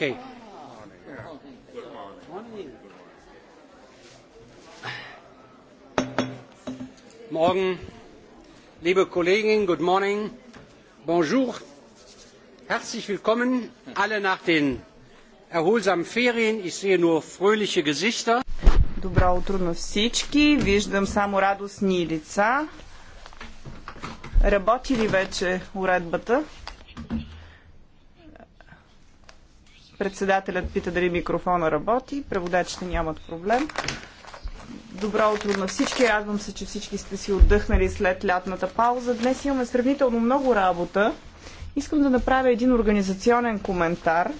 Okay. Morgen, liebe Kolleginnen, good morning, bonjour, herzlich willkommen alle nach den erholsamen Ferien. Ich sehe nur fröhliche Gesichter. Добро утро на всички. Виждам само радостни лица. Работи ли вече уредбата? Председателят пита дали микрофона работи. Преводачите нямат проблем. Добро утро на всички. Радвам се, че всички сте си отдъхнали след лятната пауза. Днес имаме сравнително много работа. Искам да направя един организационен коментар.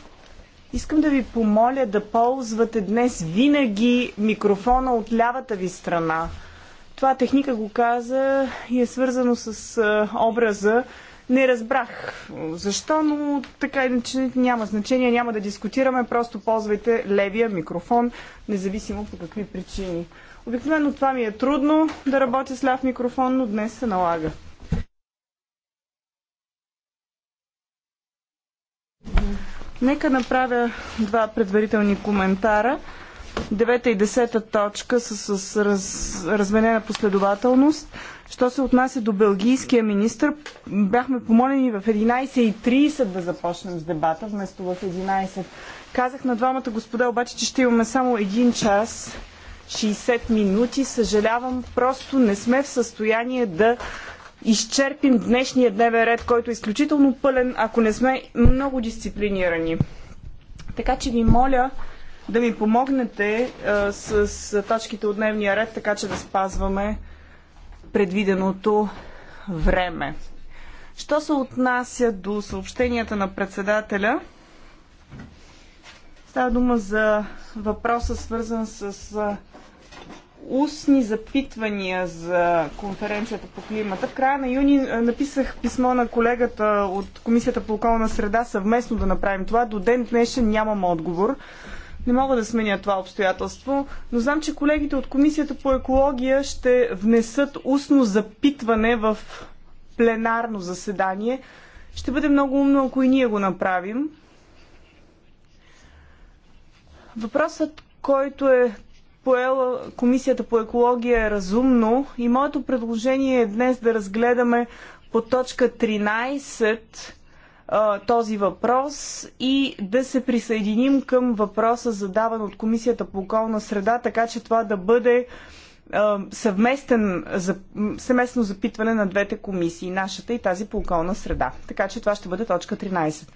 Искам да ви помоля да ползвате днес винаги микрофона от лявата ви страна. Това техника го каза и е свързано с е, образа не разбрах защо, но така иначе няма значение, няма да дискутираме, просто ползвайте левия микрофон, независимо по какви причини. Обикновено това ми е трудно да работя с ляв микрофон, но днес се налага. Нека направя два предварителни коментара. Девета и десета точка са с, раз, разменена последователност. Що се отнася до белгийския министр, бяхме помолени в 11.30 да започнем с дебата, вместо в 11. Казах на двамата господа обаче, че ще имаме само един час 60 минути. Съжалявам, просто не сме в състояние да изчерпим днешния дневен ред, който е изключително пълен, ако не сме много дисциплинирани. Така че ви моля да ми помогнете а, с, точките от дневния ред, така че да спазваме предвиденото време. Що се отнася до съобщенията на председателя, става дума за въпроса свързан с а, устни запитвания за конференцията по климата. В края на юни написах писмо на колегата от Комисията по околна среда съвместно да направим това. До ден днешен нямам отговор не мога да сменя това обстоятелство, но знам, че колегите от Комисията по екология ще внесат устно запитване в пленарно заседание. Ще бъде много умно, ако и ние го направим. Въпросът, който е поела Комисията по екология е разумно и моето предложение е днес да разгледаме по точка 13 този въпрос и да се присъединим към въпроса задаван от Комисията по околна среда, така че това да бъде съвместен, съвместно съместно запитване на двете комисии, нашата и тази по околна среда. Така че това ще бъде точка 13.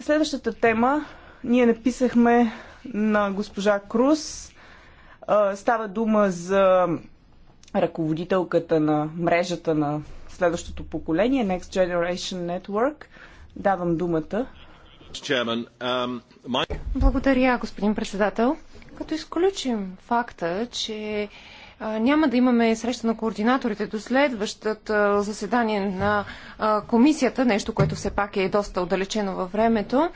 Следващата тема ние написахме на госпожа Крус. Става дума за ръководителката на мрежата на следващото поколение, Next Generation Network. Давам думата. Um, Благодаря, господин председател. Като изключим факта, че няма да имаме среща на координаторите до следващото заседание на комисията, нещо, което все пак е доста отдалечено във времето.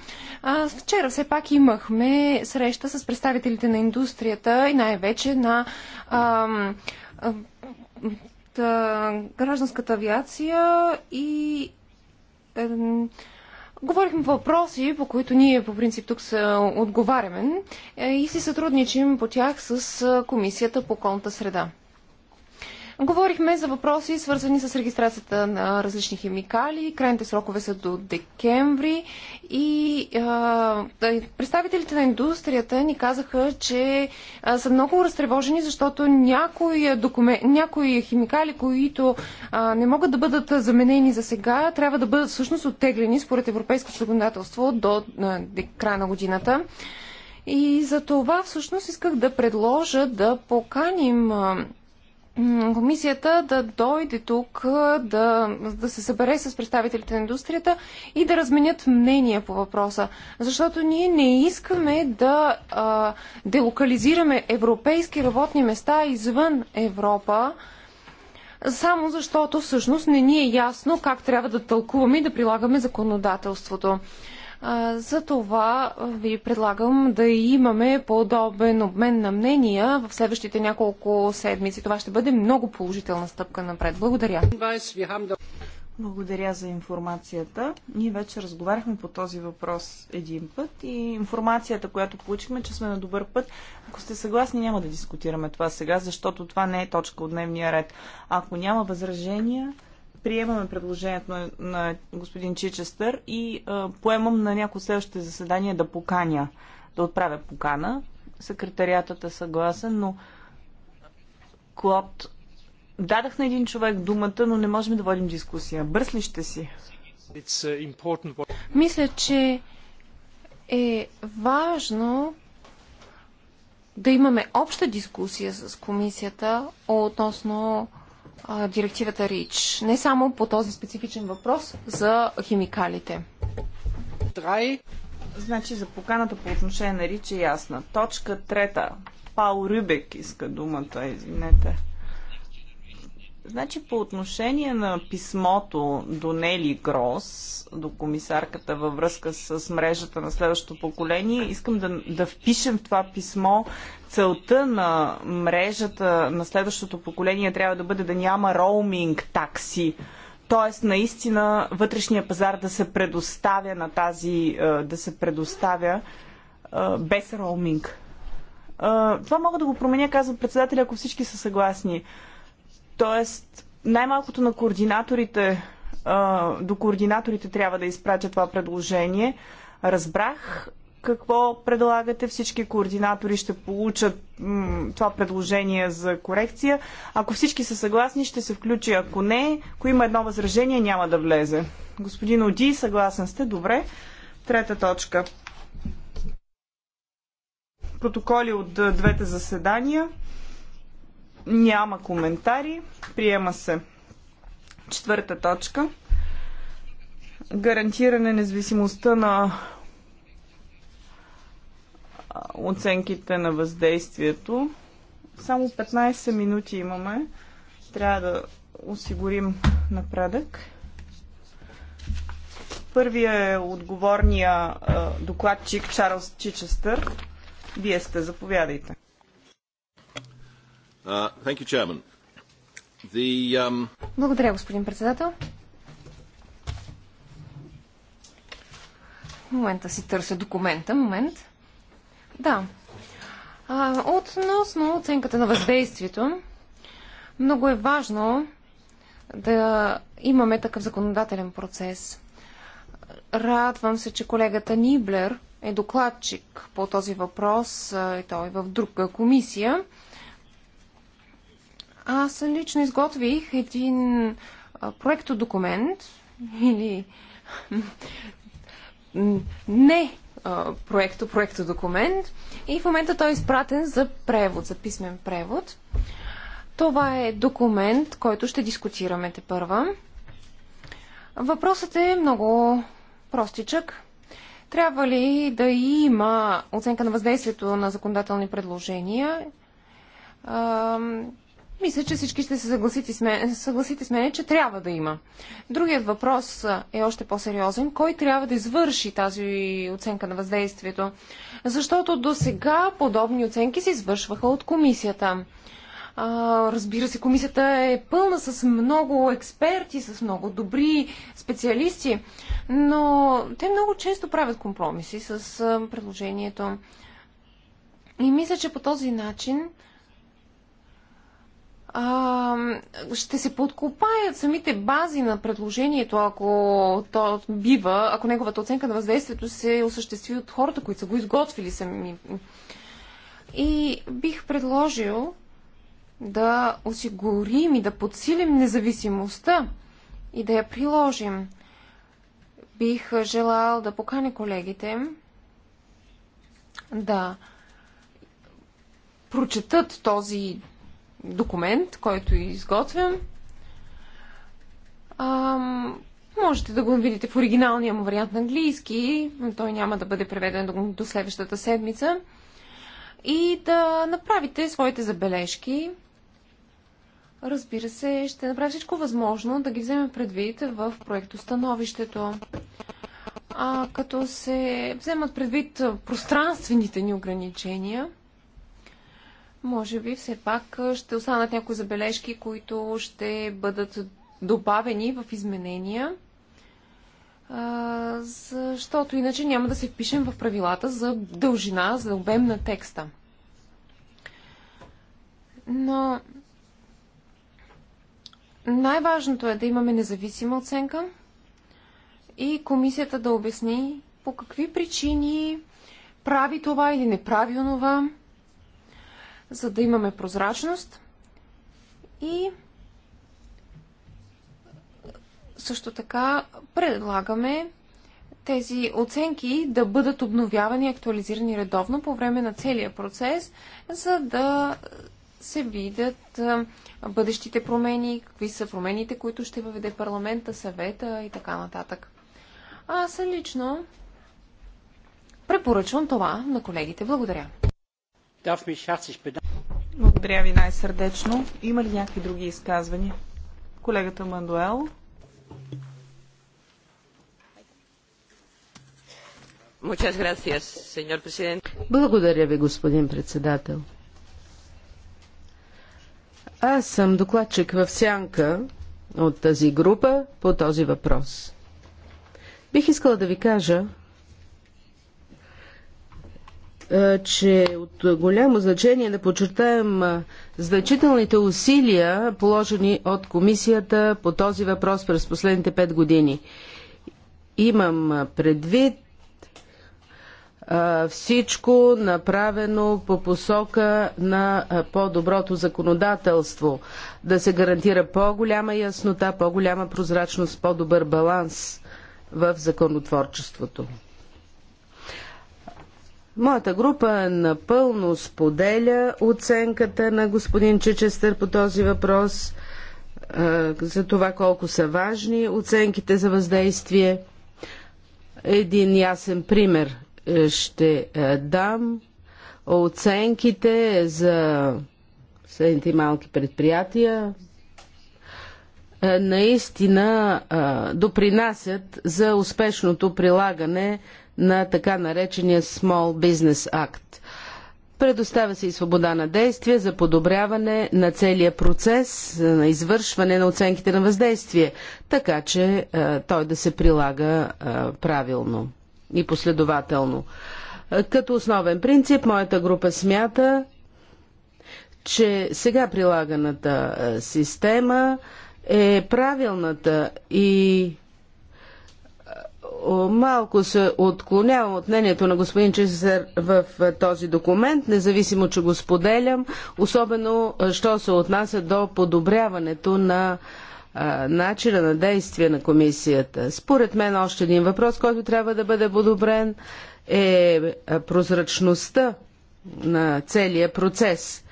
Вчера все пак имахме среща с представителите на индустрията и най-вече на от а, гражданската авиация и е, говорихме въпроси, по които ние по принцип тук се отговаряме е, и си сътрудничим по тях с Комисията по околната среда. Говорихме за въпроси, свързани с регистрацията на различни химикали. Крайните срокове са до декември. И а, представителите на индустрията ни казаха, че а, са много разтревожени, защото някои, документ, някои химикали, които а, не могат да бъдат заменени за сега, трябва да бъдат всъщност оттеглени според европейското законодателство до а, края на годината. И за това всъщност исках да предложа да поканим комисията да дойде тук, да, да се събере с представителите на индустрията и да разменят мнения по въпроса. Защото ние не искаме да а, делокализираме европейски работни места извън Европа, само защото всъщност не ни е ясно как трябва да тълкуваме и да прилагаме законодателството. За това ви предлагам да имаме подобен обмен на мнения в следващите няколко седмици. Това ще бъде много положителна стъпка напред. Благодаря. Благодаря за информацията. Ние вече разговаряхме по този въпрос един път и информацията, която получихме, че сме на добър път. Ако сте съгласни, няма да дискутираме това сега, защото това не е точка от дневния ред. Ако няма възражения, приемаме предложението на, на господин Чичестър и а, поемам на някои следващите заседания да поканя, да отправя покана. Секретариатът е съгласен, но Клод, дадах на един човек думата, но не можем да водим дискусия. Бърз ли ще си? Uh, Мисля, че е важно да имаме обща дискусия с комисията относно директивата РИЧ. Не само по този специфичен въпрос за химикалите. Трай. Значи за поканата по отношение на РИЧ е ясна. Точка трета. Пал Рюбек иска думата, извинете. Значи по отношение на писмото до Нели Грос, до комисарката във връзка с мрежата на следващото поколение, искам да, да впишем в това писмо целта на мрежата на следващото поколение трябва да бъде да няма роуминг такси. Тоест, наистина вътрешния пазар да се предоставя на тази, е, да се предоставя е, без роуминг. Е, това мога да го променя, казва председателя, ако всички са съгласни. Тоест, най-малкото на координаторите, до координаторите трябва да изпратя това предложение. Разбрах какво предлагате. Всички координатори ще получат това предложение за корекция. Ако всички са съгласни, ще се включи. Ако не, ако има едно възражение, няма да влезе. Господин Оди, съгласен сте? Добре. Трета точка. Протоколи от двете заседания. Няма коментари. Приема се. Четвърта точка. Гарантиране независимостта на оценките на въздействието. Само 15 минути имаме. Трябва да осигурим напредък. Първия е отговорния докладчик Чарлз Чичестър. Вие сте, заповядайте. Uh, um, Благодаря, господин председател. В момента си търся документа. Момент. Да. относно оценката на въздействието, много е важно да имаме такъв законодателен процес. Радвам се, че колегата Ниблер е докладчик по този въпрос и той е в друга комисия. Аз лично изготвих един проектодокумент или не проекто, проекто документ и в момента той е изпратен за превод, за писмен превод. Това е документ, който ще дискутираме те първа. Въпросът е много простичък. Трябва ли да има оценка на въздействието на законодателни предложения? Мисля, че всички ще се съгласите с, мен, съгласите с мен, че трябва да има. Другият въпрос е още по-сериозен. Кой трябва да извърши тази оценка на въздействието? Защото до сега подобни оценки се извършваха от комисията. А, разбира се, комисията е пълна с много експерти, с много добри специалисти, но те много често правят компромиси с предложението. И мисля, че по този начин а, ще се подкопаят самите бази на предложението, ако то бива, ако неговата оценка на въздействието се осъществи от хората, които са го изготвили сами. И бих предложил да осигурим и да подсилим независимостта и да я приложим. Бих желал да поканя колегите да прочетат този документ, който изготвям. А, можете да го видите в оригиналния му вариант на английски. Той няма да бъде преведен до, до следващата седмица. И да направите своите забележки. Разбира се, ще направя всичко възможно да ги вземем предвид в проектостановището. А, като се вземат предвид пространствените ни ограничения, може би все пак ще останат някои забележки, които ще бъдат добавени в изменения, защото иначе няма да се впишем в правилата за дължина, за обем на текста. Но най-важното е да имаме независима оценка и комисията да обясни по какви причини прави това или не прави онова за да имаме прозрачност и също така предлагаме тези оценки да бъдат обновявани и актуализирани редовно по време на целия процес, за да се видят бъдещите промени, какви са промените, които ще въведе парламента, съвета и така нататък. Аз лично препоръчвам това на колегите. Благодаря. Благодаря ви най-сърдечно. Има ли някакви други изказвания? Колегата Мандуел. Благодаря ви, господин председател. Аз съм докладчик в сянка от тази група по този въпрос. Бих искала да ви кажа, е, че е от голямо значение да подчертаем е, значителните усилия, положени от комисията по този въпрос през последните пет години. Имам предвид всичко направено по посока на по-доброто законодателство, да се гарантира по-голяма яснота, по-голяма прозрачност, по-добър баланс в законотворчеството. Моята група напълно споделя оценката на господин Чичестър по този въпрос е, за това колко са важни оценките за въздействие. Един ясен пример е, ще е, дам. Оценките за следните малки предприятия наистина допринасят за успешното прилагане на така наречения Small Business Act. Предоставя се и свобода на действие за подобряване на целия процес на извършване на оценките на въздействие, така че е, той да се прилага е, правилно и последователно. Е, като основен принцип, моята група смята, че сега прилаганата е, система е правилната и малко се отклонявам от мнението на господин Чесър в този документ, независимо, че го споделям, особено, що се отнася до подобряването на начина на действие на комисията. Според мен още един въпрос, който трябва да бъде подобрен е прозрачността на целия процес.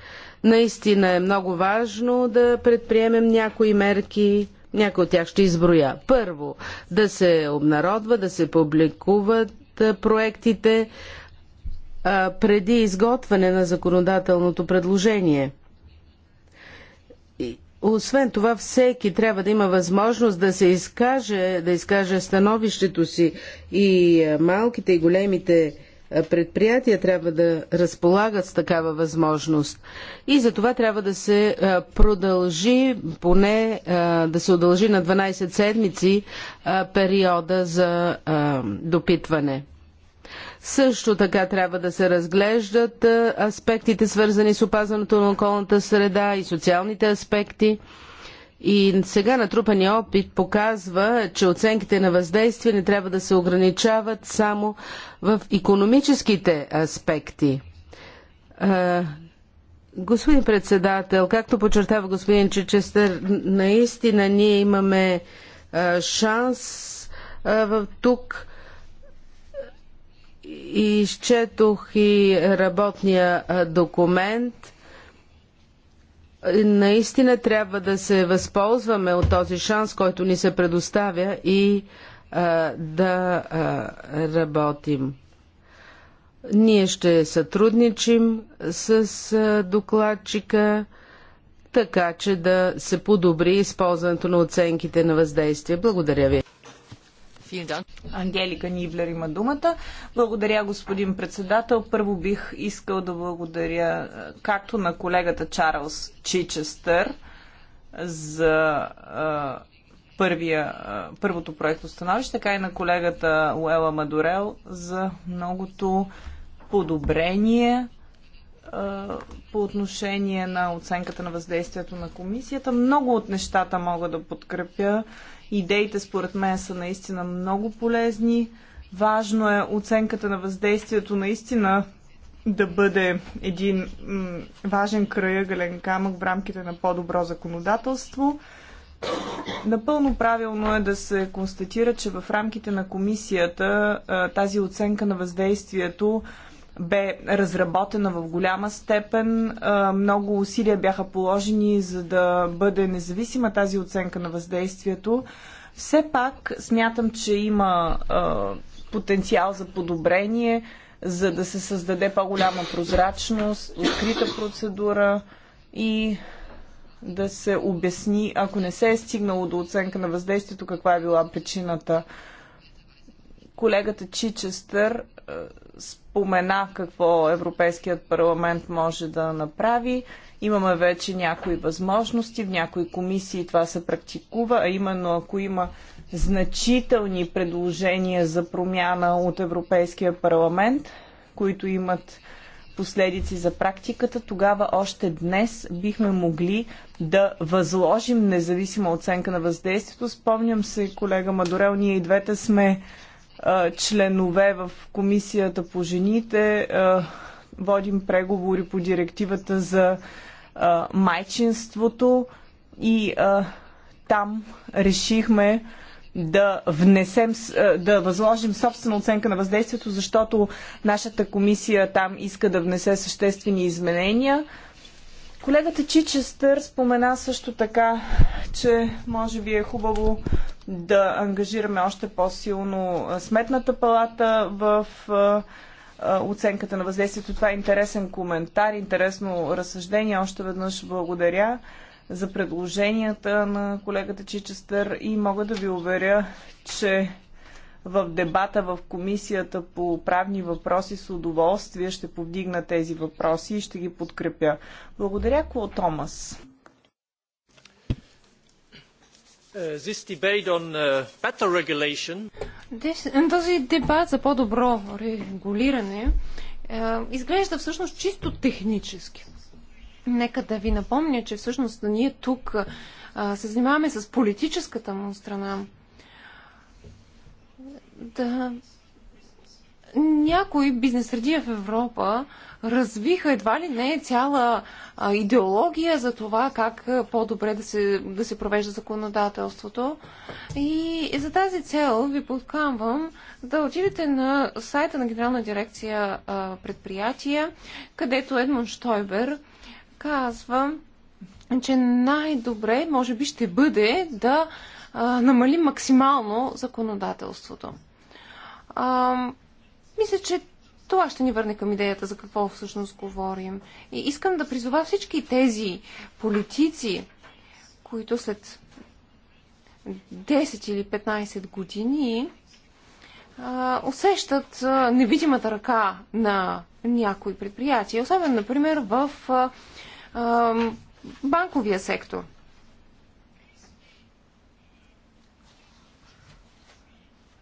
Наистина е много важно да предприемем някои мерки някои от тях ще изброя. Първо, да се обнародва, да се публикуват проектите а, преди изготвяне на законодателното предложение. И, освен това, всеки трябва да има възможност да се изкаже, да изкаже становището си и а, малките и големите е, предприятия трябва да разполагат с такава възможност. И за това трябва да се е, продължи, поне е, да се удължи на 12 седмици периода за допитване. Също така трябва да се разглеждат аспектите, свързани с опазването на околната среда и социалните аспекти. И сега натрупания опит показва, че оценките на въздействие не трябва да се ограничават само в економическите аспекти. Господин председател, както подчертава господин Чечестър, наистина ние имаме шанс в тук. Изчетох и работния документ – Наистина трябва да се възползваме от този шанс, който ни се предоставя и а, да а, работим. Ние ще сътрудничим с а, докладчика, така че да се подобри използването на оценките на въздействие. Благодаря ви. Ангелика Нивлер има думата. Благодаря, господин председател. Първо бих искал да благодаря е, както на колегата Чарлз Чичестър за а, е, първия, а, е, първото проекто становище, така и на колегата Уела Мадорел за многото подобрение по отношение на оценката на въздействието на комисията. Много от нещата мога да подкрепя. Идеите според мен са наистина много полезни. Важно е оценката на въздействието наистина да бъде един важен гален камък в рамките на по-добро законодателство. Напълно правилно е да се констатира, че в рамките на комисията тази оценка на въздействието бе разработена в голяма степен. Много усилия бяха положени, за да бъде независима тази оценка на въздействието. Все пак смятам, че има потенциал за подобрение, за да се създаде по-голяма прозрачност, открита процедура и да се обясни, ако не се е стигнало до оценка на въздействието, каква е била причината. Колегата Чичестър спомена какво Европейският парламент може да направи. Имаме вече някои възможности, в някои комисии това се практикува, а именно ако има значителни предложения за промяна от Европейския парламент, които имат последици за практиката, тогава още днес бихме могли да възложим независима оценка на въздействието. Спомням се, колега Мадорел, ние и двете сме членове в комисията по жените водим преговори по директивата за майчинството и там решихме да внесем, да възложим собствена оценка на въздействието, защото нашата комисия там иска да внесе съществени изменения. Колегата Чичестър спомена също така, че може би е хубаво да ангажираме още по-силно Сметната палата в оценката на въздействието. Това е интересен коментар, интересно разсъждение. Още веднъж благодаря за предложенията на колегата Чичестър и мога да ви уверя, че в дебата в комисията по правни въпроси с удоволствие ще повдигна тези въпроси и ще ги подкрепя. Благодаря, Кло Томас. Е, е, е, този дебат за по-добро регулиране изглежда всъщност чисто технически. Нека да ви напомня, че всъщност ние тук се занимаваме с политическата му страна да някои бизнес среди в Европа развиха едва ли не цяла а, идеология за това как по-добре да се, да се провежда законодателството. И, за тази цел ви подкамвам да отидете на сайта на Генерална дирекция а, предприятия, където Едмон Штойбер казва, че най-добре може би ще бъде да а, намали максимално законодателството. А, мисля, че това ще ни върне към идеята за какво всъщност говорим. И искам да призова всички тези политици, които след 10 или 15 години а, усещат а, невидимата ръка на някои предприятия, особено, например, в а, а, банковия сектор.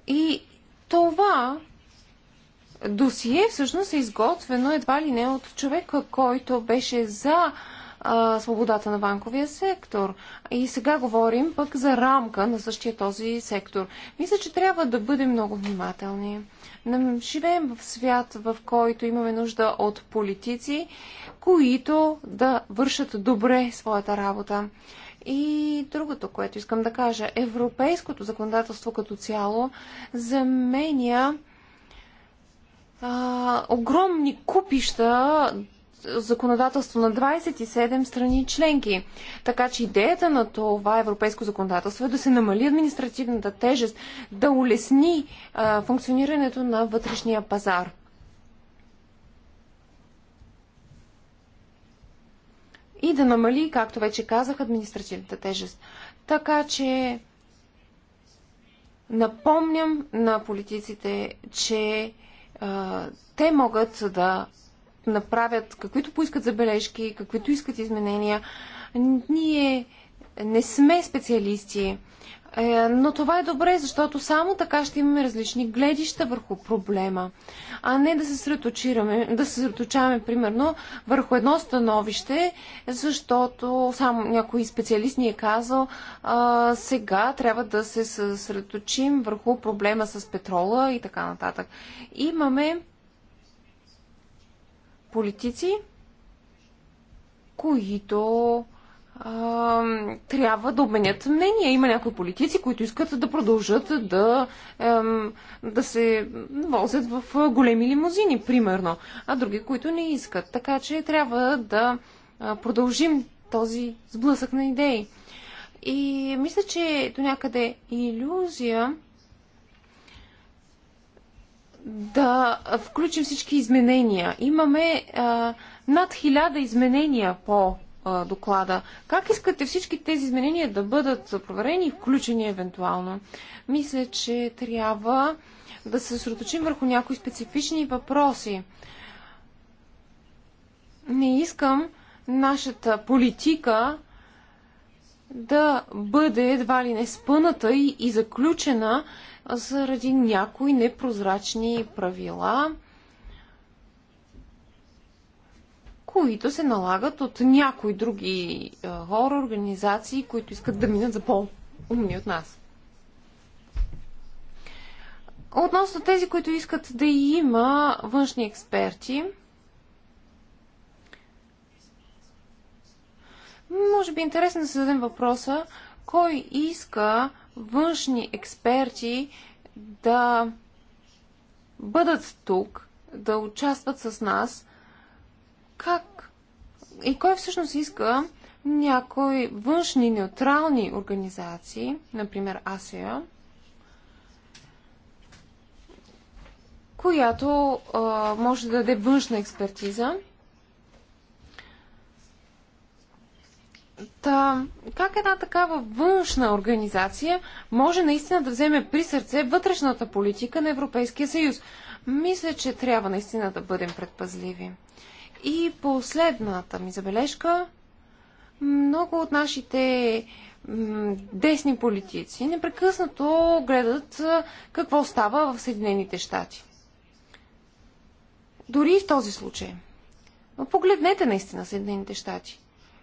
И това досие всъщност е изготвено едва ли не от човека, който беше за а, свободата на банковия сектор. И сега говорим пък за рамка на същия този сектор. Мисля, че трябва да бъдем много внимателни. Живеем в свят, в който имаме нужда от политици, които да вършат добре своята работа. И другото, което искам да кажа, европейското законодателство като цяло заменя а, огромни купища законодателство на 27 страни членки. Така че идеята на това европейско законодателство е да се намали административната тежест, да улесни а, функционирането на вътрешния пазар. И да намали, както вече казах, административната тежест. Така че напомням на политиците, че а, те могат да направят каквито поискат забележки, каквито искат изменения. Ние не сме специалисти, е, но това е добре, защото само така ще имаме различни гледища върху проблема, а не да се среточираме, да се среточаваме, примерно, върху едно становище, защото само някой специалист ни е казал, а, сега трябва да се съсредоточим върху проблема с петрола и така нататък. Имаме политици, които а, трябва да обменят мнение. Има някои политици, които искат да продължат да, а, да се возят в големи лимузини, примерно, а други, които не искат. Така че трябва да продължим този сблъсък на идеи. И мисля, че до някъде е иллюзия да включим всички изменения. Имаме а, над хиляда изменения по а, доклада. Как искате всички тези изменения да бъдат проверени и включени евентуално? Мисля, че трябва да се съсредоточим върху някои специфични въпроси. Не искам нашата политика да бъде едва ли не спъната и, и заключена заради някои непрозрачни правила, които се налагат от някои други хора, организации, които искат да минат за по-умни от нас. Относно тези, които искат да има външни експерти, може би е интересно да се зададем въпроса, кой иска външни експерти да бъдат тук, да участват с нас. Как и кой всъщност иска някои външни неутрални организации, например АСЕА, която а, може да даде външна експертиза Та, как една такава външна организация може наистина да вземе при сърце вътрешната политика на Европейския съюз? Мисля, че трябва наистина да бъдем предпазливи. И последната ми забележка. Много от нашите десни политици непрекъснато гледат какво става в Съединените щати. Дори и в този случай. Но погледнете наистина Съединените щати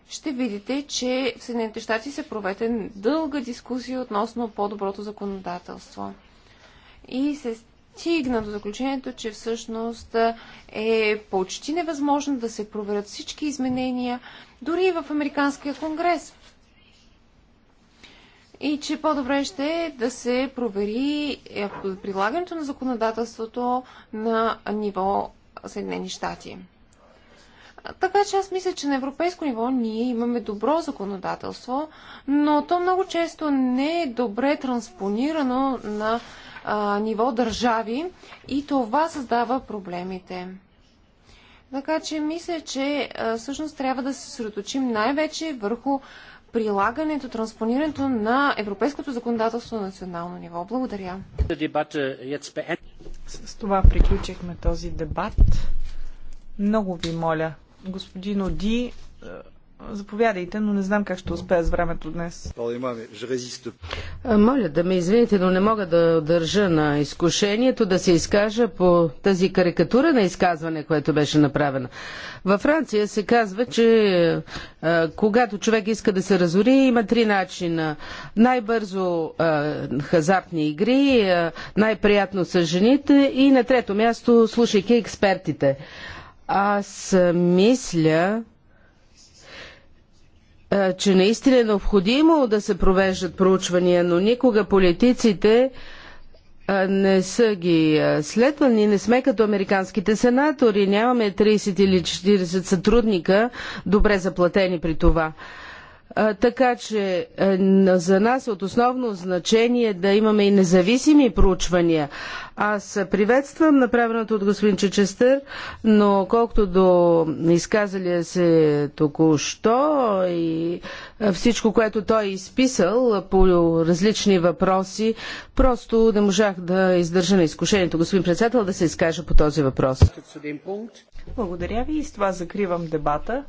ще видите, че в Съединените щати се проведе дълга дискусия относно по-доброто законодателство. И се стигна до заключението, че всъщност е почти невъзможно да се проверят всички изменения, дори и в Американския конгрес. И че по-добре ще е да се провери е, прилагането на законодателството на ниво Съединени щати. Така че аз мисля, че на европейско ниво ние имаме добро законодателство, но то много често не е добре транспонирано на а, ниво държави и това създава проблемите. Така че мисля, че а, всъщност трябва да се съсредоточим най-вече върху прилагането, транспонирането на европейското законодателство на национално ниво. Благодаря. С това приключихме този дебат. Много ви моля Господин Оди, е, Заповядайте, но не знам как ще успея с времето днес. Моля да ме извините, но не мога да държа на изкушението да се изкажа по тази карикатура на изказване, което беше направено. Във Франция се казва, че когато човек иска да се разори, има три начина. Най-бързо хазартни игри, най-приятно са жените и на трето място, слушайки експертите. Аз мисля, че наистина е необходимо да се провеждат проучвания, но никога политиците не са ги следвани, не сме като американските сенатори, нямаме 30 или 40 сътрудника, добре заплатени при това. Така че е, за нас е от основно значение да имаме и независими проучвания. Аз приветствам направеното от господин Чечестър, но колкото до изказалия се току-що и е, всичко, което той е изписал по различни въпроси, просто не можах да издържа на изкушението, господин председател, да се изкажа по този въпрос. Благодаря ви и с това закривам дебата.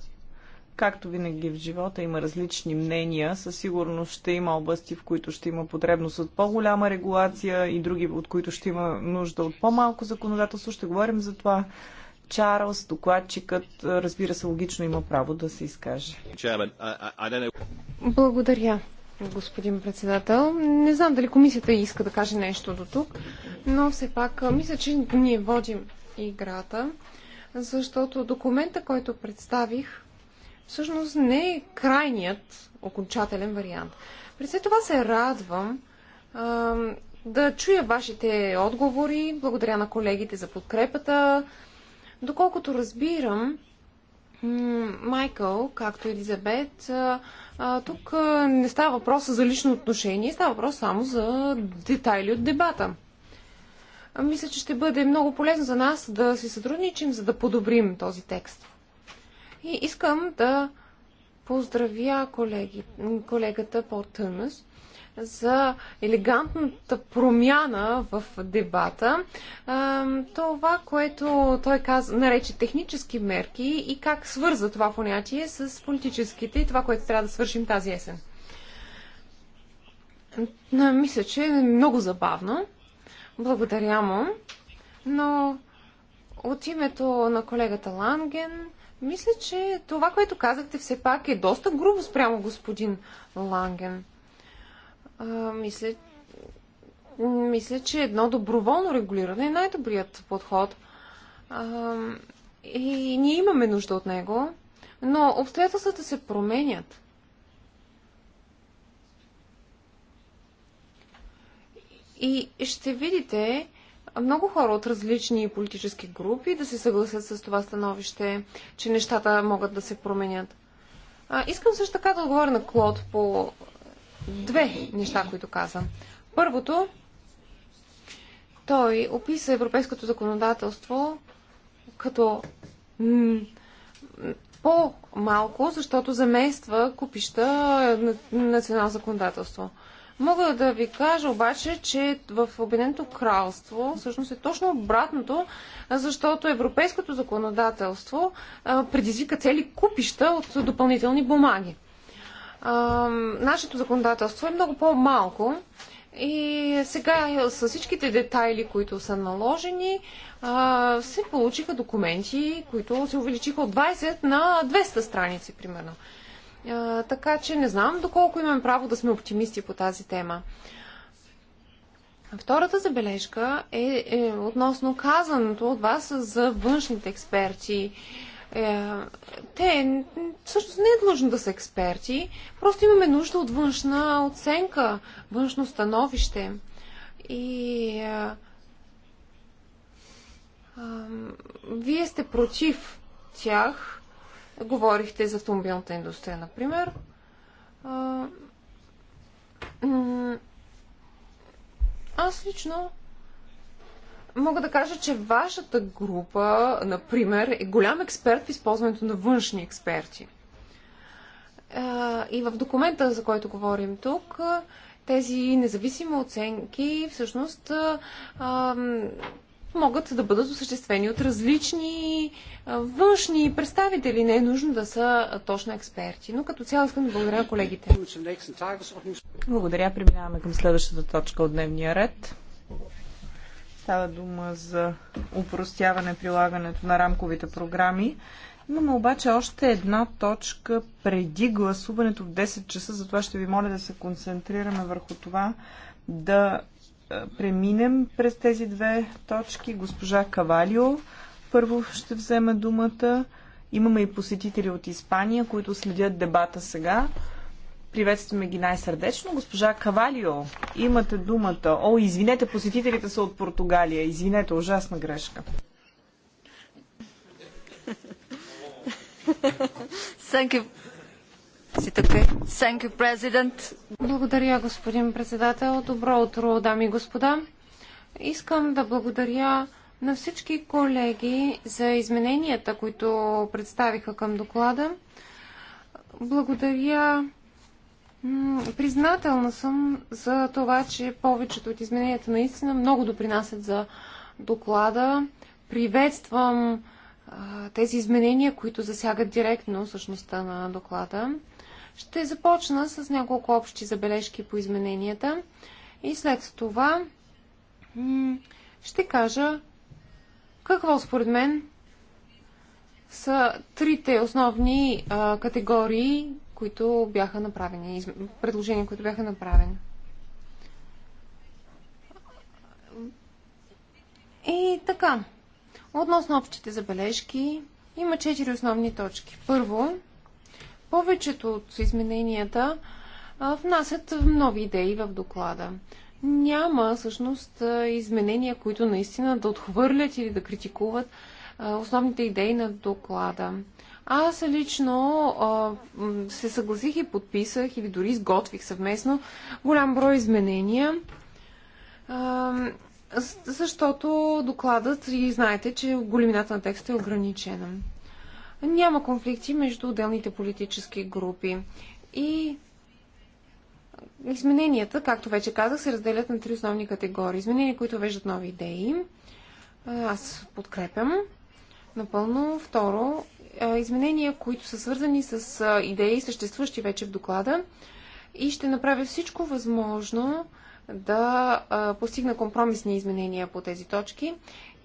Както винаги в живота има различни мнения, със сигурност ще има области, в които ще има потребност от по-голяма регулация и други, от които ще има нужда от по-малко законодателство. Ще говорим за това. Чарлз, докладчикът, разбира се, логично има право да се изкаже. Благодаря, господин председател. Не знам дали комисията иска да каже нещо до тук, но все пак мисля, че ние водим играта, защото документа, който представих, всъщност не е крайният окончателен вариант. При след това се радвам а, да чуя вашите отговори. Благодаря на колегите за подкрепата. Доколкото разбирам, Майкъл, както Елизабет, тук не става въпрос за лично отношение, става въпрос само за детайли от дебата. Мисля, че ще бъде много полезно за нас да си сътрудничим, за да подобрим този текст. И искам да поздравя колеги, колегата Пол Тънъс за елегантната промяна в дебата. Това, което той каза, нарече технически мерки и как свърза това понятие с политическите и това, което трябва да свършим тази есен. Мисля, че е много забавно. Благодаря му. Но от името на колегата Ланген мисля, че това, което казахте, все пак е доста грубо спрямо господин Ланген. А, мисля, мисля, че едно доброволно регулиране е най-добрият подход. А, и ние имаме нужда от него, но обстоятелствата се променят. И ще видите, много хора от различни политически групи да се съгласят с това становище, че нещата могат да се променят. А, искам също така да отговоря на Клод по две неща, които каза. Първото, той описа европейското законодателство като по-малко, защото замества купища на национално законодателство. Мога да ви кажа обаче, че в Обединеното кралство всъщност е точно обратното, защото европейското законодателство предизвика цели купища от допълнителни бумаги. Нашето законодателство е много по-малко и сега с всичките детайли, които са наложени, се получиха документи, които се увеличиха от 20 на 200 страници, примерно. А, така че не знам доколко имам право да сме оптимисти по тази тема. Втората забележка е, е относно казаното от вас за външните експерти. Е, те всъщност не е длъжно да са експерти, просто имаме нужда от външна оценка, външно становище. И е, е, вие сте против тях Говорихте за автомобилната индустрия, например. Аз лично мога да кажа, че вашата група, например, е голям експерт в използването на външни експерти. И в документа, за който говорим тук, тези независими оценки всъщност могат да бъдат осъществени от различни външни представители. Не е нужно да са точно експерти. Но като цяло искам да благодаря колегите. Благодаря. Преминаваме към следващата точка от дневния ред. Става дума за упростяване прилагането на рамковите програми. Имаме обаче още една точка преди гласуването в 10 часа, затова ще ви моля да се концентрираме върху това да е, преминем през тези две точки. Госпожа Кавалио първо ще вземе думата. Имаме и посетители от Испания, които следят дебата сега. Приветстваме ги най-сърдечно. Госпожа Кавалио, имате думата. О, извинете, посетителите са от Португалия. Извинете, ужасна грешка. Thank you. Благодаря, господин председател. Добро утро, дами и господа. Искам да благодаря на всички колеги за измененията, които представиха към доклада. Благодаря. Признателна съм за това, че повечето от измененията наистина много допринасят за доклада. Приветствам тези изменения, които засягат директно същността на доклада. Ще започна с няколко общи забележки по измененията и след това ще кажа какво според мен са трите основни категории, които бяха направени, предложения, които бяха направени. И така, относно общите забележки, има четири основни точки. Първо, повечето от измененията внасят нови идеи в доклада. Няма всъщност изменения, които наистина да отхвърлят или да критикуват основните идеи на доклада. Аз лично се съгласих и подписах или дори изготвих съвместно голям брой изменения защото докладът, и знаете, че големината на текста е ограничена няма конфликти между отделните политически групи. И измененията, както вече казах, се разделят на три основни категории. Изменения, които веждат нови идеи. Аз подкрепям напълно. Второ, изменения, които са свързани с идеи, съществуващи вече в доклада. И ще направя всичко възможно да постигна компромисни изменения по тези точки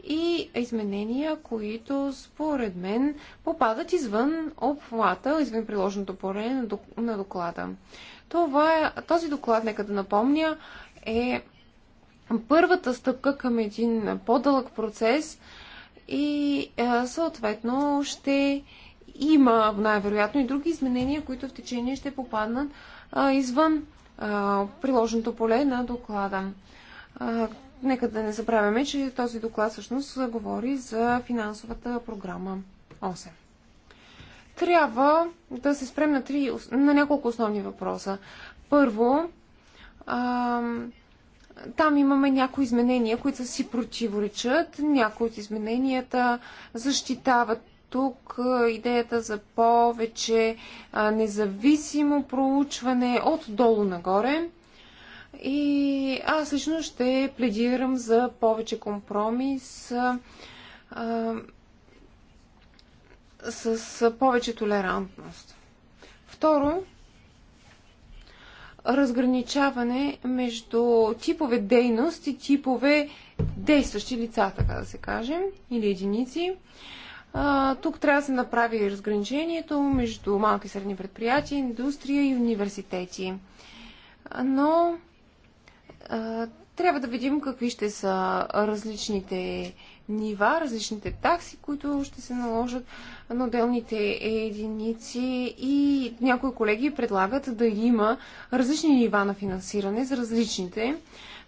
и изменения, които според мен попадат извън обхвата, извън приложеното поле на доклада. Това, е, този доклад, нека да напомня, е първата стъпка към един по-дълъг процес и е, съответно ще има най-вероятно и други изменения, които в течение ще попаднат извън приложеното поле на доклада. Нека да не забравяме, че този доклад всъщност говори за финансовата програма 8. Трябва да се спрем на, три, на няколко основни въпроса. Първо, а, там имаме някои изменения, които си противоречат. Някои от измененията защитават тук идеята за повече независимо проучване от долу нагоре. И аз лично ще пледирам за повече компромис а, с повече толерантност. Второ, разграничаване между типове дейност и типове действащи лица, така да се кажем, или единици. А, тук трябва да се направи разграничението между малки и средни предприятия, индустрия и университети. Но трябва да видим какви ще са различните нива, различните такси, които ще се наложат на отделните единици и някои колеги предлагат да има различни нива на финансиране за различните.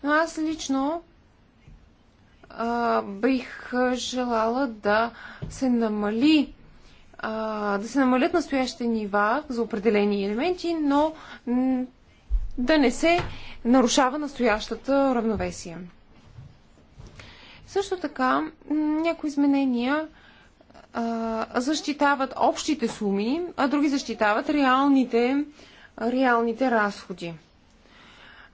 Но аз лично а, бих желала да се намали а, да се намалят настоящите нива за определени елементи, но да не се нарушава настоящата равновесие. Също така, някои изменения а, защитават общите суми, а други защитават реалните, реалните разходи.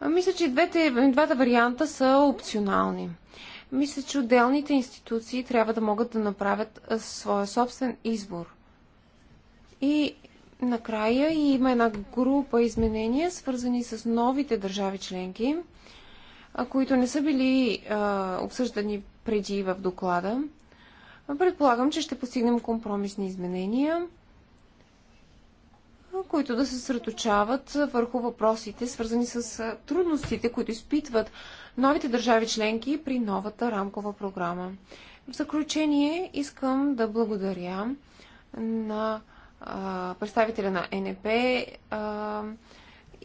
А, мисля, че двете, двата варианта са опционални. Мисля, че отделните институции трябва да могат да направят своя собствен избор. И накрая има една група изменения, свързани с новите държави членки, които не са били а, обсъждани преди в доклада. Предполагам, че ще постигнем компромисни изменения, които да се сръточават върху въпросите, свързани с трудностите, които изпитват новите държави членки при новата рамкова програма. В заключение искам да благодаря на представителя на НП а,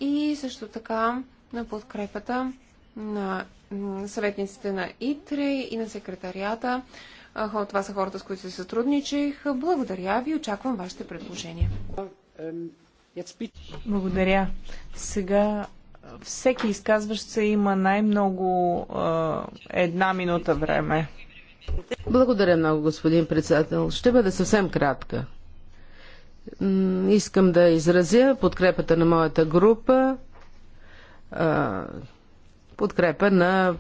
и също така на подкрепата на съветниците на ИТРЕ и на секретарията. Това са хората, с които се сътрудничих. Благодаря ви. Очаквам вашите предложения. Благодаря. Сега всеки изказващ се има най-много една минута време. Благодаря много, господин председател. Ще бъда съвсем кратка. Искам да изразя подкрепата на моята група, подкрепа на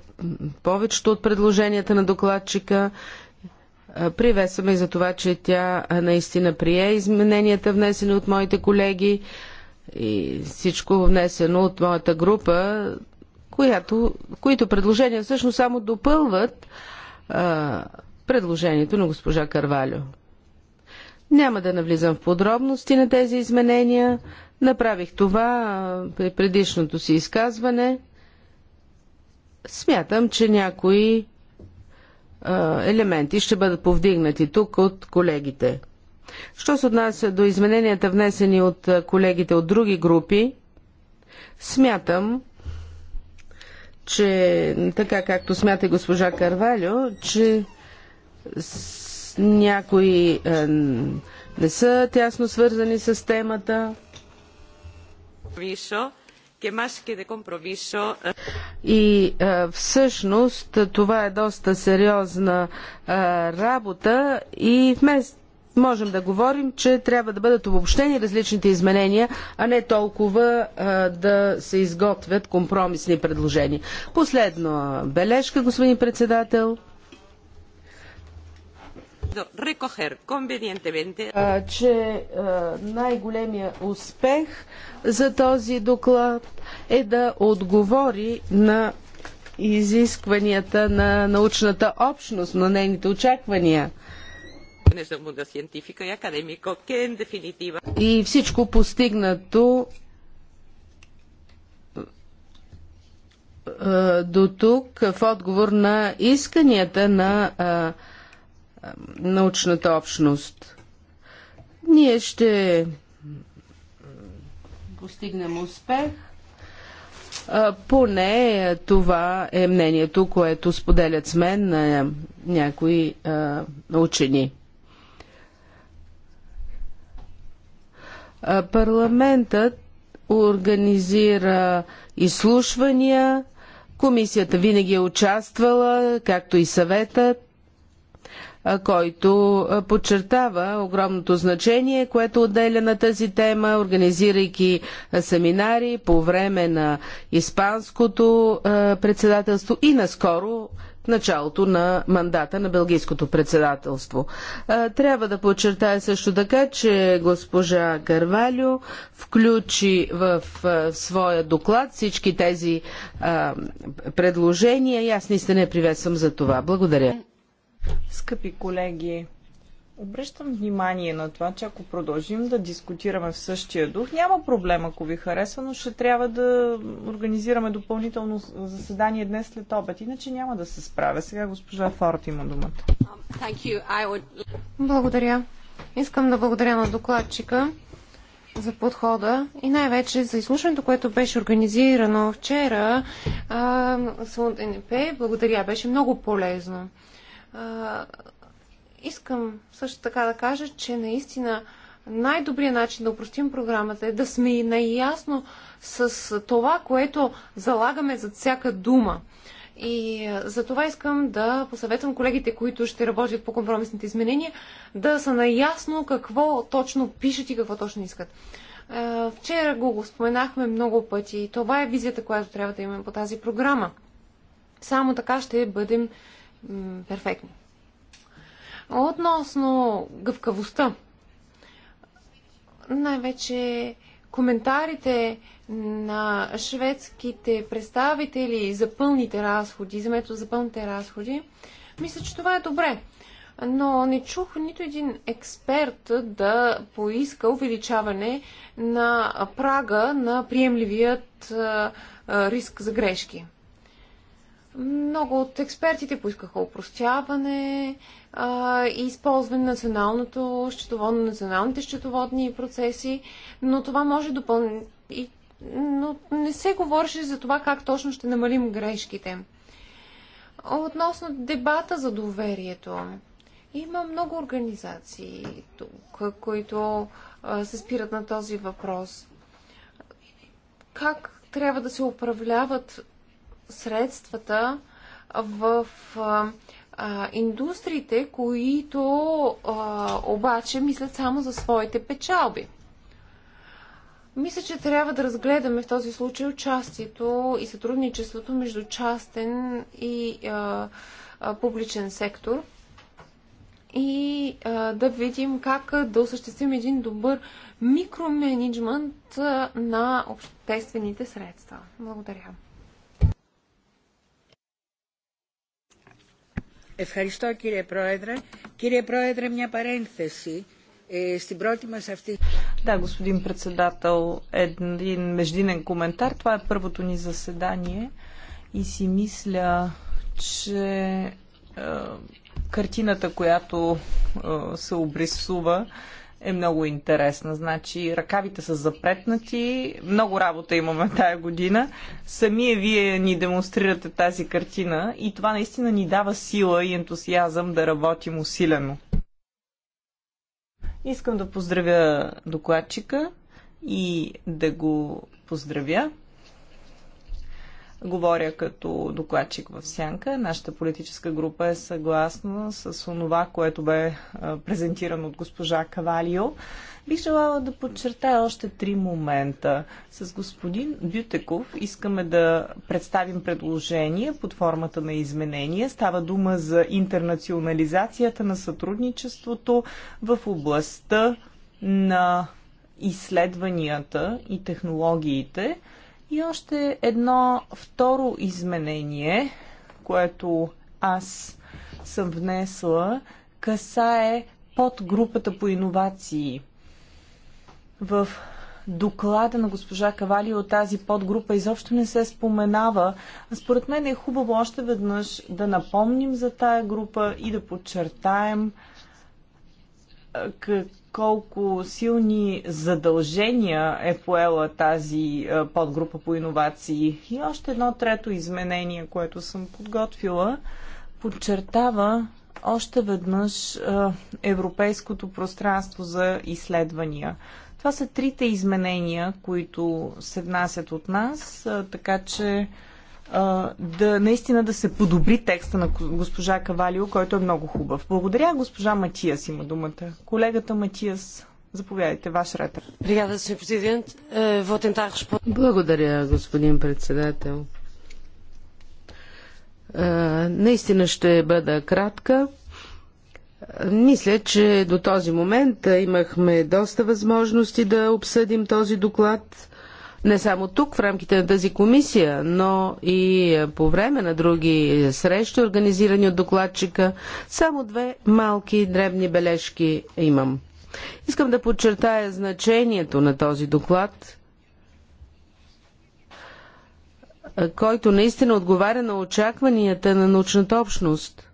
повечето от предложенията на докладчика. Приветстваме и за това, че тя наистина прие измененията, внесени от моите колеги и всичко внесено от моята група, която, които предложения всъщност само допълват а, предложението на госпожа Карвалю. Няма да навлизам в подробности на тези изменения. Направих това при предишното си изказване. Смятам, че някои елементи ще бъдат повдигнати тук от колегите. Що се отнася до измененията, внесени от колегите от други групи, смятам, че така както смята госпожа Карвалю, че някои е, не са тясно свързани с темата. Е. И е, всъщност това е доста сериозна работа и вместо можем да говорим, че трябва да бъдат обобщени различните изменения, а не толкова а, да се изготвят компромисни предложения. Последна бележка, господин председател че най-големия успех за този доклад е да отговори на изискванията на научната общност, на нейните очаквания. И всичко постигнато до тук в отговор на исканията на научната общност. Ние ще постигнем успех. Поне това е мнението, което споделят с мен на някои учени. Парламентът организира изслушвания, комисията винаги е участвала, както и съветът който подчертава огромното значение, което отделя на тази тема, организирайки семинари по време на Испанското председателство и наскоро началото на мандата на Белгийското председателство. Трябва да подчертая също така, че госпожа Карвалю включи в своя доклад всички тези предложения и аз наистина я приветствам за това. Благодаря. Скъпи колеги, обръщам внимание на това, че ако продължим да дискутираме в същия дух, няма проблем, ако ви харесва, но ще трябва да организираме допълнително заседание днес след обед, иначе няма да се справя. Сега госпожа Форт има думата. Благодаря. Искам да благодаря на докладчика за подхода и най-вече за изслушването, което беше организирано вчера а, с НП. Благодаря, беше много полезно искам също така да кажа, че наистина най-добрият начин да упростим програмата е да сме и наясно с това, което залагаме за всяка дума. И за това искам да посъветвам колегите, които ще работят по компромисните изменения, да са наясно какво точно пишат и какво точно искат. Вчера го, го споменахме много пъти и това е визията, която трябва да имаме по тази програма. Само така ще бъдем перфектно. Относно гъвкавостта, най-вече коментарите на шведските представители за пълните разходи, за метод за пълните разходи, мисля, че това е добре. Но не чух нито един експерт да поиска увеличаване на прага на приемливият риск за грешки. Много от експертите поискаха упростяване а, и използване на националното счетоводно, националните счетоводни процеси, но това може допълнително. Но не се говореше за това как точно ще намалим грешките. Относно дебата за доверието. Има много организации тук, които а, се спират на този въпрос. Как трябва да се управляват средствата в а, индустриите, които а, обаче мислят само за своите печалби. Мисля, че трябва да разгледаме в този случай участието и сътрудничеството между частен и а, а, публичен сектор и а, да видим как да осъществим един добър микроменеджмент на обществените средства. Благодаря. Ευχαριστώ κύριε Πρόεδρε. Κύριε Πρόεδρε, μια παρένθεση στην πρώτη μας αυτή... Да, господин председател, един междинен коментар. Това е първото ни заседание и си мисля, че е, картината, която е, се обрисува, е, е много интересна. Значи, ръкавите са запретнати, много работа имаме тая година. Самия вие ни демонстрирате тази картина и това наистина ни дава сила и ентусиазъм да работим усилено. Искам да поздравя докладчика и да го поздравя Говоря като докладчик в Сянка. Нашата политическа група е съгласна с онова, което бе презентирано от госпожа Кавалио. Бих желала да подчертая още три момента. С господин Бютеков искаме да представим предложение под формата на изменение. Става дума за интернационализацията на сътрудничеството в областта на изследванията и технологиите. И още едно второ изменение, което аз съм внесла, касае подгрупата по иновации. В доклада на госпожа Кавали от тази подгрупа изобщо не се споменава. Според мен е хубаво още веднъж да напомним за тая група и да подчертаем колко силни задължения е поела тази е, подгрупа по иновации. И още едно трето изменение, което съм подготвила, подчертава още веднъж е, европейското пространство за изследвания. Това са трите изменения, които се внасят от нас, е, така че да наистина да се подобри текста на госпожа Кавалио, който е много хубав. Благодаря, госпожа Матиас има думата. Колегата Матиас, заповядайте, ваш ретър. Благодаря, господин председател. Наистина ще бъда кратка. Мисля, че до този момент имахме доста възможности да обсъдим този доклад не само тук, в рамките на тази комисия, но и е, по време на други срещи, организирани от докладчика, само две малки дребни бележки имам. Искам да подчертая значението на този доклад, е, който наистина отговаря на очакванията на научната общност.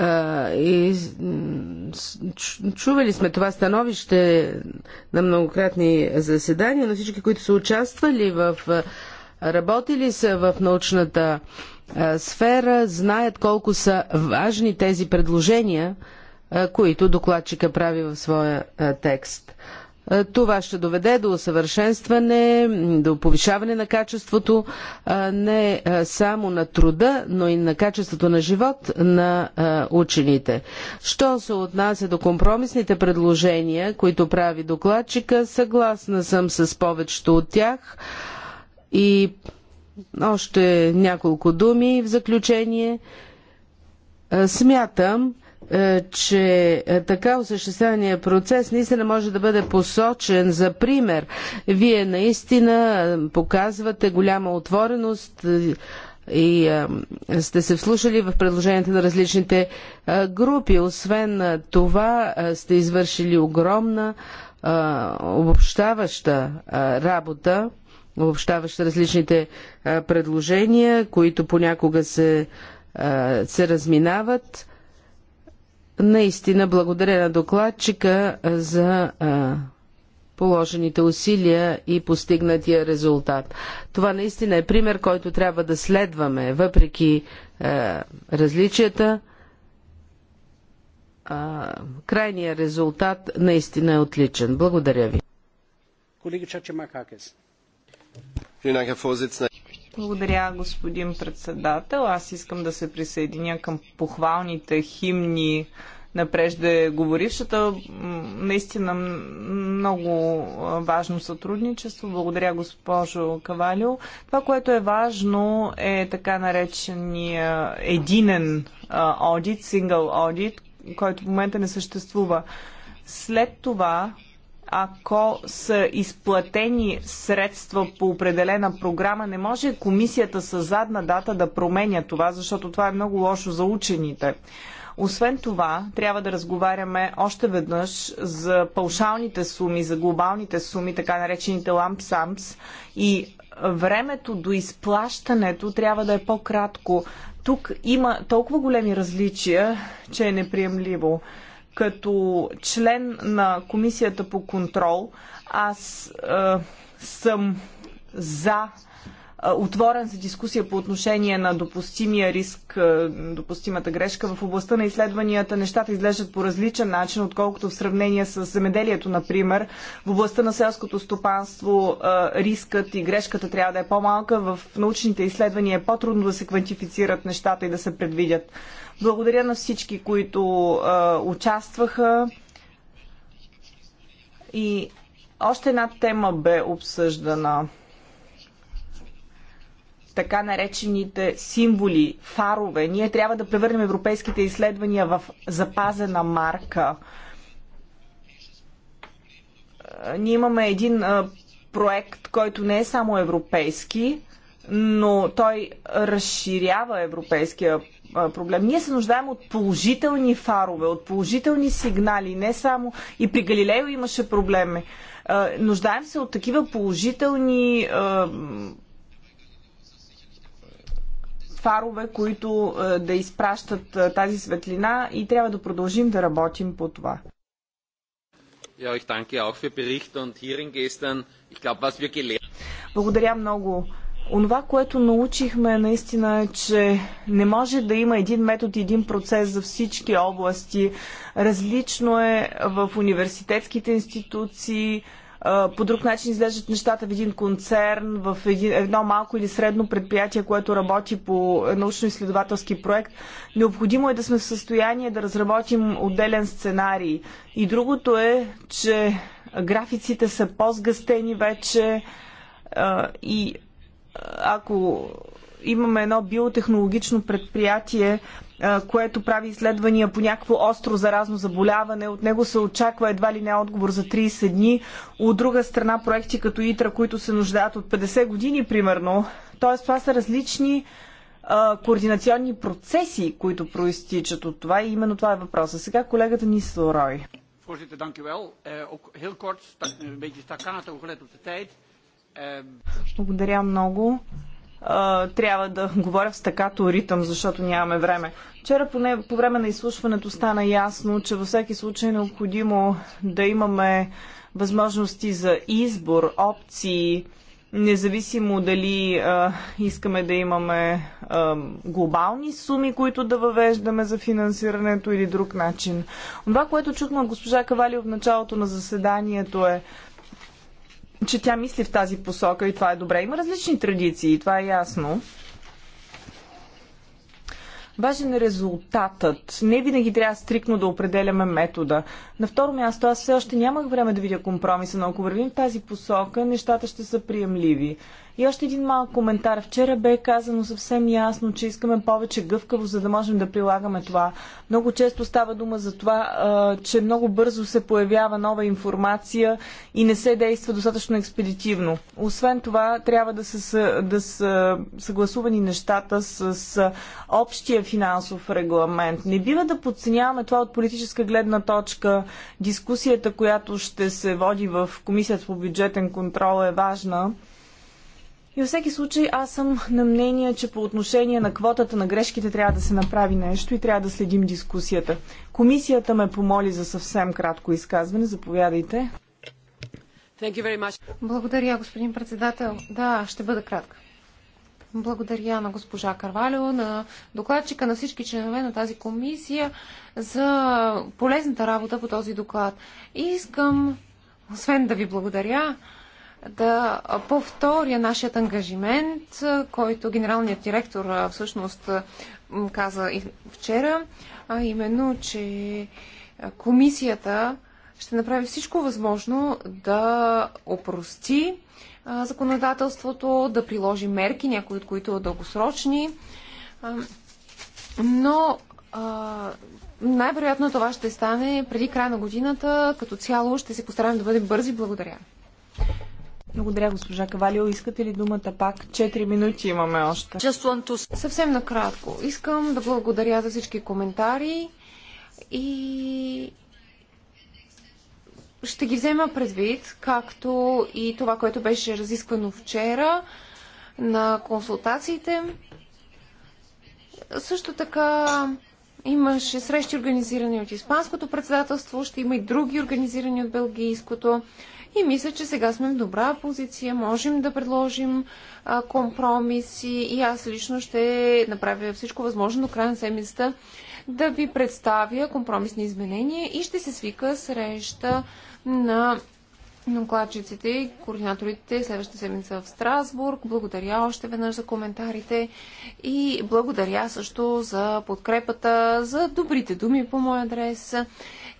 И чували сме това становище на многократни заседания, но всички, които са участвали в работили са в научната сфера, знаят колко са важни тези предложения, които докладчика прави в своя текст. Е, това ще доведе до усъвършенстване, до повишаване на качеството е, не е, само на труда, но и на качеството на живот на учените. Що се отнася до компромисните предложения, които прави докладчика, съгласна съм с повечето от тях и още няколко думи в заключение. Смятам, е, че е, така осъществявания процес наистина може да бъде посочен за пример. Вие наистина е, показвате голяма отвореност и сте се вслушали в предложенията на различните групи. Освен това сте извършили огромна обобщаваща работа, обобщаваща различните предложения, които понякога се, се разминават Наистина благодаря на докладчика за положените усилия и постигнатия резултат. Това наистина е пример, който трябва да следваме, въпреки е, различията. Е, крайният резултат наистина е отличен. Благодаря ви. Колега Чачемакакес. Благодаря, господин председател. Аз искам да се присъединя към похвалните химни на преждеговорившата. Наистина много важно сътрудничество. Благодаря, госпожо Кавалио. Това, което е важно е така наречения единен одит, сингъл одит, който в момента не съществува. След това ако са изплатени средства по определена програма, не може комисията с задна дата да променя това, защото това е много лошо за учените. Освен това, трябва да разговаряме още веднъж за паушалните суми, за глобалните суми, така наречените лампсамс и времето до изплащането трябва да е по-кратко. Тук има толкова големи различия, че е неприемливо като член на комисията по контрол, аз а, е, съм за е, отворен за дискусия по отношение на допустимия риск, е, допустимата грешка. В областта на изследванията нещата изглеждат по различен начин, отколкото в сравнение с земеделието, например. В областта на селското стопанство е, рискът и грешката трябва да е по-малка. В научните изследвания е по-трудно да се квантифицират нещата и да се предвидят. Благодаря на всички, които а, участваха. И още една тема бе обсъждана. Така наречените символи, фарове. Ние трябва да превърнем европейските изследвания в запазена марка. Ние имаме един а, проект, който не е само европейски, но той разширява европейския проблем. Ние се нуждаем от положителни фарове, от положителни сигнали, не само. И при Галилео имаше проблеми. Нуждаем се от такива положителни фарове, които да изпращат тази светлина и трябва да продължим да работим по това. Благодаря много Онова, което научихме наистина е, че не може да има един метод и един процес за всички области. Различно е в университетските институции, по друг начин изглеждат нещата в един концерн, в един, едно малко или средно предприятие, което работи по научно-изследователски проект. Необходимо е да сме в състояние да разработим отделен сценарий. И другото е, че графиците са по-сгъстени вече и ако имаме едно биотехнологично предприятие, което прави изследвания по някакво остро заразно заболяване. От него се очаква едва ли не отговор за 30 дни. От друга страна проекти като ИТРА, които се нуждаят от 50 години примерно. Тоест това са различни а, координационни процеси, които проистичат от това и именно това е въпроса. Сега колегата ни Рой. Voorzitter, dank u wel. Uh, ook heel kort, een beetje staccato gelet op de tijd. Благодаря много. Трябва да говоря в такато ритъм, защото нямаме време. Вчера поне по време на изслушването стана ясно, че във всеки случай е необходимо да имаме възможности за избор, опции, независимо дали а, искаме да имаме а, глобални суми, които да въвеждаме за финансирането или друг начин. Това, което чухме госпожа Кавали в началото на заседанието е че тя мисли в тази посока и това е добре. Има различни традиции, това е ясно. Важен е резултатът. Не винаги трябва стрикно да определяме метода. На второ място, аз все още нямах време да видя компромиса, но ако вървим в тази посока, нещата ще са приемливи. И още един малък коментар. Вчера бе казано съвсем ясно, че искаме повече гъвкаво, за да можем да прилагаме това. Много често става дума за това, че много бързо се появява нова информация и не се действа достатъчно експедитивно. Освен това, трябва да са, да са съгласувани нещата с общия финансов регламент. Не бива да подценяваме това от политическа гледна точка. Дискусията, която ще се води в Комисията по бюджетен контрол е важна. И във всеки случай аз съм на мнение, че по отношение на квотата на грешките трябва да се направи нещо и трябва да следим дискусията. Комисията ме помоли за съвсем кратко изказване. Заповядайте. Благодаря, господин председател. Да, ще бъда кратка. Благодаря на госпожа Карвалио, на докладчика, на всички членове на тази комисия за полезната работа по този доклад. И искам, освен да ви благодаря, да повторя нашият ангажимент, който генералният директор всъщност каза и вчера, а именно, че комисията ще направи всичко възможно да опрости законодателството, да приложи мерки, някои от които дългосрочни, но най-вероятно това ще стане преди края на годината. Като цяло ще се постараем да бъдем бързи. Благодаря. Благодаря, госпожа Кавалио. Искате ли думата пак? Четири минути имаме още. Съвсем накратко. Искам да благодаря за всички коментари и ще ги взема предвид, както и това, което беше разисквано вчера на консултациите. Също така имаше срещи организирани от Испанското председателство, ще има и други организирани от Белгийското председателство и мисля, че сега сме в добра позиция, можем да предложим а, компромиси и аз лично ще направя всичко възможно до края на седмицата да ви представя компромисни изменения и ще се свика среща на накладчиците и координаторите следващата седмица в Страсбург. Благодаря още веднъж за коментарите и благодаря също за подкрепата, за добрите думи по моя адрес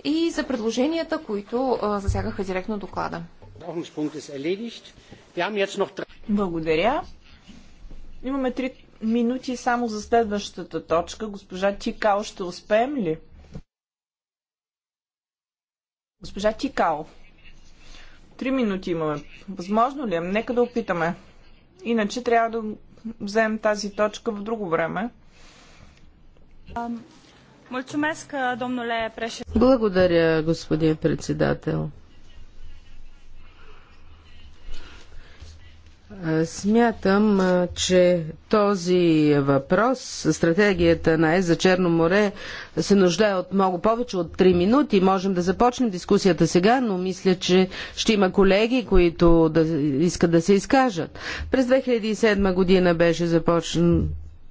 и за предложенията, които засягаха директно доклада. Благодаря. Имаме три минути само за следващата точка. Госпожа Тикао, ще успеем ли? Госпожа Тикао, три минути имаме. Възможно ли е? Нека да опитаме. Иначе трябва да вземем тази точка в друго време. Благодаря, господин председател. Смятам, че този въпрос, стратегията на ЕС за Черно море, се нуждае от много повече от 3 минути. Можем да започнем дискусията сега, но мисля, че ще има колеги, които да искат да се изкажат. През 2007 година беше започнат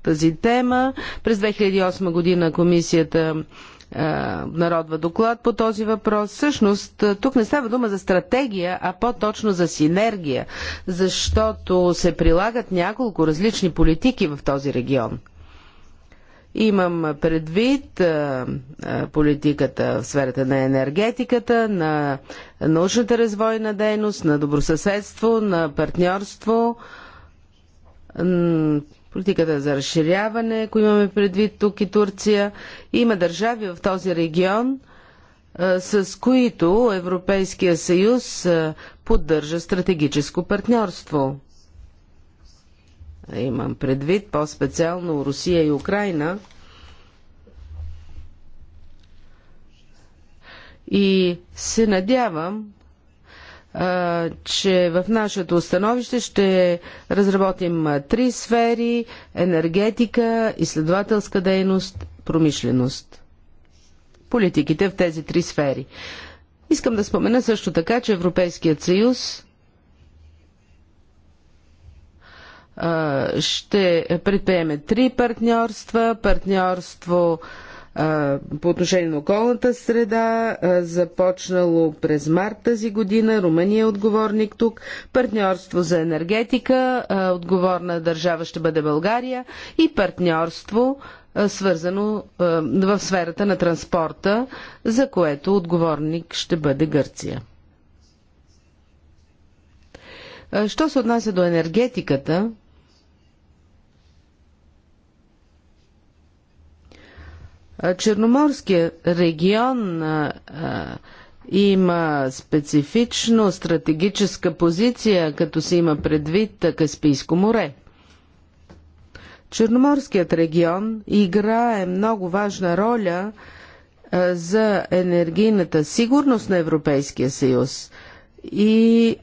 тази тема. През 2008 година комисията народва доклад по този въпрос. Всъщност, тук не става дума за стратегия, а по-точно за синергия, защото се прилагат няколко различни политики в този регион. Имам предвид политиката в сферата на енергетиката, на научната развойна дейност, на добросъседство, на партньорство, политиката за разширяване, ако имаме предвид тук и Турция. Има държави в този регион, с които Европейския съюз поддържа стратегическо партньорство. Имам предвид по-специално Русия и Украина. И се надявам че в нашето становище ще разработим три сфери енергетика, изследователска дейност, промишленост. Политиките в тези три сфери. Искам да спомена също така, че Европейският съюз ще предприеме три партньорства. Партньорство по отношение на околната среда, започнало през март тази година. Румъния е отговорник тук. Партньорство за енергетика, отговорна държава ще бъде България и партньорство свързано в сферата на транспорта, за което отговорник ще бъде Гърция. Що се отнася до енергетиката, Черноморския регион има специфично стратегическа позиция, като се има предвид Каспийско море. Черноморският регион играе много важна роля за енергийната сигурност на Европейския съюз и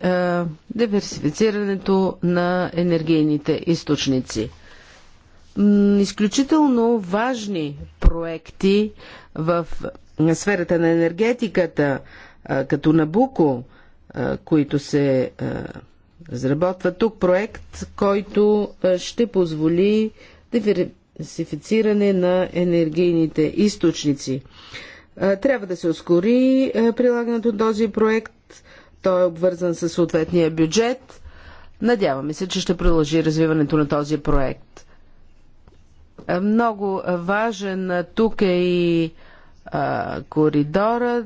диверсифицирането на енергийните източници изключително важни проекти в сферата на енергетиката, като Набуко, които се разработва тук проект, който ще позволи диверсифициране на енергийните източници. Трябва да се ускори прилагането на този проект. Той е обвързан със съответния бюджет. Надяваме се, че ще продължи развиването на този проект. Е, много важен е, тук е и коридора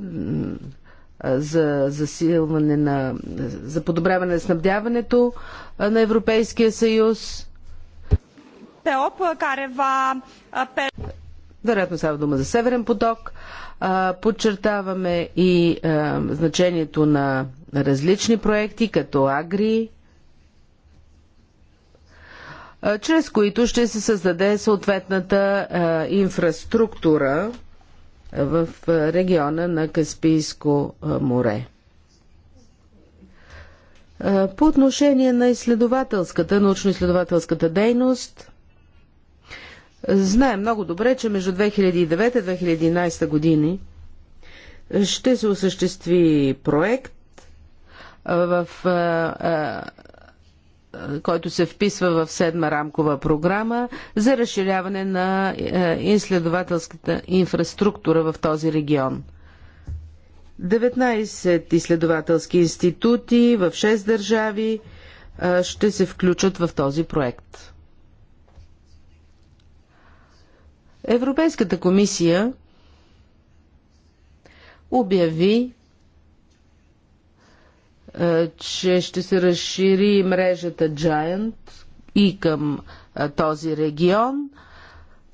за засилване на, за подобряване на снабдяването на Европейския съюз. Вероятно става дума за Северен поток. Подчертаваме и значението на различни проекти, като Агри, чрез които ще се създаде съответната инфраструктура в региона на Каспийско море. По отношение на изследователската, научно-изследователската дейност, знаем много добре, че между 2009 и 2011 години ще се осъществи проект в който се вписва в седма рамкова програма за разширяване на е, изследователската инфраструктура в този регион. 19 изследователски институти в 6 държави е, ще се включат в този проект. Европейската комисия обяви е, че ще се разшири мрежата Giant и към е, този регион.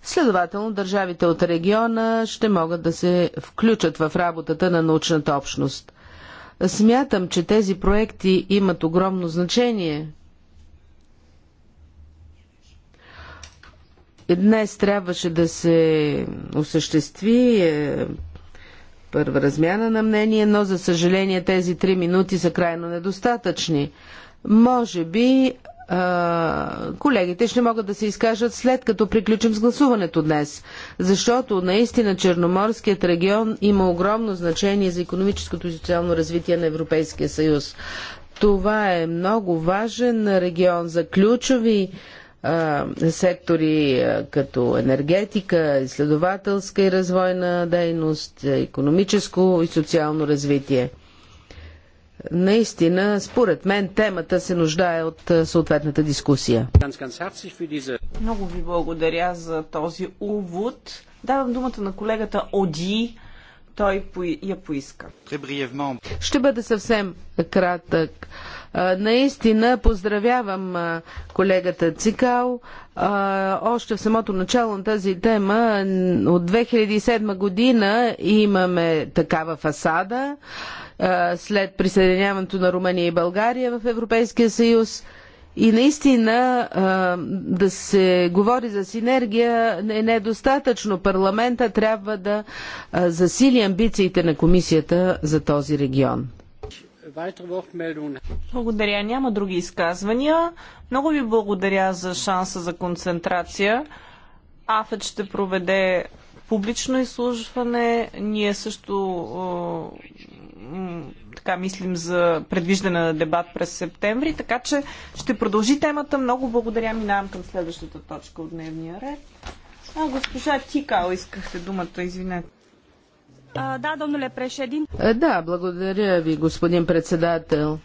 Следователно, държавите от региона ще могат да се включат в работата на научната общност. Смятам, че тези проекти имат огромно значение. Днес трябваше да се осъществи е, първа размяна на мнение, но за съжаление тези три минути са крайно недостатъчни. Може би колегите ще могат да се изкажат след като приключим с гласуването днес. Защото наистина Черноморският регион има огромно значение за економическото и социално развитие на Европейския съюз. Това е много важен регион за ключови сектори като енергетика, изследователска и развойна дейност, економическо и социално развитие. Наистина, според мен, темата се нуждае от съответната дискусия. Много ви благодаря за този увод. Давам думата на колегата Оди. Той я поиска. Ще бъде съвсем кратък. Наистина поздравявам колегата Цикал. Още в самото начало на тази тема от 2007 година имаме такава фасада след присъединяването на Румъния и България в Европейския съюз. И наистина да се говори за синергия е недостатъчно. Парламента трябва да засили амбициите на комисията за този регион. Благодаря. Няма други изказвания. Много ви благодаря за шанса за концентрация. АФЕД ще проведе публично изслужване. Ние също така мислим за предвиждане на дебат през септември, така че ще продължи темата. Много благодаря. Минавам към следващата точка от дневния ред. А, госпожа Тикао, искахте думата, извинете. Да, домнуле е, Да, благодаря ви, господин председател.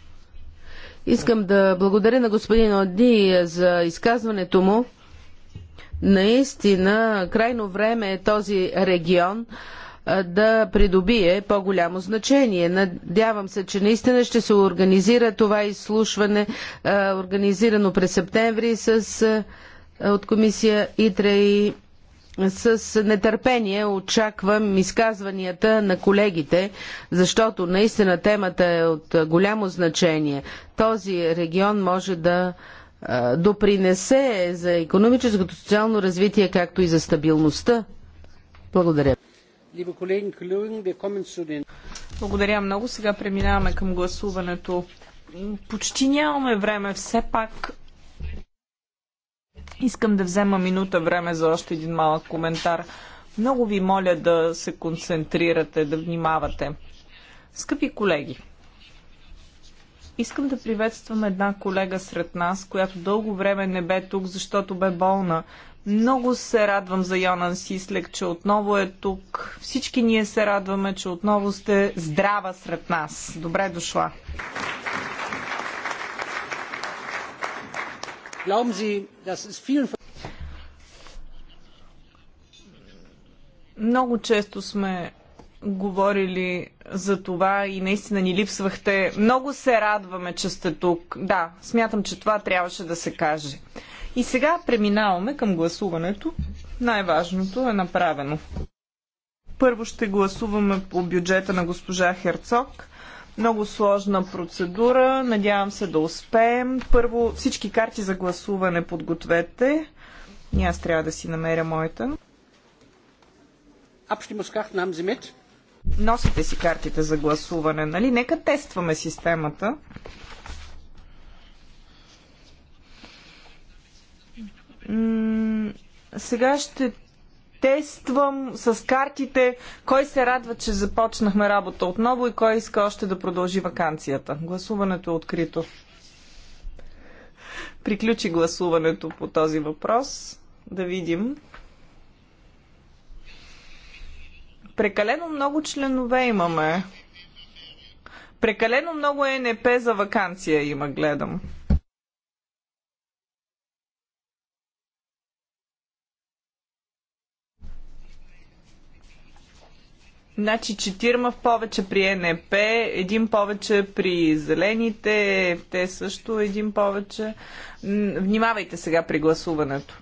Искам да благодаря на господин Оди за изказването му. Наистина, крайно време е този регион да придобие по-голямо значение. Надявам се, че наистина ще се организира това изслушване, организирано през септември с, от комисия ИТРА и с нетърпение очаквам изказванията на колегите, защото наистина темата е от голямо значение. Този регион може да допринесе за економическото социално развитие, както и за стабилността. Благодаря. Благодаря много. Сега преминаваме към гласуването. Почти нямаме време. Все пак Искам да взема минута време за още един малък коментар. Много ви моля да се концентрирате, да внимавате. Скъпи колеги, искам да приветствам една колега сред нас, която дълго време не бе тук, защото бе болна. Много се радвам за Йонан Сислек, че отново е тук. Всички ние се радваме, че отново сте здрава сред нас. Добре дошла! Glauben Sie, das ist vielen Много често сме говорили за това и наистина ни липсвахте. Много се радваме, че сте тук. Да, смятам, че това трябваше да се каже. И сега преминаваме към гласуването. Най-важното е направено. Първо ще гласуваме по бюджета на госпожа Херцог. Много сложна процедура. Надявам се да успеем. Първо всички карти за гласуване подгответе. И аз трябва да си намеря моята. Носите си картите за гласуване, нали? Нека тестваме системата. Сега ще тествам с картите кой се радва, че започнахме работа отново и кой иска още да продължи вакансията. Гласуването е открито. Приключи гласуването по този въпрос. Да видим. Прекалено много членове имаме. Прекалено много ЕНП за вакансия има, гледам. Значи четирма в повече при НП, един повече при зелените, те също един повече. Внимавайте сега при гласуването.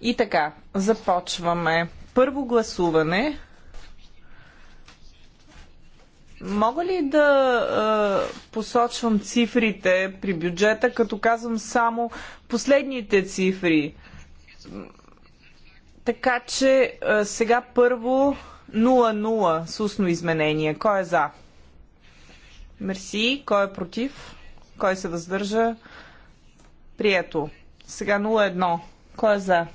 И така, започваме. Първо гласуване. Мога ли да е, посочвам цифрите при бюджета, като казвам само последните цифри? Така че е, сега първо 00 с устно изменение. Кой е за? Мерси. Кой е против? Кой се въздържа? Прието. Сега 01. Кой е за?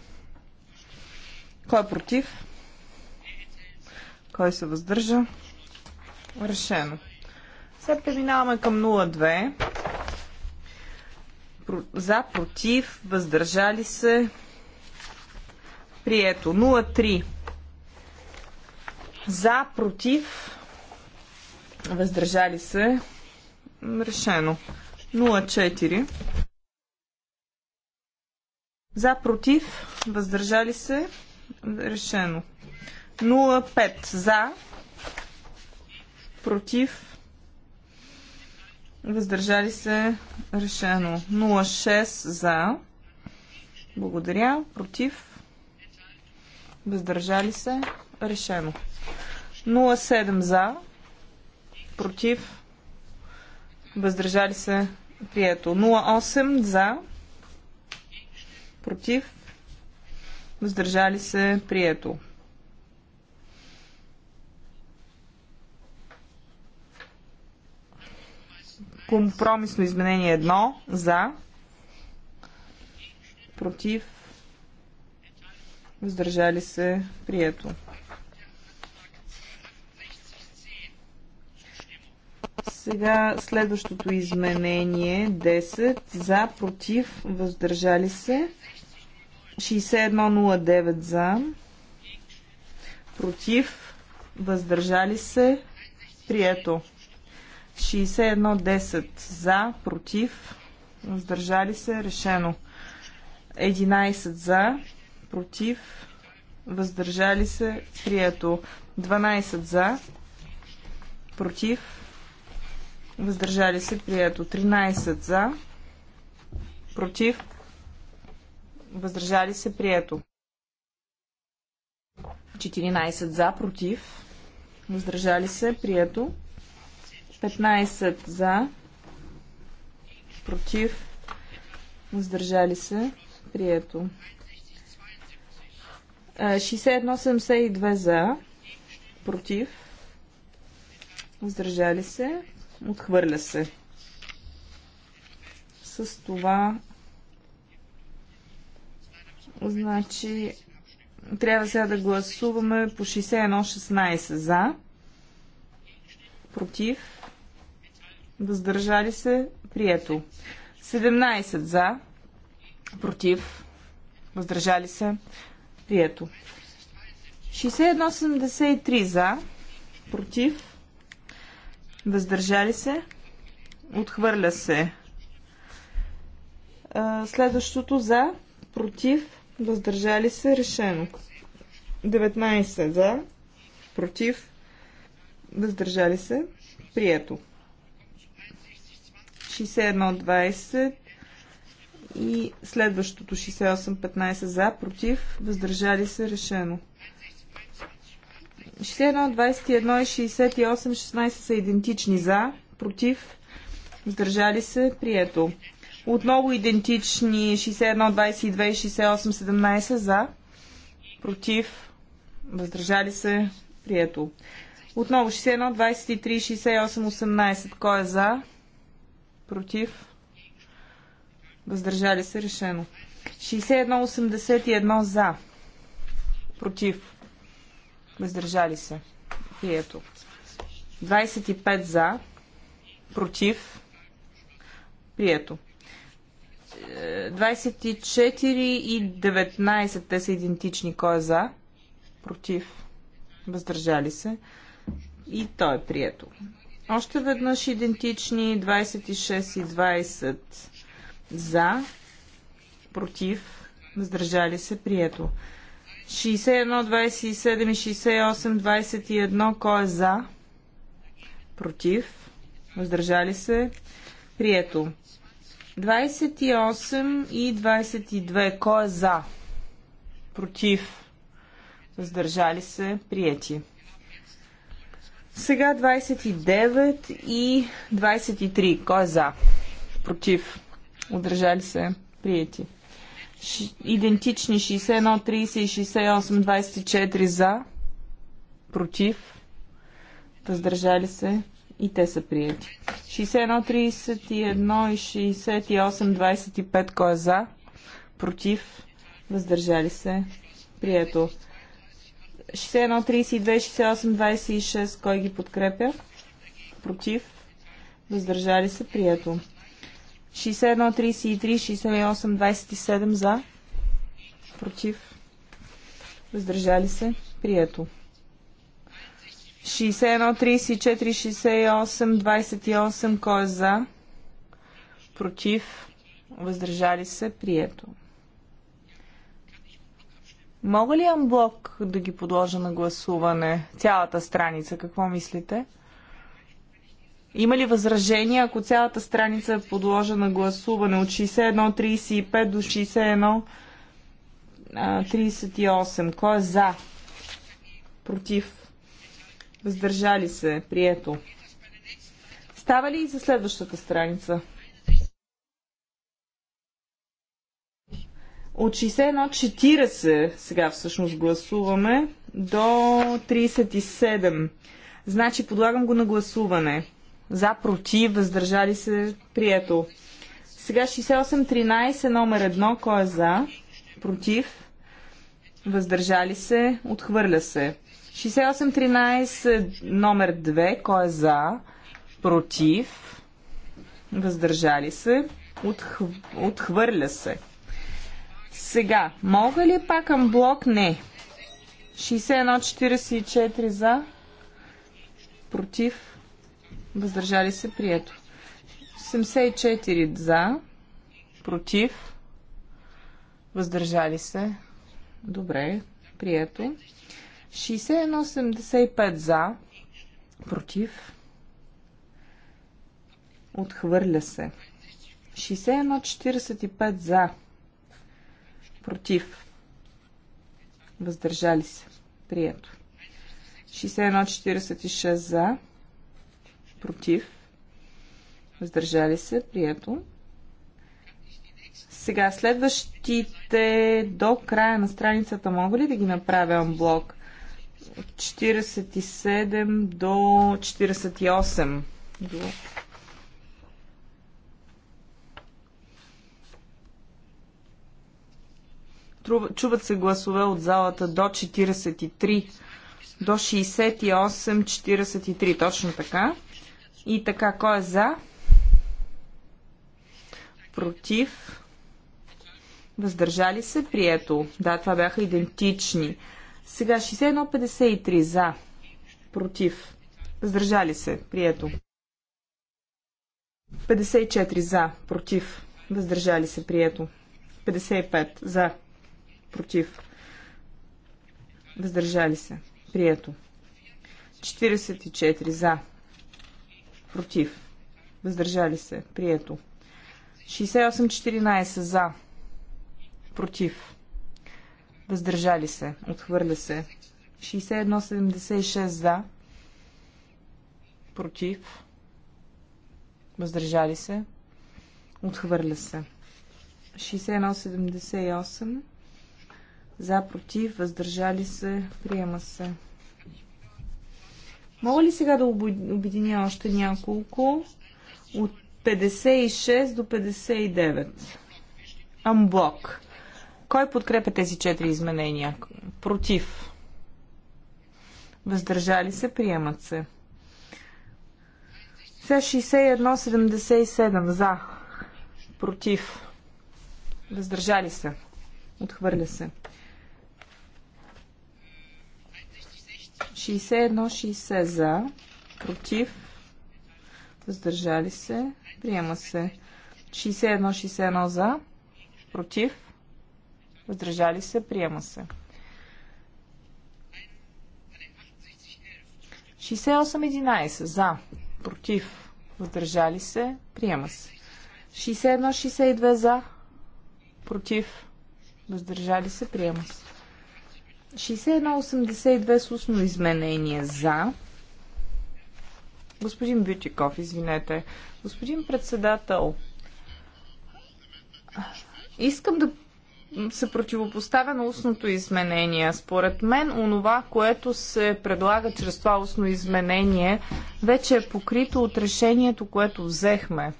Кой е против? Кой се въздържа? Решено. Сега преминаваме към 02. За, против, въздържали се. Прието. 03. За, против, въздържали се, решено. 04. За, против, въздържали се, решено. 05. За, против, въздържали се, решено. 06. За, благодаря, против, въздържали се, решено. 07 за, против, въздържали се, прието. 08 за, против, въздържали се, прието. Компромисно изменение 1 за, против, въздържали се, прието. Сега следващото изменение 10 за, против, въздържали се. 6109 за, против, въздържали се, прието. 6110 за, против, въздържали се, решено. 11 за, против, въздържали се, прието. 12 за, против, Въздържали се. Прието. 13 за. Против. Въздържали се. Прието. 14 за. Против. Въздържали се. Прието. 15 за. Против. Въздържали се. Прието. 61-72 е, за. Против. Въздържали се. Отхвърля се. С това значи трябва сега да гласуваме по 61-16 за, против, въздържали се, прието. 17 за, против, въздържали се, прието. 61-73 за, против, Въздържали се? Отхвърля се. Следващото за, против, въздържали се, решено. 19 за, против, въздържали се, прието. 61-20 и следващото 68-15 за, против, въздържали се, решено. 61, 21 и 68, 16 са идентични за, против, въздържали се, прието. Отново идентични 61, 22 и 68, 17 за, против, въздържали се, прието. Отново 61, 23, 68, 18. Кой е за? Против? Въздържали се, решено. 61, 81 за. Против. Въздържали се. Прието. 25 за. Против. Прието. 24 и 19 те са идентични. Кой е за? Против. Въздържали се. И то е прието. Още веднъж идентични 26 и 20 за, против, въздържали се, прието. 61, 27 и 68, 21. Кой е за? Против? Въздържали се? Прието. 28 и 22. Кой е за? Против? Въздържали се? Приети. Сега 29 и 23. Кой е за? Против? Въздържали се? Приети идентични 61, 30 и 68, 24 за, против, въздържали се и те са приети. 61, 31 и 68, 25 кой е за, против, въздържали се, прието. 61, 32, 68, 26 кой ги подкрепя, против, въздържали се, прието. 61, 33, 68, 27 за. Против. Въздържали се. Прието. 61, 34, 68, 28. Кой е за? Против. Въздържали се. Прието. Мога ли амблок да ги подложа на гласуване? Цялата страница, какво мислите? Има ли възражения, ако цялата страница е подложа на гласуване от 61.35 до 61.38? Кой е за? Против? Въздържали се? Прието. Става ли и за следващата страница? От 61.40 сега всъщност гласуваме до 37. Значи подлагам го на гласуване. За, против, въздържали се, прието. Сега 6813 номер 1, кой е за, против, въздържали се, отхвърля се. 6813 номер 2, кой е за, против, въздържали се, отх... отхвърля се. Сега, мога ли пак към блок? Не. 6144 за, против, Въздържали се. Прието. 74 за. Против. Въздържали се. Добре. Прието. 61,85 за. Против. Отхвърля се. 61,45 за. Против. Въздържали се. Прието. 61,46 за против, въздържали се, прието. Сега, следващите до края на страницата мога ли да ги направя блок? 47 до 48. До... Чуват се гласове от залата до 43, до 68, 43, точно така. И така, кой е за? Против? Въздържали се? Прието. Да, това бяха идентични. Сега 61.53 53 за. Против. Въздържали се? Прието. 54 за. Против. Въздържали се? Прието. 55 за. Против. Въздържали се? Прието. 44 за Против. Въздържали се. Прието. 68-14 за. Против. Въздържали се. Отхвърля се. 61-76 за. Против. Въздържали се. Отхвърля се. 61-78 за. Против. Въздържали се. Приема се. Мога ли сега да обединя още няколко от 56 до 59? Амблок. Кой подкрепя тези четири изменения? Против. Въздържали се, приемат се. Сега 61-77 за. Против. Въздържали се. Отхвърля се. 61-60 за, против, въздържали се, приема се. 61-61 за, против, въздържали се, приема се. 68-11 за, против, въздържали се, приема се. 61-62 за, против, въздържали се, приема се. 6182 с устно изменение за. Господин Бютиков, извинете. Господин председател, искам да се противопоставя на устното изменение. Според мен, онова, което се предлага чрез това устно изменение, вече е покрито от решението, което взехме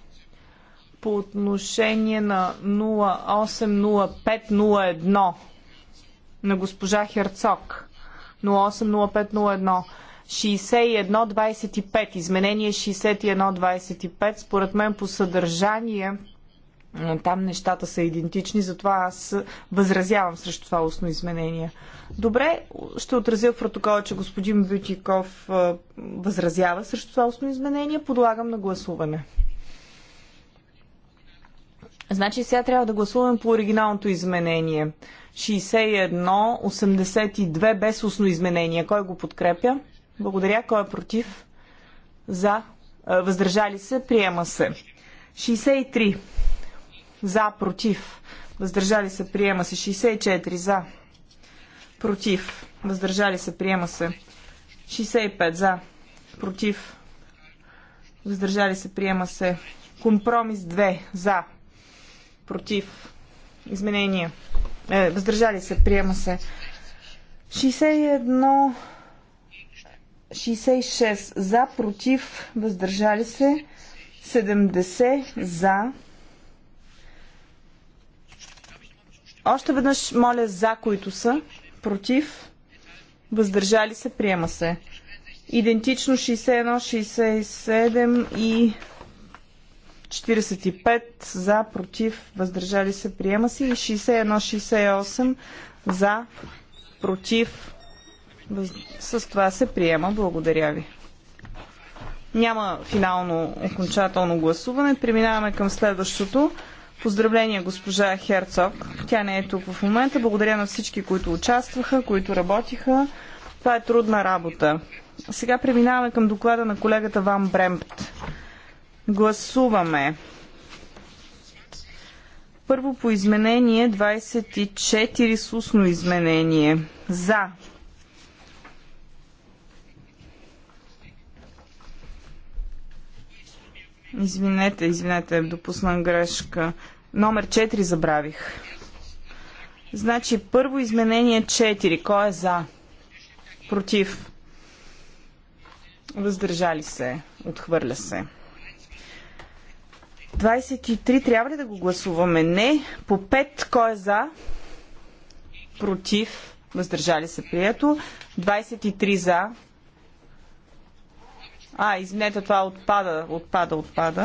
по отношение на 080501 на госпожа Херцог 080501 6125, изменение 6125, според мен по съдържание там нещата са идентични, затова аз възразявам срещу това устно изменение. Добре, ще отразя в протокола, че господин Бютиков възразява срещу това устно изменение. Подлагам на гласуване. Значи сега трябва да гласуваме по оригиналното изменение. 61-82 без устно изменение. Кой го подкрепя? Благодаря. Кой е против? За. Въздържали се? Приема се. 63. За. Против. Въздържали се? Приема се. 64. За. Против. Въздържали се? Приема се. 65. За. Против. Въздържали се? Приема се. Компромис 2. За. Против. Изменение. Е, въздържали се, приема се. 61, 66 за, против, въздържали се. 70 за. Още веднъж моля за, които са. Против, въздържали се, приема се. Идентично 61, 67 и 45 за, против, въздържали се, приема се и 61-68 за, против, въз... с това се приема. Благодаря ви. Няма финално окончателно гласуване. Преминаваме към следващото. Поздравления госпожа Херцог. Тя не е тук в момента. Благодаря на всички, които участваха, които работиха. Това е трудна работа. Сега преминаваме към доклада на колегата Ван Бремпт. Гласуваме. Първо по изменение 24 с устно изменение. За. Извинете, извинете, допуснам грешка. Номер 4 забравих. Значи първо изменение 4. Кой е за? Против. Въздържали се. Отхвърля се. 23 трябва ли да го гласуваме? Не. По 5 кой е за? Против. Въздържали се прието. 23 за. А, извинете, това отпада, отпада, отпада.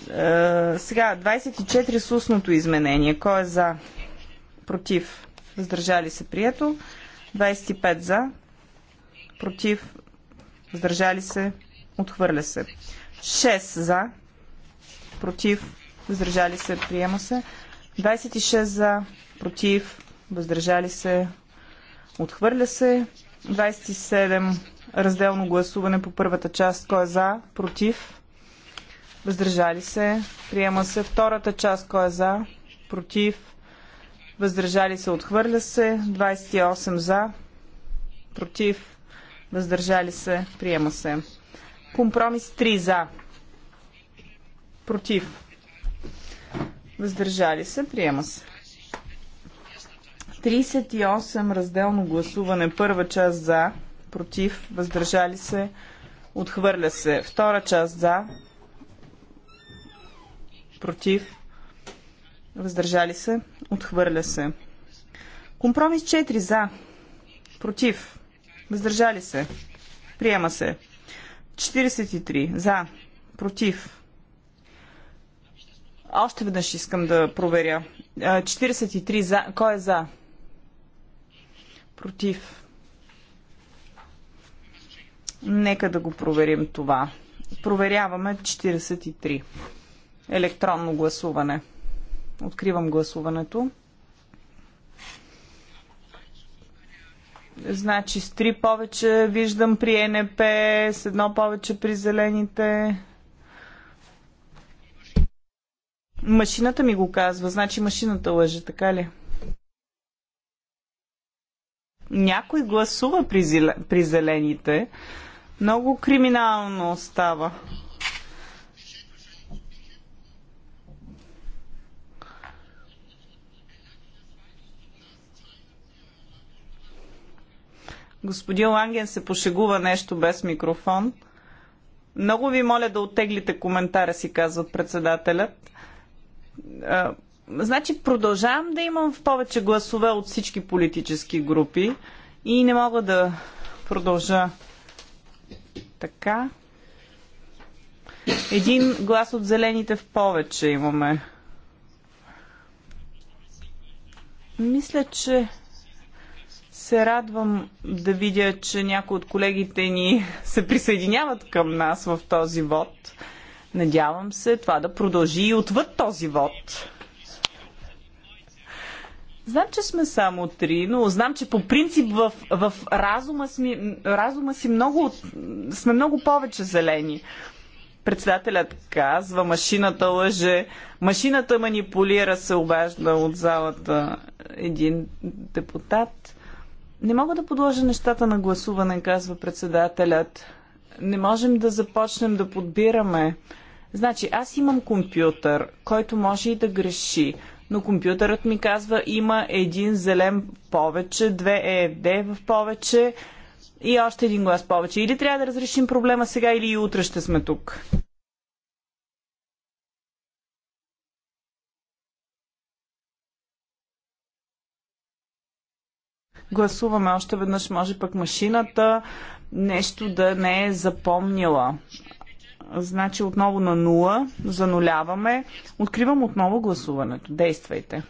Е, сега, 24 с устното изменение. Кой е за? Против. Въздържали се прието. 25 за. Против. Въздържали се. Отхвърля се. 6 за против, въздържали се, приема се. 26 за, против, въздържали се, отхвърля се. 27 разделно гласуване по първата част. Кой е за, против, въздържали се, приема се. Втората част. Кой е за, против, въздържали се, отхвърля се. 28 за, против, въздържали се, приема се. Компромис 3 за, Против. Въздържали се. Приема се. 38 разделно гласуване. Първа част за. Против. Въздържали се. Отхвърля се. Втора част за. Против. Въздържали се. Отхвърля се. Компромис 4 за. Против. Въздържали се. Приема се. 43 за. Против. Още веднъж искам да проверя. 43 за. Кой е за? Против. Нека да го проверим това. Проверяваме 43. Електронно гласуване. Откривам гласуването. Значи с 3 повече виждам при НП, с едно повече при зелените. Машината ми го казва, значи машината лъже, така ли? Някой гласува при, зеле, при зелените. Много криминално става. Господин Ланген се пошегува нещо без микрофон. Много ви моля да оттеглите коментара си, казва председателят. Значи продължавам да имам в повече гласове от всички политически групи и не мога да продължа така. Един глас от зелените в повече имаме. Мисля, че се радвам да видя, че някои от колегите ни се присъединяват към нас в този вод. Надявам се това да продължи и отвъд този вод. Знам, че сме само три, но знам, че по принцип в, в разума, сме, разума си много, сме много повече зелени. Председателят казва, машината лъже, машината манипулира, се обажда от залата един депутат. Не мога да подложа нещата на гласуване, казва председателят. Не можем да започнем да подбираме. Значи, аз имам компютър, който може и да греши, но компютърът ми казва, има един зелен повече, две ЕФД в повече и още един глас повече. Или трябва да разрешим проблема сега, или и утре ще сме тук. гласуваме още веднъж, може пък машината нещо да не е запомнила. Значи отново на 0, зануляваме. Откривам отново гласуването. Действайте.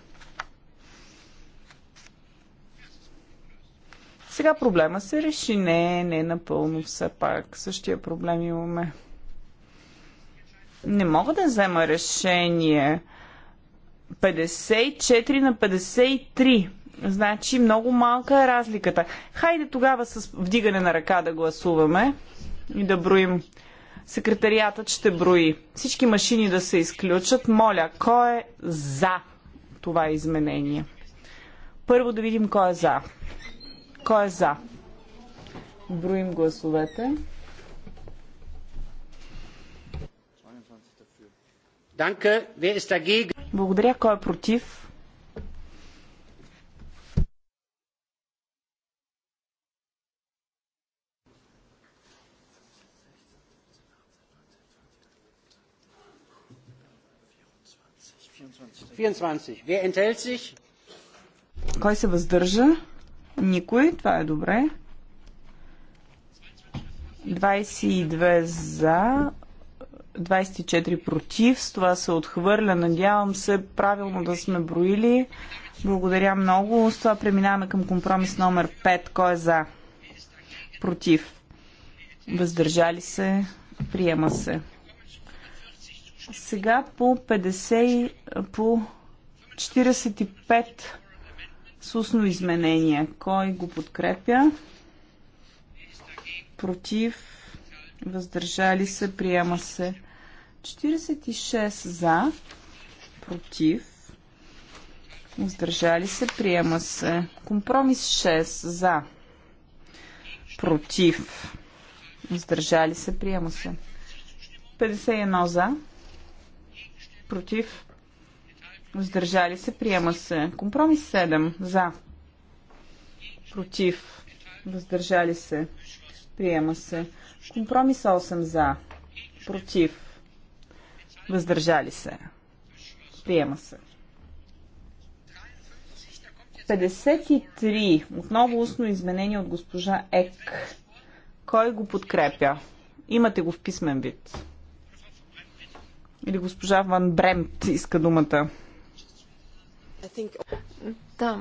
Сега проблема се реши. Не, не напълно все пак. Същия проблем имаме. Не мога да взема решение. 54 на 53. Значи много малка е разликата. Хайде тогава с вдигане на ръка да гласуваме и да броим. Секретариатът ще брои. Всички машини да се изключат. Моля, кой е за това изменение? Първо да видим кой е за. Кой е за? Броим гласовете. Благодаря. Кой е против? vierundzwanzig. Wer enthält sich? Кой се въздържа? Никой. Това е добре. 22 за, 24 против. С това се отхвърля. Надявам се правилно да сме броили. Благодаря много. С това преминаваме към компромис номер 5. Кой е за? Против. Въздържали се. Приема се. Сега по 50, по 45 с устно изменение. Кой го подкрепя? Против? Въздържали се? Приема се. 46 за. Против? Въздържали се? Приема се. Компромис 6 за. Против? Въздържали се? Приема се. 51 за против, въздържали се, приема се. Компромис 7 за, против, въздържали се, приема се. Компромис 8 за, против, въздържали се, приема се. 53. Отново устно изменение от госпожа Ек. Кой го подкрепя? Имате го в писмен вид. Или госпожа Ван Бремт иска думата. Да.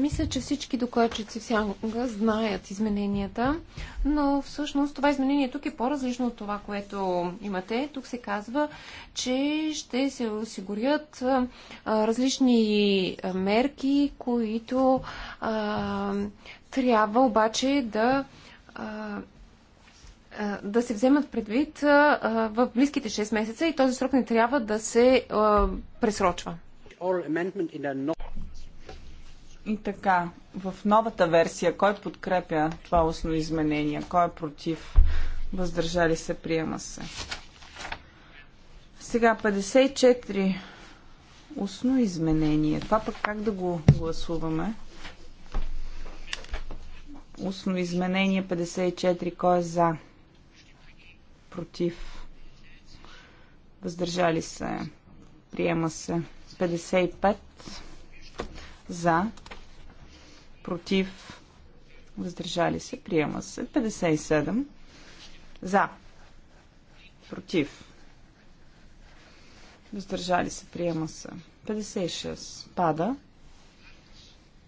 Мисля, че всички докладчици в знаят измененията, но всъщност това изменение тук е по-различно от това, което имате. Тук се казва, че ще се осигурят различни мерки, които трябва обаче да да се вземат предвид в близките 6 месеца и този срок не трябва да се пресрочва. И така, в новата версия, кой подкрепя това основно изменение, кой е против, въздържали се, приема се. Сега 54 устно изменение. Това пък как да го гласуваме? Устно изменение 54. Кой е за? против, въздържали се, приема се 55 за, против, въздържали се, приема се 57 за, против, въздържали се, приема се 56 пада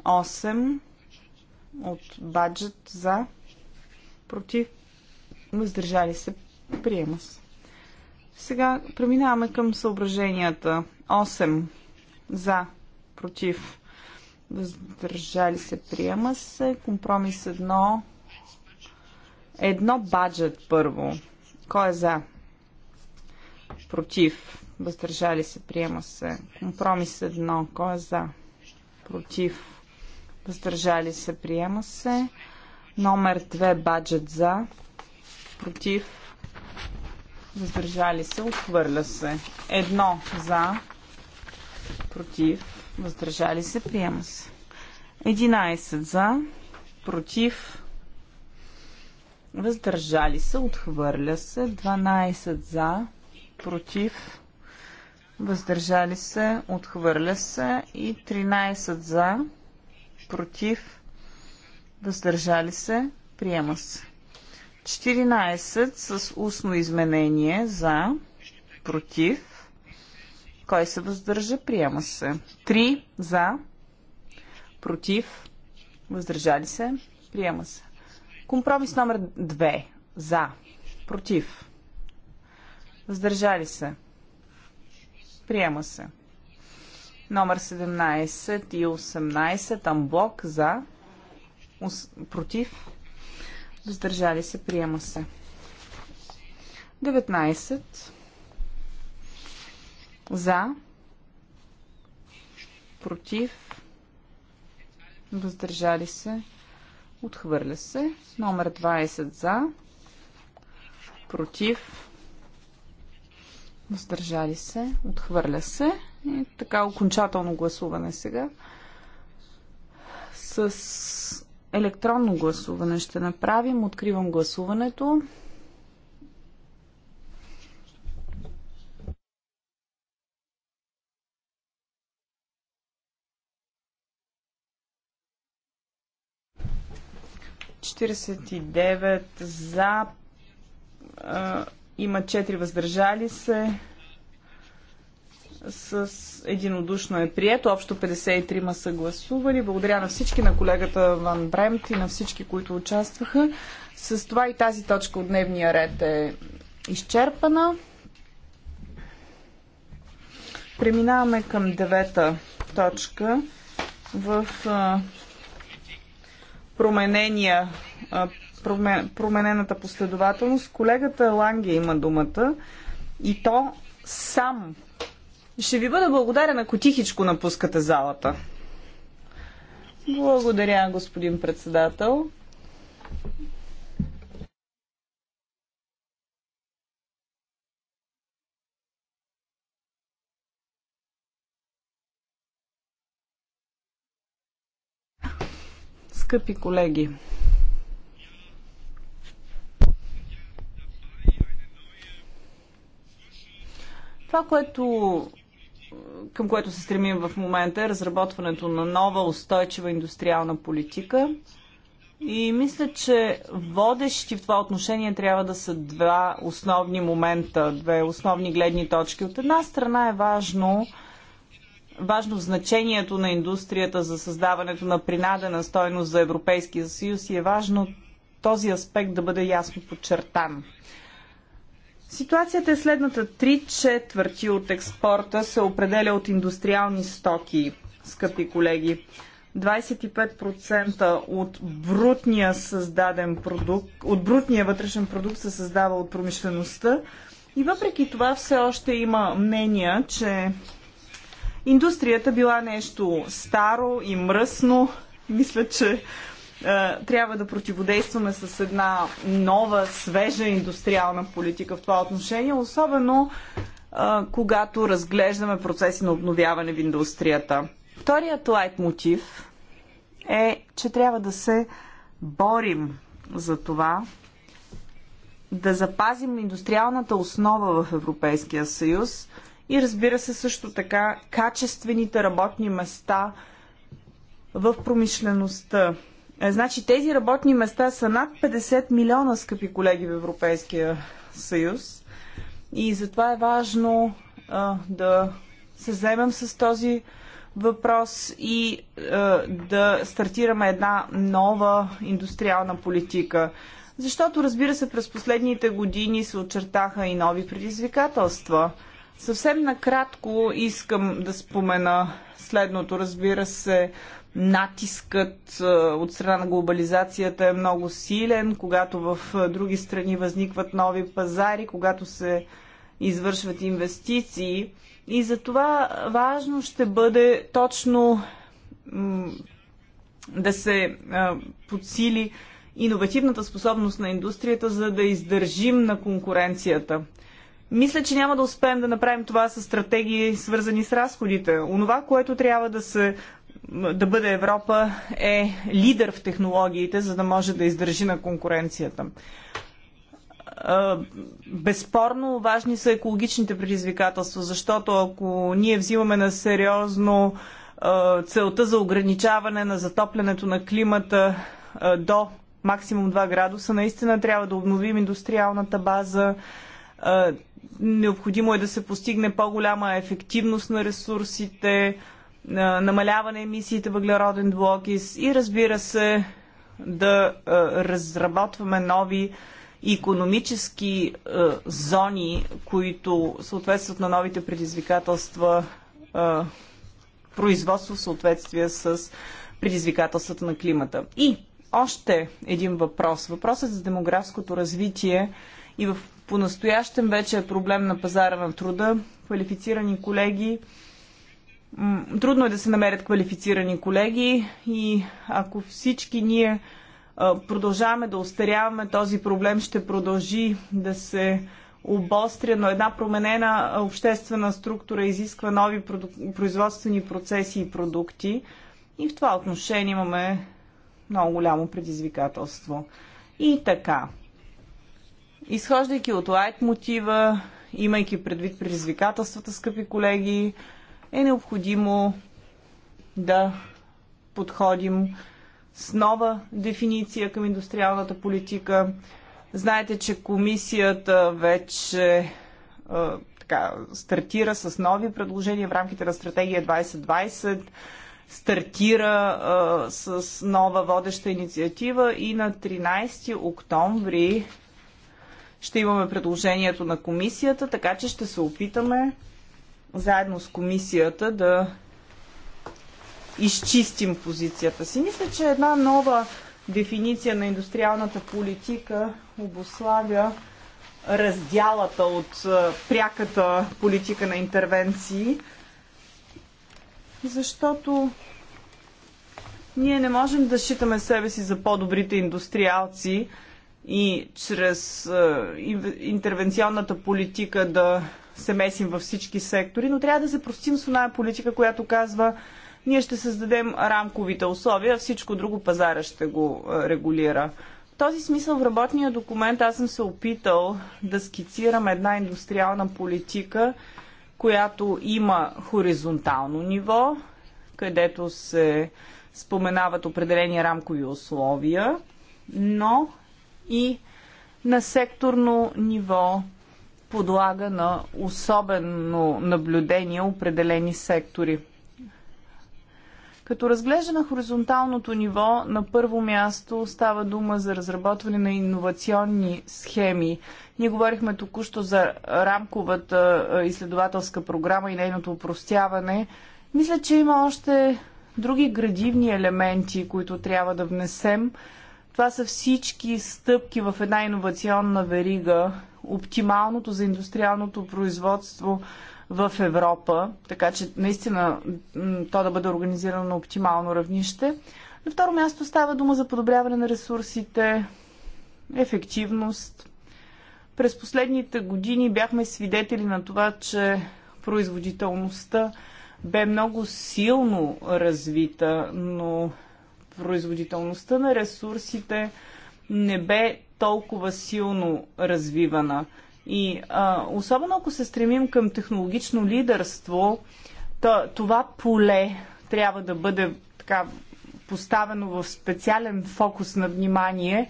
8 от баджет за, против, въздържали се, Приема се. Сега преминаваме към съображенията. 8 за, против, въздържали се, приема се. Компромис 1. Едно баджет първо. Кой е за? Против. Въздържали се, приема се. Компромис 1. Кой е за? Против. Въздържали се, приема се. Номер 2 баджет за. Против въздържали се, отхвърля се. Едно за, против, въздържали се, приема се. 11 за, против, въздържали се, отхвърля се. 12 за, против, въздържали се, отхвърля се. И 13 за, против, въздържали се, приема се. 14 с устно изменение за, против, кой се въздържа, приема се. 3 за, против, въздържали се, приема се. Компромис номер 2 за, против, въздържали се, приема се. Номер 17 и 18 амблок за, против, Въздържали се. Приема се. 19. За. Против. Въздържали се. Отхвърля се. Номер 20 за. Против. Въздържали се. Отхвърля се. И така окончателно гласуване сега. С електронно гласуване ще направим. Откривам гласуването. Четиридесет за. Има 4 въздържали се с единодушно е прието. Общо 53-ма са гласували. Благодаря на всички, на колегата Ван Бремт и на всички, които участваха. С това и тази точка от дневния ред е изчерпана. Преминаваме към девета точка в а, променения, а, промен, променената последователност. Колегата Ланге има думата и то сам ще ви бъда благодарен, ако тихичко напускате залата. Благодаря, господин председател. Скъпи колеги, това, което към което се стремим в момента е разработването на нова устойчива индустриална политика. И мисля, че водещи в това отношение трябва да са два основни момента, две основни гледни точки. От една страна е важно важно значението на индустрията за създаването на принадена стойност за Европейския съюз и е важно този аспект да бъде ясно подчертан. Ситуацията е следната. Три четвърти от експорта се определя от индустриални стоки, скъпи колеги. 25% от брутния създаден продукт, от брутния вътрешен продукт се създава от промишлеността. И въпреки това все още има мнения, че индустрията била нещо старо и мръсно. Мисля, че е, трябва да противодействаме с една нова, свежа индустриална политика в това отношение, особено е, когато разглеждаме процеси на обновяване в индустрията. Вторият лайт мотив е, че трябва да се борим за това да запазим индустриалната основа в Европейския съюз и разбира се също така качествените работни места в промишлеността. Е, значи тези работни места са над 50 милиона, скъпи колеги в Европейския съюз. И затова е важно а, да се вземем с този въпрос и а, да стартираме една нова индустриална политика. Защото, разбира се, през последните години се очертаха и нови предизвикателства. Съвсем накратко искам да спомена следното. Разбира се, натискът от страна на глобализацията е много силен, когато в други страни възникват нови пазари, когато се извършват инвестиции. И за това важно ще бъде точно да се подсили иновативната способност на индустрията, за да издържим на конкуренцията. Мисля, че няма да успеем да направим това с стратегии, свързани с разходите. Онова, което трябва да се да бъде Европа е лидер в технологиите, за да може да издържи на конкуренцията. Безспорно важни са екологичните предизвикателства, защото ако ние взимаме на сериозно целта за ограничаване на затоплянето на климата до максимум 2 градуса, наистина трябва да обновим индустриалната база. Необходимо е да се постигне по-голяма ефективност на ресурсите, намаляване емисиите въглероден двуокис и разбира се да разработваме нови економически зони, които съответстват на новите предизвикателства производство в съответствие с предизвикателствата на климата. И още един въпрос. Въпросът за демографското развитие и в по-настоящем вече е проблем на пазара на труда. Квалифицирани колеги трудно е да се намерят квалифицирани колеги и ако всички ние продължаваме да устаряваме, този проблем ще продължи да се обостря, но една променена обществена структура изисква нови производствени процеси и продукти. И в това отношение имаме много голямо предизвикателство. И така, изхождайки от лайт мотива, имайки предвид предизвикателствата, скъпи колеги, е необходимо да подходим с нова дефиниция към индустриалната политика. Знаете, че комисията вече е, така, стартира с нови предложения в рамките на стратегия 2020, стартира а, е, с нова водеща инициатива и на 13 октомври ще имаме предложението на комисията, така че ще се опитаме заедно с комисията да изчистим позицията си. Мисля, че една нова дефиниция на индустриалната политика обославя раздялата от е, пряката политика на интервенции, защото ние не можем да считаме себе си за по-добрите индустриалци и чрез е, интервенционната политика да се месим във всички сектори, но трябва да се простим с една политика, която казва ние ще създадем рамковите условия, всичко друго пазара ще го е, регулира. В този смисъл в работния документ аз съм се опитал да скицирам една индустриална политика, която има хоризонтално ниво, където се споменават определени рамкови условия, но и на секторно ниво, подлага на особено наблюдение определени сектори. Като разглежда на хоризонталното ниво, на първо място става дума за разработване на иновационни схеми. Ние говорихме току-що за рамковата изследователска програма и нейното упростяване. Мисля, че има още други градивни елементи, които трябва да внесем това са всички стъпки в една иновационна верига, оптималното за индустриалното производство в Европа, така че наистина то да бъде организирано на оптимално равнище. На второ място става дума за подобряване на ресурсите, ефективност. През последните години бяхме свидетели на това, че производителността бе много силно развита, но производителността на ресурсите не бе толкова силно развивана. И а, особено ако се стремим към технологично лидерство, то, това поле трябва да бъде така поставено в специален фокус на внимание.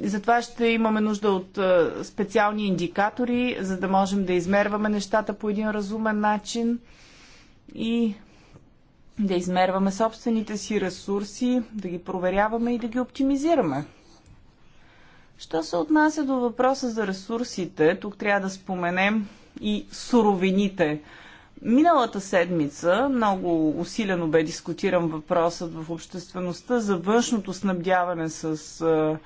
Затова ще имаме нужда от а, специални индикатори, за да можем да измерваме нещата по един разумен начин. И да измерваме собствените си ресурси, да ги проверяваме и да ги оптимизираме. Що се отнася до въпроса за ресурсите, тук трябва да споменем и суровините. Миналата седмица много усилено бе дискутиран въпросът в обществеността за външното снабдяване с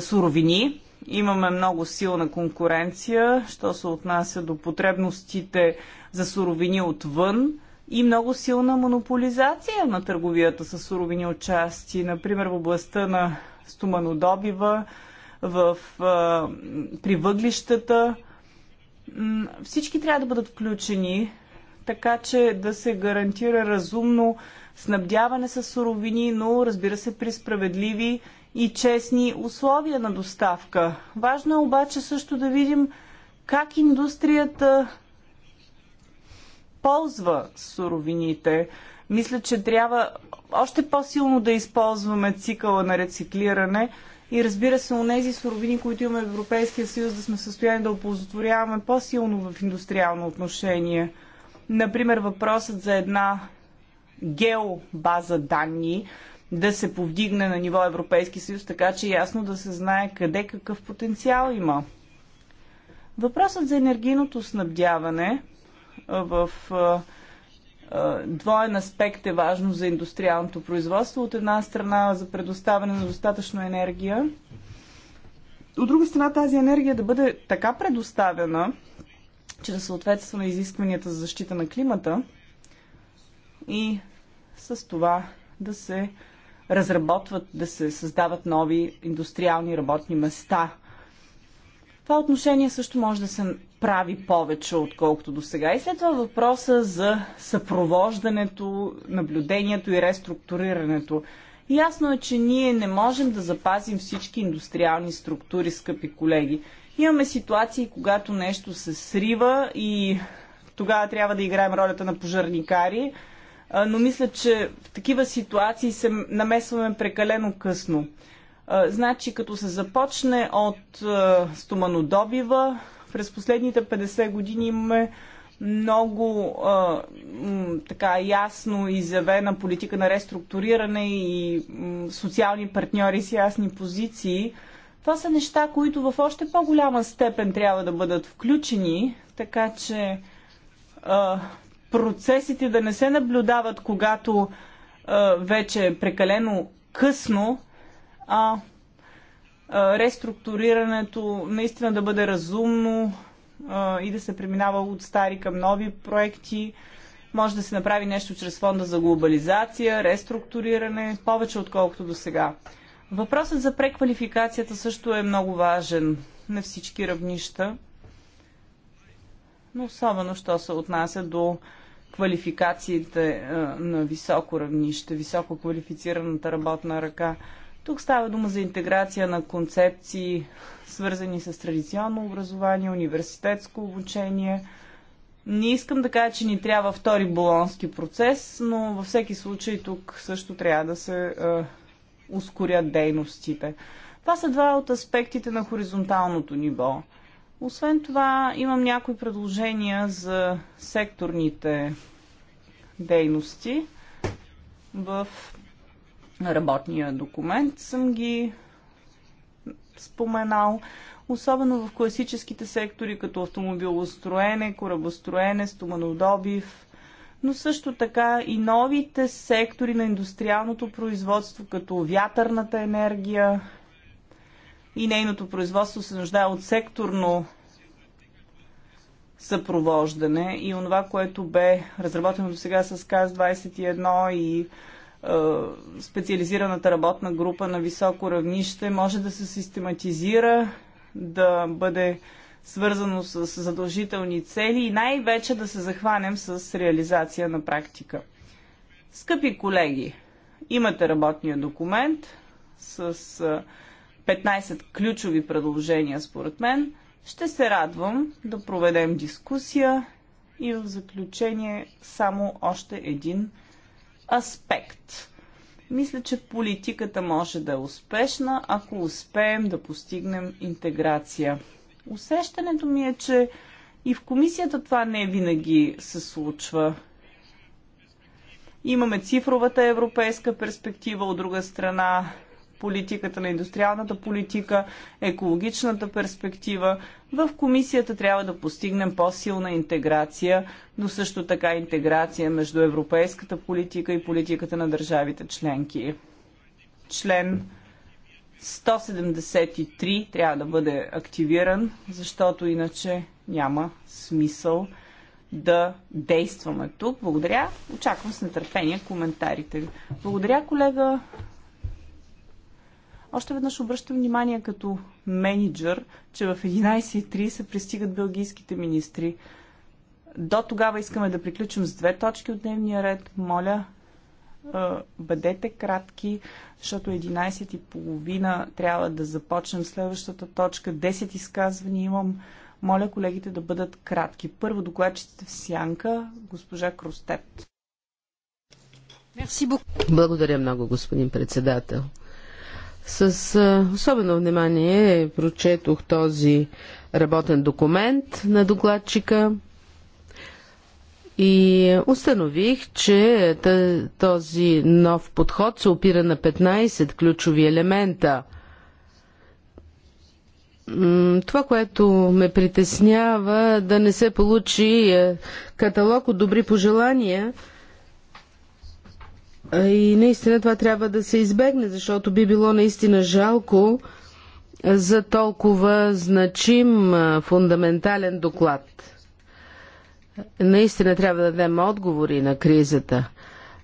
суровини. Имаме много силна конкуренция, що се отнася до потребностите за суровини отвън – и много силна монополизация на търговията с суровини от части, например в областта на стоманодобива, в, а, при въглищата. Всички трябва да бъдат включени, така че да се гарантира разумно снабдяване с суровини, но разбира се при справедливи и честни условия на доставка. Важно е обаче също да видим как индустрията използва суровините. Мисля, че трябва още по-силно да използваме цикъла на рециклиране и разбира се, у нези суровини, които имаме в Европейския съюз, да сме в състояние да оползотворяваме по-силно в индустриално отношение. Например, въпросът за една геобаза данни да се повдигне на ниво Европейски съюз, така че ясно да се знае къде какъв потенциал има. Въпросът за енергийното снабдяване – в двоен аспект е важно за индустриалното производство. От една страна за предоставяне на достатъчно енергия. От друга страна тази енергия да бъде така предоставена, че да съответства на изискванията за защита на климата и с това да се разработват, да се създават нови индустриални работни места. В това отношение също може да се прави повече, отколкото до сега. И след това въпроса за съпровождането, наблюдението и реструктурирането. Ясно е, че ние не можем да запазим всички индустриални структури, скъпи колеги. Имаме ситуации, когато нещо се срива и тогава трябва да играем ролята на пожарникари, но мисля, че в такива ситуации се намесваме прекалено късно. Значи, като се започне от стоманодобива, през последните 50 години имаме много а, м, така ясно изявена политика на реструктуриране и м, социални партньори с ясни позиции. Това са неща, които в още по-голяма степен трябва да бъдат включени, така че а, процесите да не се наблюдават, когато а, вече е прекалено късно, а реструктурирането наистина да бъде разумно и да се преминава от стари към нови проекти. Може да се направи нещо чрез фонда за глобализация, реструктуриране, повече отколкото до сега. Въпросът за преквалификацията също е много важен на всички равнища, но особено, що се отнася до квалификациите на високо равнище, високо квалифицираната работна ръка – тук става дума за интеграция на концепции, свързани с традиционно образование, университетско обучение. Не искам да кажа, че ни трябва втори болонски процес, но във всеки случай тук също трябва да се е, ускорят дейностите. Това са два от аспектите на хоризонталното ниво. Освен това, имам някои предложения за секторните дейности в на работния документ съм ги споменал, особено в класическите сектори, като автомобилостроене, корабостроене, стоманодобив, но също така и новите сектори на индустриалното производство, като вятърната енергия и нейното производство се нуждае от секторно съпровождане и онова, което бе разработено до сега с КАЗ-21 и е, специализираната работна група на високо равнище може да се систематизира, да бъде свързано с задължителни цели и най-вече да се захванем с реализация на практика. Скъпи колеги, имате работния документ с 15 е, ключови предложения според мен. Ще се радвам да проведем дискусия и в заключение само още един аспект. Мисля, че политиката може да е успешна, ако успеем да постигнем интеграция. Усещането ми е, че и в комисията това не винаги се случва. Имаме цифровата европейска перспектива, от друга страна политиката, на индустриалната политика, екологичната перспектива. В комисията трябва да постигнем по-силна интеграция, но също така интеграция между европейската политика и политиката на държавите членки. Член 173 трябва да бъде активиран, защото иначе няма смисъл да действаме тук. Благодаря. Очаквам с нетърпение коментарите ви. Благодаря, колега още веднъж обръщам внимание като менеджер, че в 11.30 пристигат белгийските министри. До тогава искаме да приключим с две точки от дневния ред. Моля, бъдете кратки, защото 11.30 трябва да започнем следващата точка. 10 изказвания имам. Моля колегите да бъдат кратки. Първо докладчиците в сянка, госпожа Кростет. Благодаря много, господин председател. С особено внимание прочетох този работен документ на докладчика и установих, че този нов подход се опира на 15 ключови елемента. Това, което ме притеснява, да не се получи е, каталог от добри пожелания, и наистина това трябва да се избегне, защото би било наистина жалко за толкова значим фундаментален доклад. Наистина трябва да дадем отговори на кризата.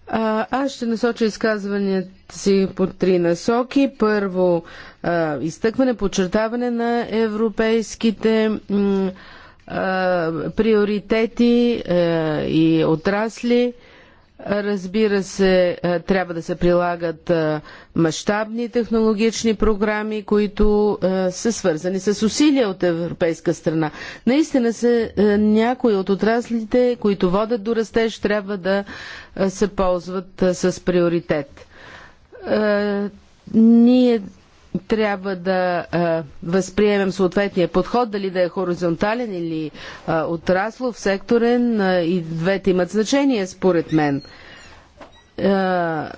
А, аз ще насоча изказванията си по три насоки. Първо, а, изтъкване, подчертаване на европейските а, приоритети а, и отрасли. А, Разбира се, е, трябва да се прилагат е, мащабни технологични програми, които е, са свързани с усилия от европейска страна. Наистина се някои от отраслите, които водят до растеж, трябва да се ползват с приоритет. Ние трябва да а, възприемем съответния подход, дали да е хоризонтален или а, отраслов, секторен, а, и двете имат значение, според мен. А,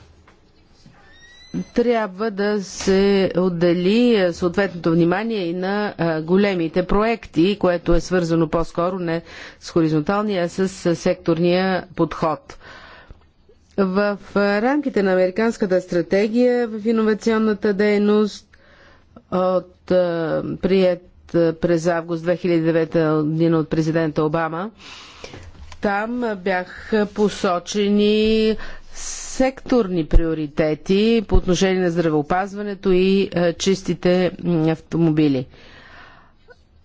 трябва да се отдели съответното внимание и на а, големите проекти, което е свързано по-скоро не с хоризонталния, а с секторния подход. В рамките на Американската стратегия в иновационната дейност от е, прият е, през август 2009 година от президента Обама. Там бяха посочени секторни приоритети по отношение на здравеопазването и е, чистите автомобили.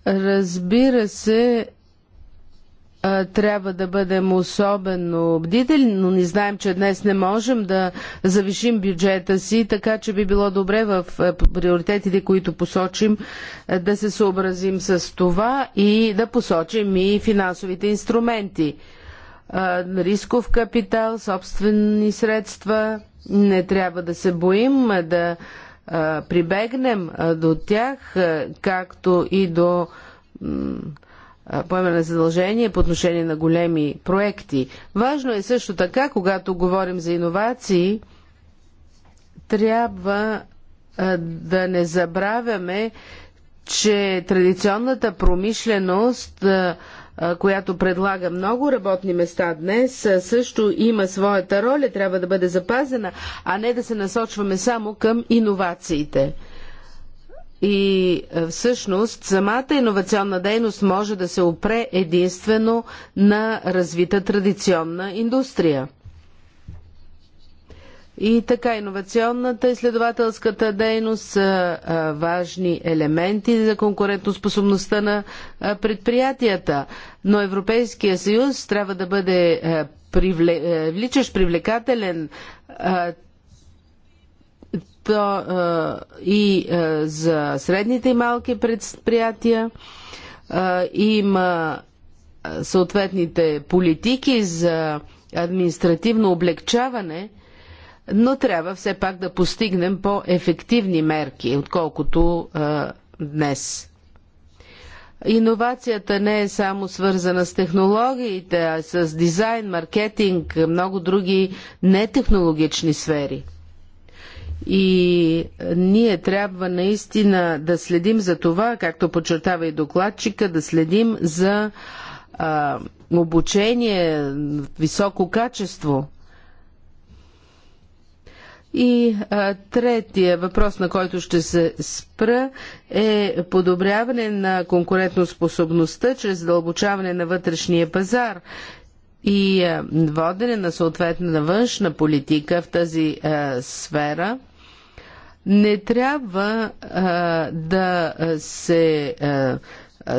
Разбира се, трябва да бъдем особено бдителни, но не знаем, че днес не можем да завишим бюджета си, така че би било добре в приоритетите, които посочим, да се съобразим с това и да посочим и финансовите инструменти. Рисков капитал, собствени средства, не трябва да се боим да прибегнем до тях, както и до поемане на задължение по отношение на големи проекти. Важно е също така, когато говорим за иновации, трябва да не забравяме, че традиционната промишленост, която предлага много работни места днес, също има своята роля, трябва да бъде запазена, а не да се насочваме само към иновациите. И е, всъщност самата иновационна дейност може да се опре единствено на развита традиционна индустрия. И така, иновационната и следователската дейност са е, важни елементи за конкурентоспособността на е, предприятията. Но Европейския съюз трябва да бъде привлечеш привлекателен то, и за средните и малки предприятия има съответните политики за административно облегчаване, но трябва все пак да постигнем по-ефективни мерки, отколкото днес. Иновацията не е само свързана с технологиите, а с дизайн, маркетинг, много други нетехнологични сфери – и е, ние трябва наистина да следим за това, както подчертава и докладчика, да следим за а, е, обучение, високо качество. И а, е, третия въпрос, на който ще се спра, е подобряване на конкурентоспособността чрез дълбочаване на вътрешния пазар и а, водене на съответна външна политика в тази а, сфера – не трябва а, да се а,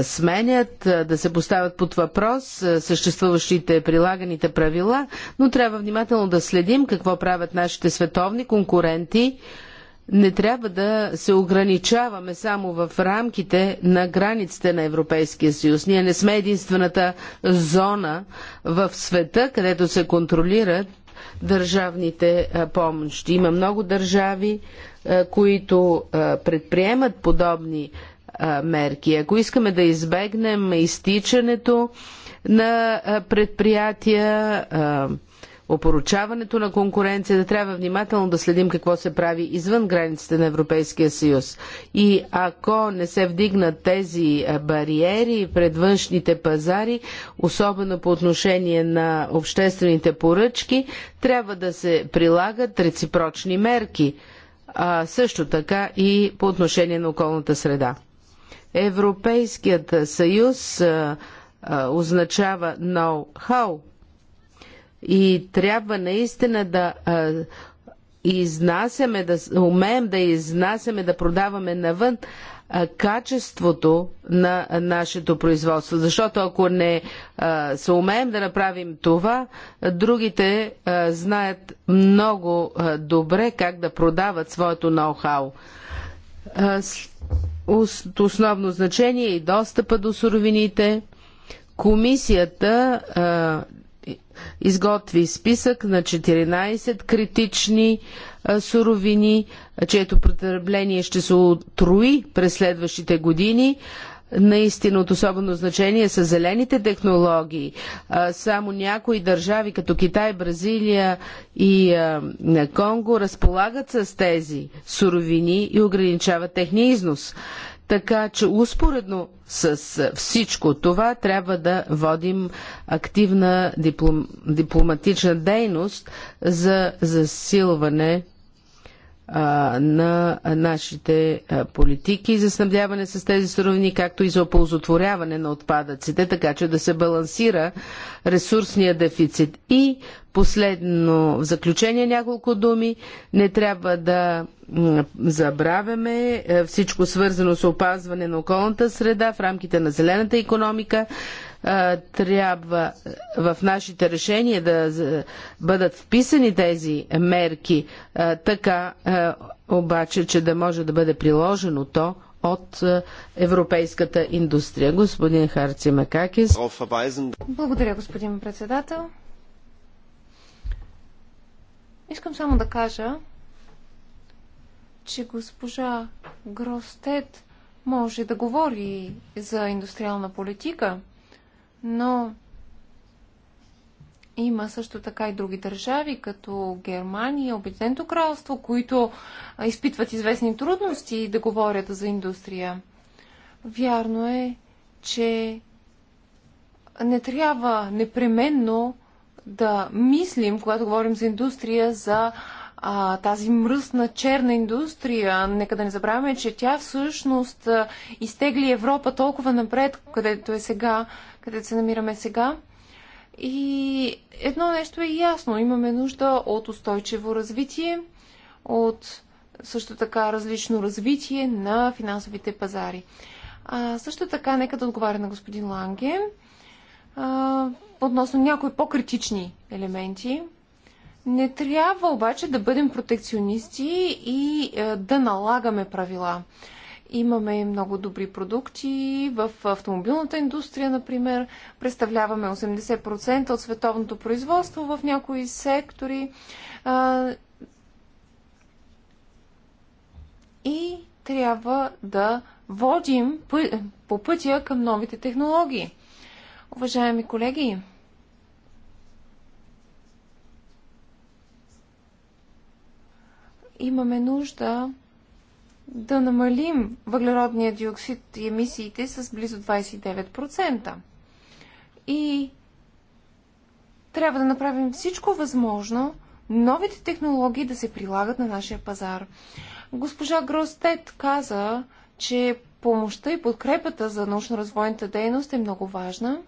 сменят, да се поставят под въпрос съществуващите прилаганите правила, но трябва внимателно да следим какво правят нашите световни конкуренти. Не трябва да се ограничаваме само в рамките на границите на Европейския съюз. Ние не сме единствената зона в света, където се контролират държавните помощи. Има много държави, е, които е, предприемат подобни е, мерки. Ако искаме да избегнем изтичането на предприятия, опоручаването на конкуренция, да трябва внимателно да следим какво се прави извън границите на Европейския съюз. И ако не се вдигнат тези бариери пред външните пазари, особено по отношение на обществените поръчки, трябва да се прилагат реципрочни мерки – а също така и по отношение на околната среда. Европейският съюз а, а, означава know хау и трябва наистина да а, изнасяме, да умеем да изнасяме, да продаваме навън качеството на нашето производство. Защото ако не се умеем да направим това, другите знаят много добре как да продават своето ноу-хау. основно значение е и достъпа до суровините. Комисията изготви списък на 14 критични а, суровини, чието потребление ще се отруи през следващите години. Наистина от особено значение са зелените технологии. Само някои държави, като Китай, Бразилия и Конго, разполагат с тези суровини и ограничават техния износ. Така че успоредно с всичко това трябва да водим активна диплом, дипломатична дейност за засилване на нашите политики за снабдяване с тези суровини, както и за оползотворяване на отпадъците, така че да се балансира ресурсния дефицит. И последно, в заключение няколко думи, не трябва да забравяме всичко свързано с опазване на околната среда в рамките на зелената економика, трябва в нашите решения да бъдат вписани тези мерки, така обаче, че да може да бъде приложено то от европейската индустрия. Господин Харци Макакис. Благодаря, господин председател. Искам само да кажа, че госпожа Гростет може да говори за индустриална политика – но има също така и други държави, като Германия, Обединеното кралство, които изпитват известни трудности да говорят за индустрия. Вярно е, че не трябва непременно да мислим, когато говорим за индустрия, за а, тази мръсна черна индустрия, нека да не забравяме, че тя всъщност изтегли Европа толкова напред, където е сега, където се намираме сега. И едно нещо е ясно. Имаме нужда от устойчиво развитие, от също така различно развитие на финансовите пазари. А, също така, нека да отговаря на господин Ланге а, относно някои по-критични елементи не трябва обаче да бъдем протекционисти и е, да налагаме правила. Имаме много добри продукти в автомобилната индустрия, например. Представляваме 80% от световното производство в някои сектори. И трябва да водим по пътя към новите технологии. Уважаеми колеги, имаме нужда да намалим въглеродния диоксид и емисиите с близо 29%. И трябва да направим всичко възможно новите технологии да се прилагат на нашия пазар. Госпожа Гростет каза, че помощта и подкрепата за научно-развойната дейност е много важна.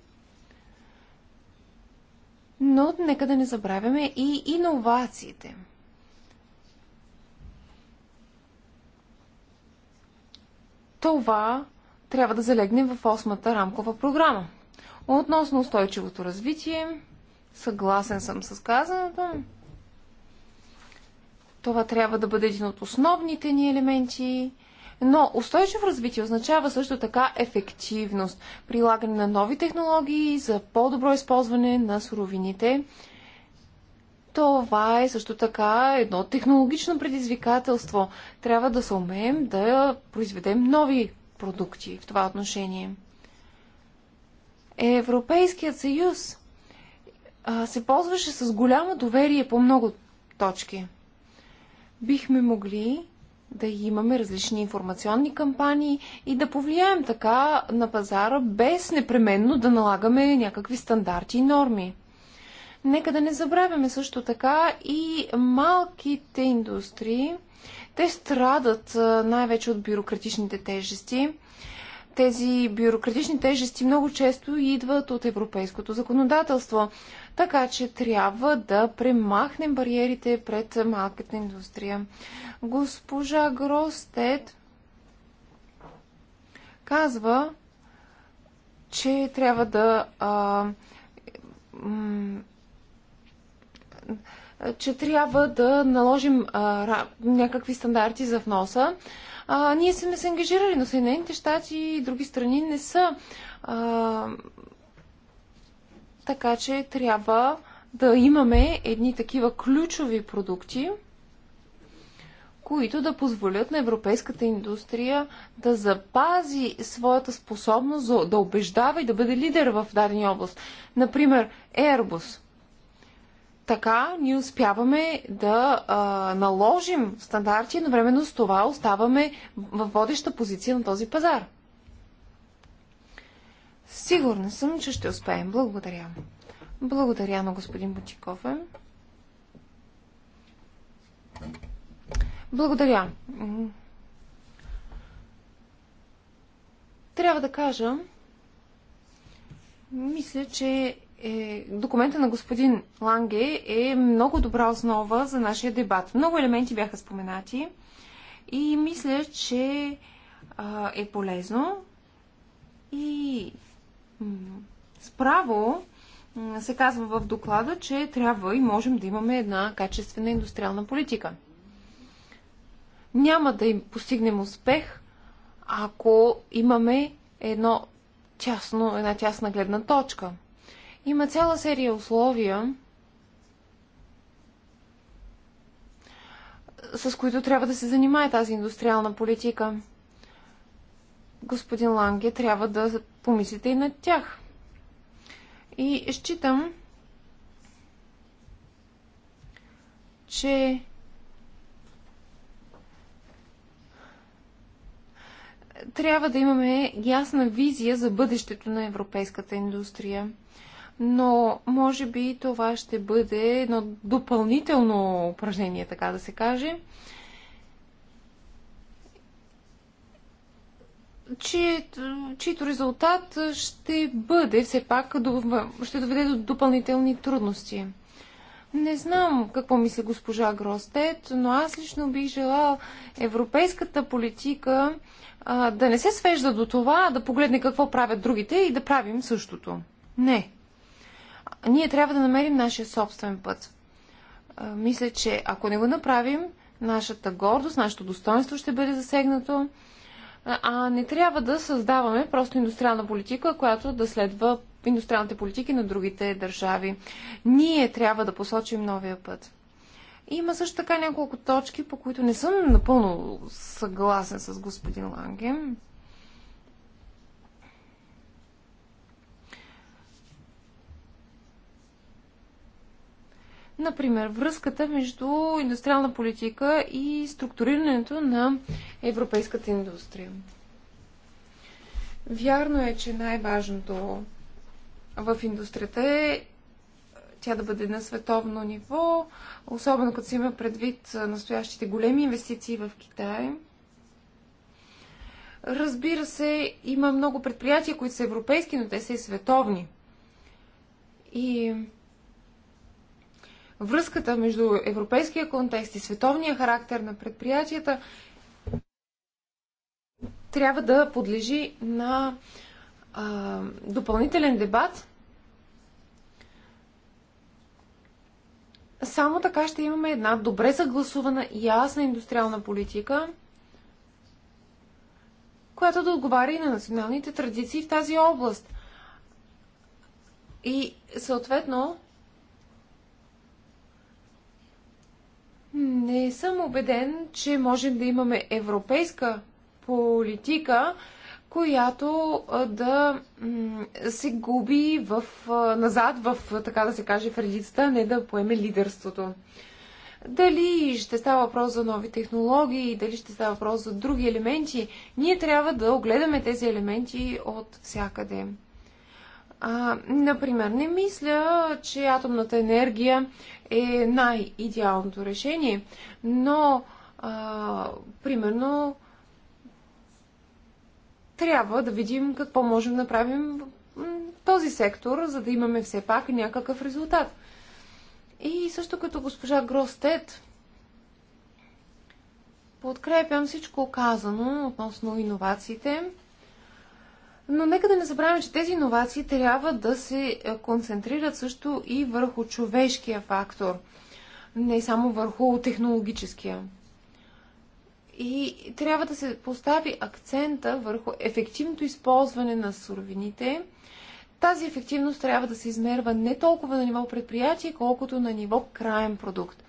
Но нека да не забравяме и иновациите – Това трябва да залегне в осмата рамкова програма. Относно устойчивото развитие, съгласен съм с казаното. Това трябва да бъде един от основните ни елементи. Но устойчиво развитие означава също така ефективност, прилагане на нови технологии за по-добро използване на суровините това е също така едно технологично предизвикателство. Трябва да се умеем да произведем нови продукти в това отношение. Европейският съюз а, се ползваше с голямо доверие по много точки. Бихме могли да имаме различни информационни кампании и да повлияем така на пазара, без непременно да налагаме някакви стандарти и норми. Нека да не забравяме също така и малките индустрии. Те страдат най-вече от бюрократичните тежести. Тези бюрократични тежести много често идват от европейското законодателство. Така че трябва да премахнем бариерите пред малката индустрия. Госпожа Гростед казва, че трябва да а, че трябва да наложим а, някакви стандарти за вноса. А, ние сме се ангажирали, но Съединените щати и други страни не са. А, така че трябва да имаме едни такива ключови продукти, които да позволят на европейската индустрия да запази своята способност да убеждава и да бъде лидер в дадени област. Например, Airbus – така ние успяваме да а, наложим стандарти, но времено с това оставаме в водеща позиция на този пазар. Сигурна съм, че ще успеем. Благодаря. Благодаря на господин Бутиков. Благодаря. Трябва да кажа, мисля, че е, документа на господин Ланге е много добра основа за нашия дебат. Много елементи бяха споменати и мисля, че а, е полезно и справо се казва в доклада, че трябва и можем да имаме една качествена индустриална политика. Няма да им постигнем успех, ако имаме едно тясно, една тясна гледна точка – има цяла серия условия, с които трябва да се занимае тази индустриална политика. Господин Ланге, трябва да помислите и над тях. И считам, че трябва да имаме ясна визия за бъдещето на европейската индустрия но може би това ще бъде едно допълнително упражнение, така да се каже. чието резултат ще бъде все пак, ще доведе до допълнителни трудности. Не знам какво мисли госпожа Гростет, но аз лично бих желал европейската политика а, да не се свежда до това, да погледне какво правят другите и да правим същото. Не ние трябва да намерим нашия собствен път. Мисля, че ако не го направим, нашата гордост, нашето достоинство ще бъде засегнато. А не трябва да създаваме просто индустриална политика, която да следва индустриалните политики на другите държави. Ние трябва да посочим новия път. Има също така няколко точки, по които не съм напълно съгласен с господин Ланге. Например, връзката между индустриална политика и структурирането на европейската индустрия. Вярно е, че най-важното в индустрията е, е тя да бъде на световно ниво, особено като се има предвид е, настоящите големи инвестиции в Китай. Разбира се, има много предприятия, които са европейски, но те са и световни. И връзката между европейския контекст и световния характер на предприятията трябва да подлежи на а, допълнителен дебат. Само така ще имаме една добре съгласувана и ясна индустриална политика, която да отговаря и на националните традиции в тази област. И съответно Не съм убеден, че можем да имаме европейска политика, която да се губи в, назад, в, така да се каже, в редицата, не да поеме лидерството. Дали ще става въпрос за нови технологии, дали ще става въпрос за други елементи, ние трябва да огледаме тези елементи от всякъде. А, например, не мисля, че атомната енергия е най-идеалното решение, но а, примерно трябва да видим какво можем да направим в този сектор, за да имаме все пак някакъв резултат. И също като госпожа Гростет, подкрепям всичко казано относно иновациите. Но нека да не забравяме, че тези иновации трябва да се е, концентрират също и върху човешкия фактор, не само върху технологическия. И трябва да се постави акцента върху ефективното използване на суровините. Тази ефективност трябва да се измерва не толкова на ниво предприятие, колкото на ниво краен продукт.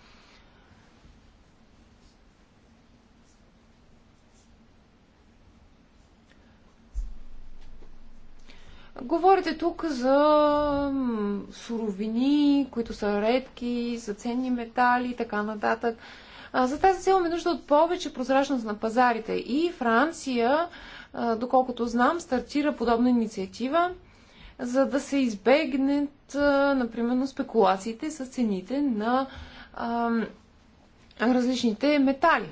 Говорите тук за суровини, които са редки, за ценни метали и така нататък. За тази цел ми нужда от повече прозрачност на пазарите. И Франция, доколкото знам, стартира подобна инициатива, за да се избегнат, например, спекулациите с цените на различните метали.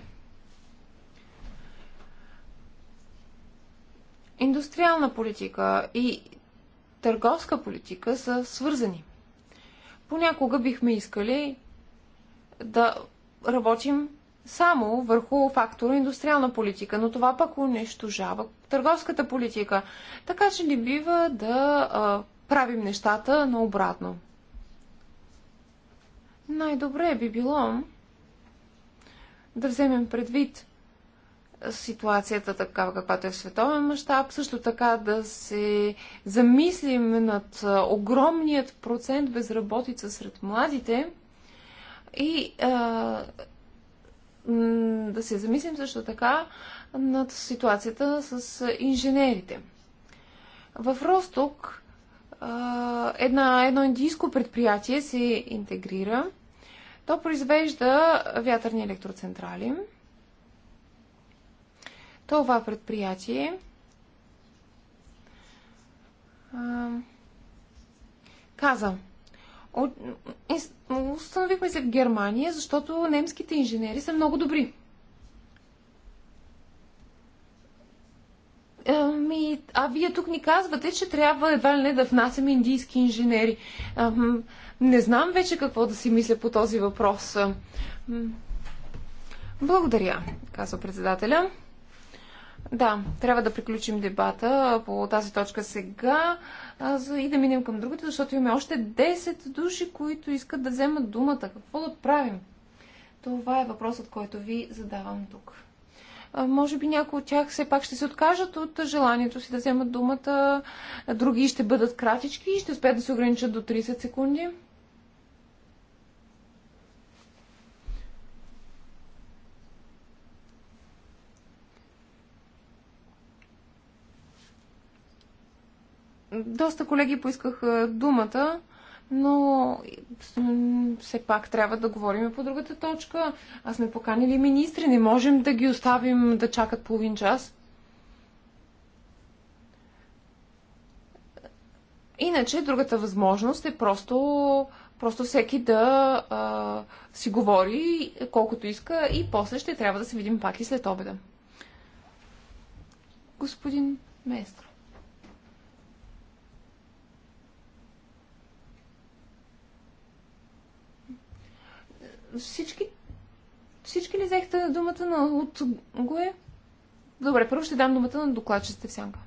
Индустриална политика и търговска политика са свързани. Понякога бихме искали да работим само върху фактора индустриална политика, но това пък унищожава търговската политика. Така че не бива да а, правим нещата наобратно. Най-добре би било да вземем предвид ситуацията такава, каквато е в световен мащаб, също така да се замислим над огромният процент безработица сред младите и а, да се замислим също така над ситуацията с инженерите. В Росток една, едно индийско предприятие се интегрира. То произвежда вятърни електроцентрали – това предприятие а, каза, установихме се в Германия, защото немските инженери са много добри. Ами, а вие тук ни казвате, че трябва едва ли не да внасяме индийски инженери. Ам, не знам вече какво да си мисля по този въпрос. Ам, благодаря, казва председателя. Да, трябва да приключим дебата по тази точка сега и да минем към другата, защото имаме още 10 души, които искат да вземат думата. Какво да правим? Това е въпросът, който ви задавам тук. Може би някои от тях все пак ще се откажат от желанието си да вземат думата, други ще бъдат кратички и ще успеят да се ограничат до 30 секунди. Доста колеги поискаха думата, но все пак трябва да говорим по другата точка. Аз сме поканили министри, не можем да ги оставим да чакат половин час. Иначе другата възможност е просто, просто всеки да а, си говори колкото иска и после ще трябва да се видим пак и след обеда. Господин Местро. Всички, всички ли взехте думата на, от Гое? Добре, първо ще дам думата на докладчиците в сянка.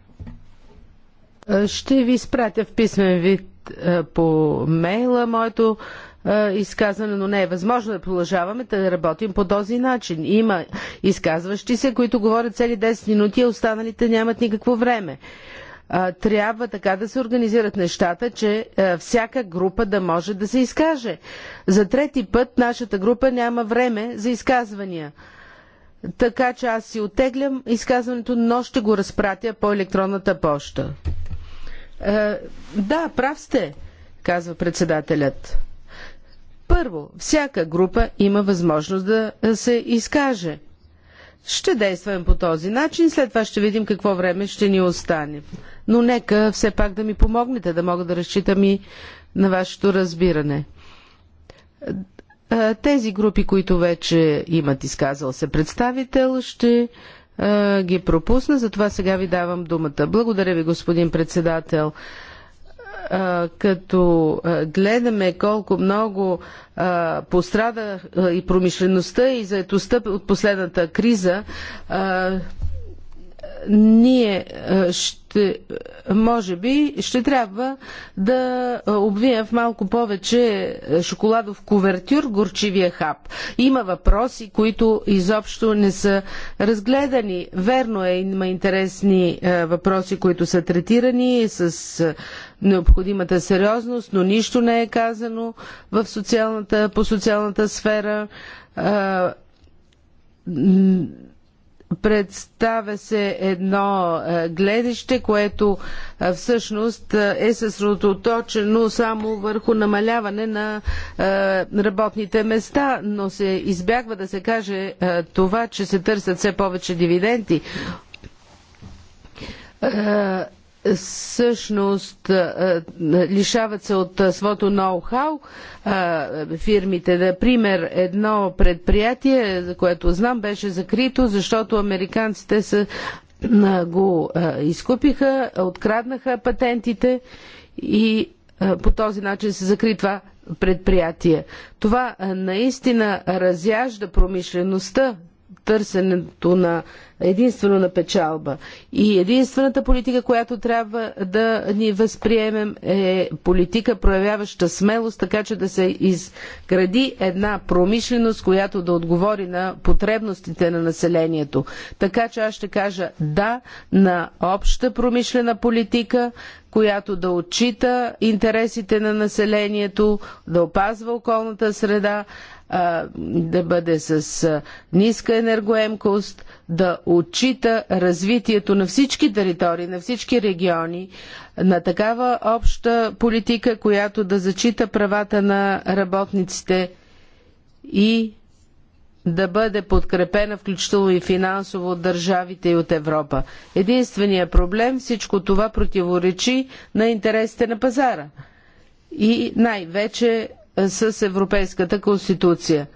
Е, ще ви изпратя в писмен вид е, по мейла моето е, изказване, но не е възможно да продължаваме да работим по този начин. Има изказващи се, които говорят цели 10 минути, а останалите нямат никакво време трябва така да се организират нещата, че всяка група да може да се изкаже. За трети път нашата група няма време за изказвания. Така че аз си отеглям изказването, но ще го разпратя по електронната поща. да, прав сте, казва председателят. Първо, всяка група има възможност да се изкаже. Ще действаме по този начин, след това ще видим какво време ще ни остане. Но нека все пак да ми помогнете, да мога да разчитам и на вашето разбиране. Тези групи, които вече имат изказал се представител, ще ги пропусна, затова сега ви давам думата. Благодаря ви, господин председател като гледаме колко много пострада и промишлеността и заетостта от последната криза, ние е, ще, е, може би, ще трябва да е, обвием в малко повече шоколадов кувертюр горчивия хап. Има въпроси, които изобщо не са разгледани. Верно е, има интересни въпроси, които са третирани с необходимата сериозност, но нищо не е казано в социалната, по социалната сфера Представя се едно е, гледище, което е, всъщност е, е съсредоточено само върху намаляване на работните места, но се избягва да се каже това, че се търсят все повече дивиденти всъщност е, е, лишават се от е, своето ноу-хау фирмите. Например, едно предприятие, за което знам, беше закрито, защото американците са, го изкупиха, откраднаха патентите и по този начин се закри това предприятие. Това наистина разяжда промишлеността, търсенето на единствено на печалба. И единствената политика, която трябва да ни възприемем е политика, проявяваща смелост, така че да се изгради една промишленост, която да отговори на потребностите на населението. Така че аз ще кажа да на обща промишлена политика, която да отчита интересите на населението, да опазва околната среда, да бъде с ниска енергоемкост, да отчита развитието на всички територии, на всички региони, на такава обща политика, която да зачита правата на работниците и да бъде подкрепена включително и финансово от държавите и от Европа. Единственият проблем всичко това противоречи на интересите на пазара и най-вече с Европейската конституция.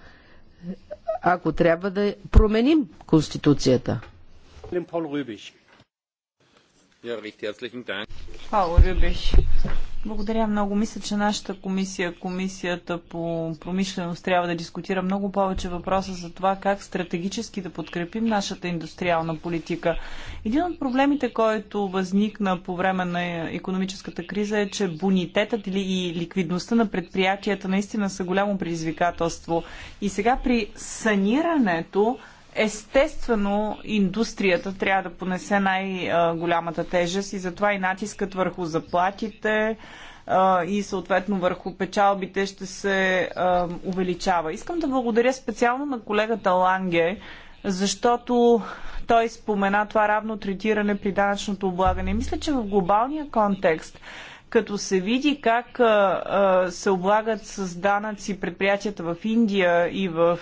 Ако трябва да променим конституцията. Паул Рюбиш. Благодаря много. Мисля, че нашата комисия, комисията по промишленост, трябва да дискутира много повече въпроса за това как стратегически да подкрепим нашата индустриална политика. Един от проблемите, който възникна по време на економическата криза е, че бонитетът и ликвидността на предприятията наистина са голямо предизвикателство. И сега при санирането естествено индустрията трябва да понесе най-голямата тежест и затова и натискът върху заплатите и съответно върху печалбите ще се увеличава. Искам да благодаря специално на колегата Ланге, защото той спомена това равно третиране при данъчното облагане. Мисля, че в глобалния контекст като се види как се облагат с данъци предприятията в Индия и в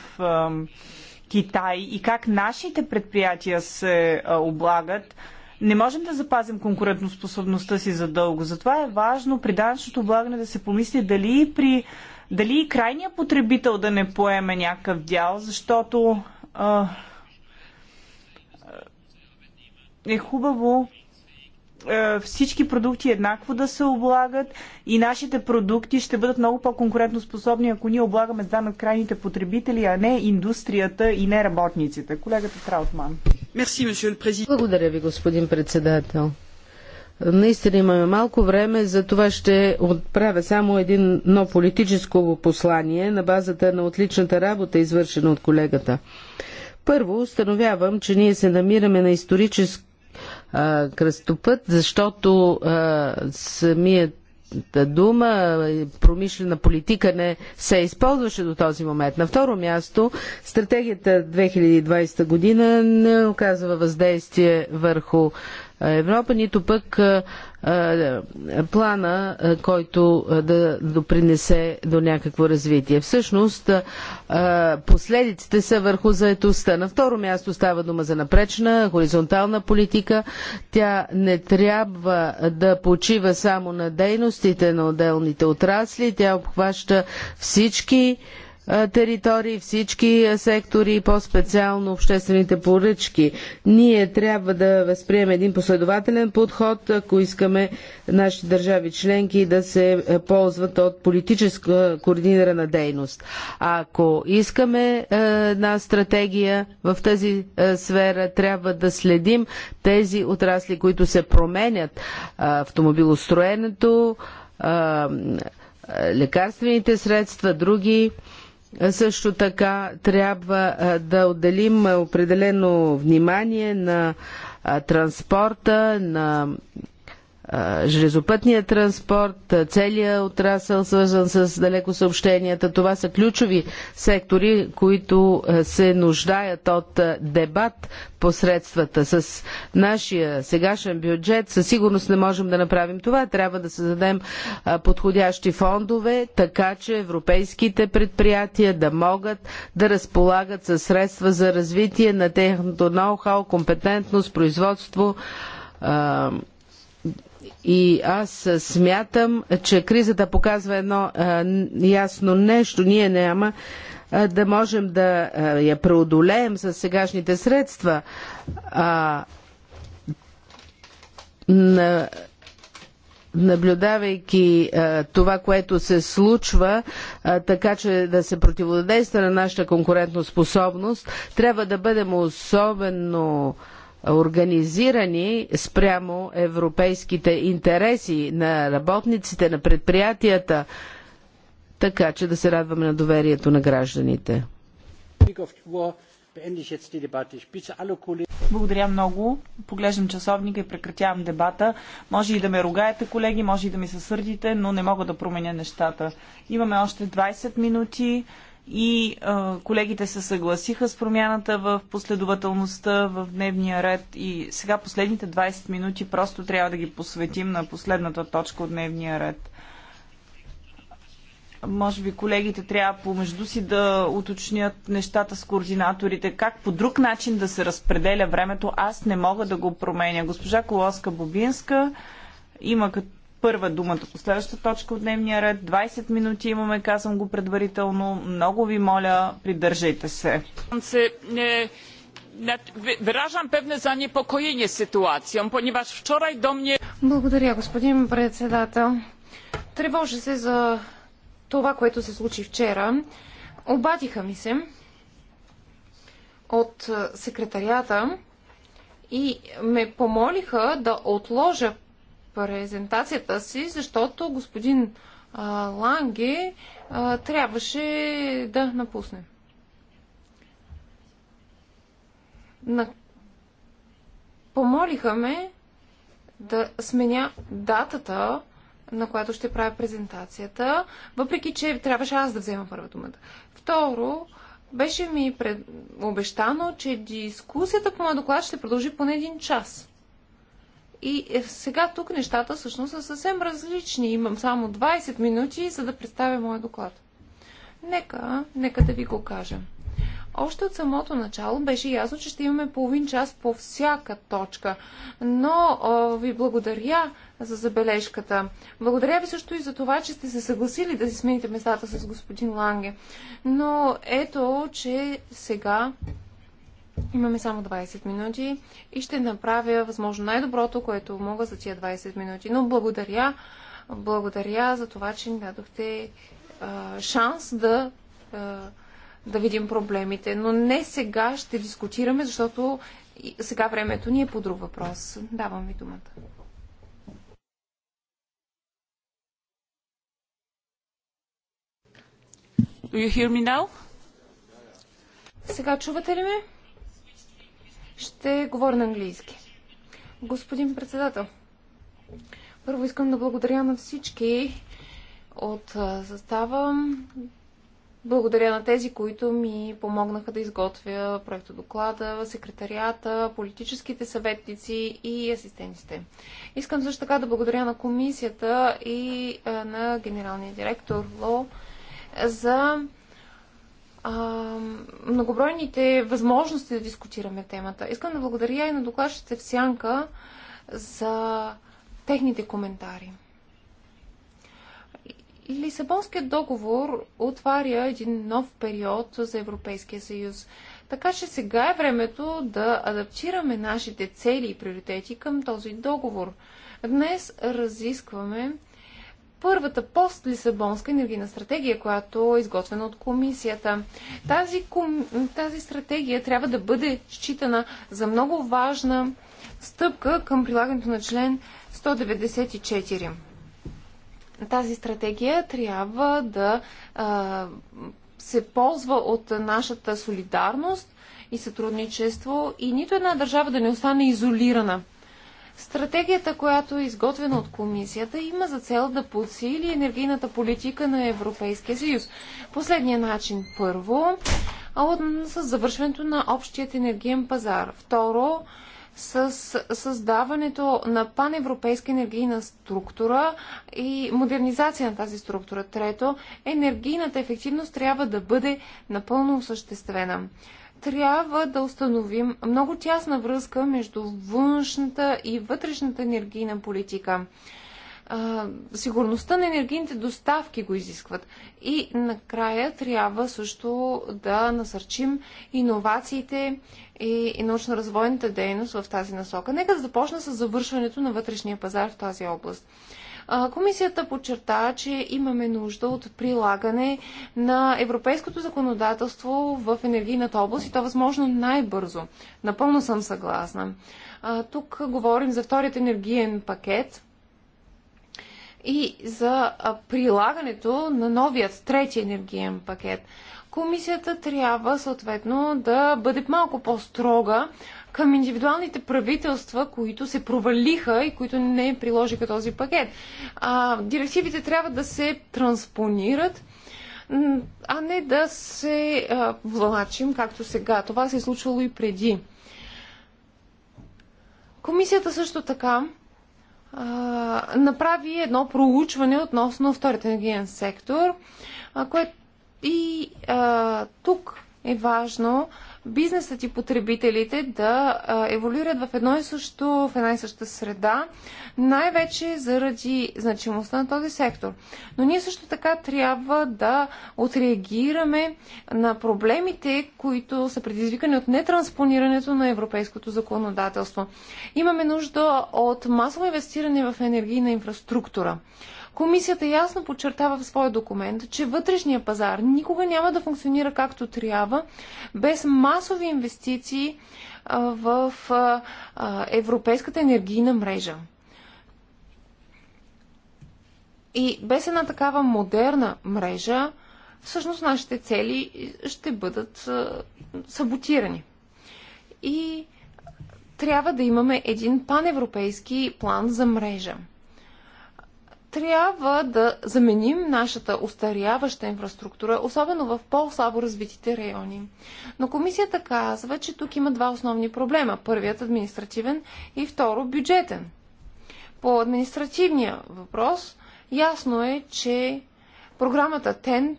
Китай и как нашите предприятия се облагат, не можем да запазим конкурентоспособността си за дълго. Затова е важно при данъчното облагане да се помисли дали при дали и крайният потребител да не поеме някакъв дял, защото а, е хубаво е, всички продукти еднакво да се облагат и нашите продукти ще бъдат много по-конкурентно способни, ако ние облагаме с данък крайните потребители, а не индустрията и не работниците. Колегата Траутман. Благодаря ви, господин председател. Наистина имаме малко време, за това ще отправя само един но политическо послание на базата на отличната работа, извършена от колегата. Първо, установявам, че ние се намираме на исторически кръстопът, защото а, самият дума, промишлена политика не се използваше до този момент. На второ място, стратегията 2020 година не оказва въздействие върху Европа, нито пък плана, който да допринесе до някакво развитие. Всъщност, последиците са върху заетостта. На второ място става дума за напречна, хоризонтална политика. Тя не трябва да почива само на дейностите на отделните отрасли. Тя обхваща всички територии, всички сектори и по-специално обществените поръчки. Ние трябва да възприемем един последователен подход, ако искаме нашите държави членки да се ползват от политическа координирана дейност. ако искаме една стратегия в тази сфера, трябва да следим тези отрасли, които се променят. Автомобилостроенето, лекарствените средства, други също така трябва да отделим определено внимание на транспорта, на железопътния транспорт, целият отрасъл, свързан с далеко съобщенията. Това са ключови сектори, които се нуждаят от дебат по средствата. С нашия сегашен бюджет със сигурност не можем да направим това. Трябва да създадем подходящи фондове, така че европейските предприятия да могат да разполагат със средства за развитие на техното ноу-хау, компетентност, производство, и аз смятам, че кризата показва едно а, ясно нещо. Ние няма а, да можем да а, я преодолеем с сегашните средства. А, на, наблюдавайки а, това, което се случва, а, така че да се противодейства на нашата конкурентоспособност, трябва да бъдем особено а, организирани спрямо европейските интереси на работниците, на предприятията, така че да се радваме на доверието на гражданите. Благодаря много. Поглеждам часовника и прекратявам дебата. Може и да ме ругаете, колеги, може и да ми се сърдите, но не мога да променя нещата. Имаме още 20 минути и а, колегите се съгласиха с промяната в последователността в дневния ред и сега последните 20 минути просто трябва да ги посветим на последната точка от дневния ред. Може би колегите трябва помежду си да уточнят нещата с координаторите, как по друг начин да се разпределя времето. Аз не мога да го променя. Госпожа Колоска Бобинска има като първа думата по следващата точка от дневния ред. 20 минути имаме, казвам го предварително. Много ви моля, придържайте се. Wyrażam pewne zaniepokojenie sytuacją, ponieważ wczoraj do mnie... Благодаря, господин председател. Тревожа се за това, което се случи вчера. Обадиха ми се от е, секретарията и ме помолиха да отложа презентацията си, защото господин а, Ланге а, трябваше да напусне. На... Помолиха ме да сменя датата, на която ще правя презентацията, въпреки че трябваше аз да взема първа думата. Второ, беше ми пред... обещано, че дискусията по моя доклад ще продължи поне един час. И е, сега тук нещата всъщност са съвсем различни. Имам само 20 минути, за да представя моя доклад. Нека, нека да ви го кажа. Още от самото начало беше ясно, че ще имаме половин час по всяка точка. Но а, ви благодаря за забележката. Благодаря ви също и за това, че сте се съгласили да си смените местата с господин Ланге. Но ето, че сега Имаме само 20 минути и ще направя възможно най-доброто, което мога за тия 20 минути. Но благодаря, благодаря за това, че ни дадохте а, шанс да, а, да видим проблемите. Но не сега ще дискутираме, защото сега времето ни е по друг въпрос. Давам ви думата. Do you hear me now? Сега чувате ли ме? Ще говоря на английски. Господин председател, първо искам да благодаря на всички от състава. Благодаря на тези, които ми помогнаха да изготвя проекта доклада, секретарията, политическите съветници и асистентите. Искам също така да благодаря на комисията и на генералния директор Ло за многобройните възможности да дискутираме темата. Искам да благодаря и на докладчите в Сянка за техните коментари. Лисабонският договор отваря един нов период за Европейския съюз. Така че сега е времето да адаптираме нашите цели и приоритети към този договор. Днес разискваме първата пост-Лисабонска енергийна стратегия, която е изготвена от комисията. Тази, ком... тази стратегия трябва да бъде считана за много важна стъпка към прилагането на член 194. Тази стратегия трябва да а, се ползва от нашата солидарност и сътрудничество и нито една държава да не остане изолирана – Стратегията, която е изготвена от комисията, има за цел да подсили енергийната политика на Европейския съюз. Последния начин първо с завършването на общият енергиен пазар. Второ, с създаването на паневропейска енергийна структура и модернизация на тази структура. Трето, енергийната ефективност трябва да бъде напълно осъществена трябва да установим много тясна връзка между външната и вътрешната енергийна политика. А, сигурността на енергийните доставки го изискват. И накрая трябва също да насърчим иновациите и научно-развойната дейност в тази насока. Нека да започна с завършването на вътрешния пазар в тази област. Комисията подчерта, че имаме нужда от прилагане на европейското законодателство в енергийната област и то възможно най-бързо. Напълно съм съгласна. Тук говорим за вторият енергиен пакет и за прилагането на новият трети енергиен пакет комисията трябва съответно да бъде малко по-строга към индивидуалните правителства, които се провалиха и които не приложиха този пакет. А, директивите трябва да се транспонират, а не да се а, влачим, както сега. Това се е случвало и преди. Комисията също така а, направи едно проучване относно вторите енергиен сектор, а, което и а, тук е важно бизнесът и потребителите да еволюират в едно и също, в една и съща среда, най-вече заради значимостта на този сектор. Но ние също така трябва да отреагираме на проблемите, които са предизвикани от нетранспонирането на европейското законодателство. Имаме нужда от масово инвестиране в енергийна инфраструктура. Комисията ясно подчертава в своя документ, че вътрешния пазар никога няма да функционира както трябва, без масови инвестиции в европейската енергийна мрежа. И без една такава модерна мрежа, всъщност нашите цели ще бъдат саботирани. И трябва да имаме един паневропейски план за мрежа трябва да заменим нашата устаряваща инфраструктура, особено в по-слабо развитите райони. Но комисията казва, че тук има два основни проблема. Първият административен и второ бюджетен. По административния въпрос ясно е, че програмата ТЕН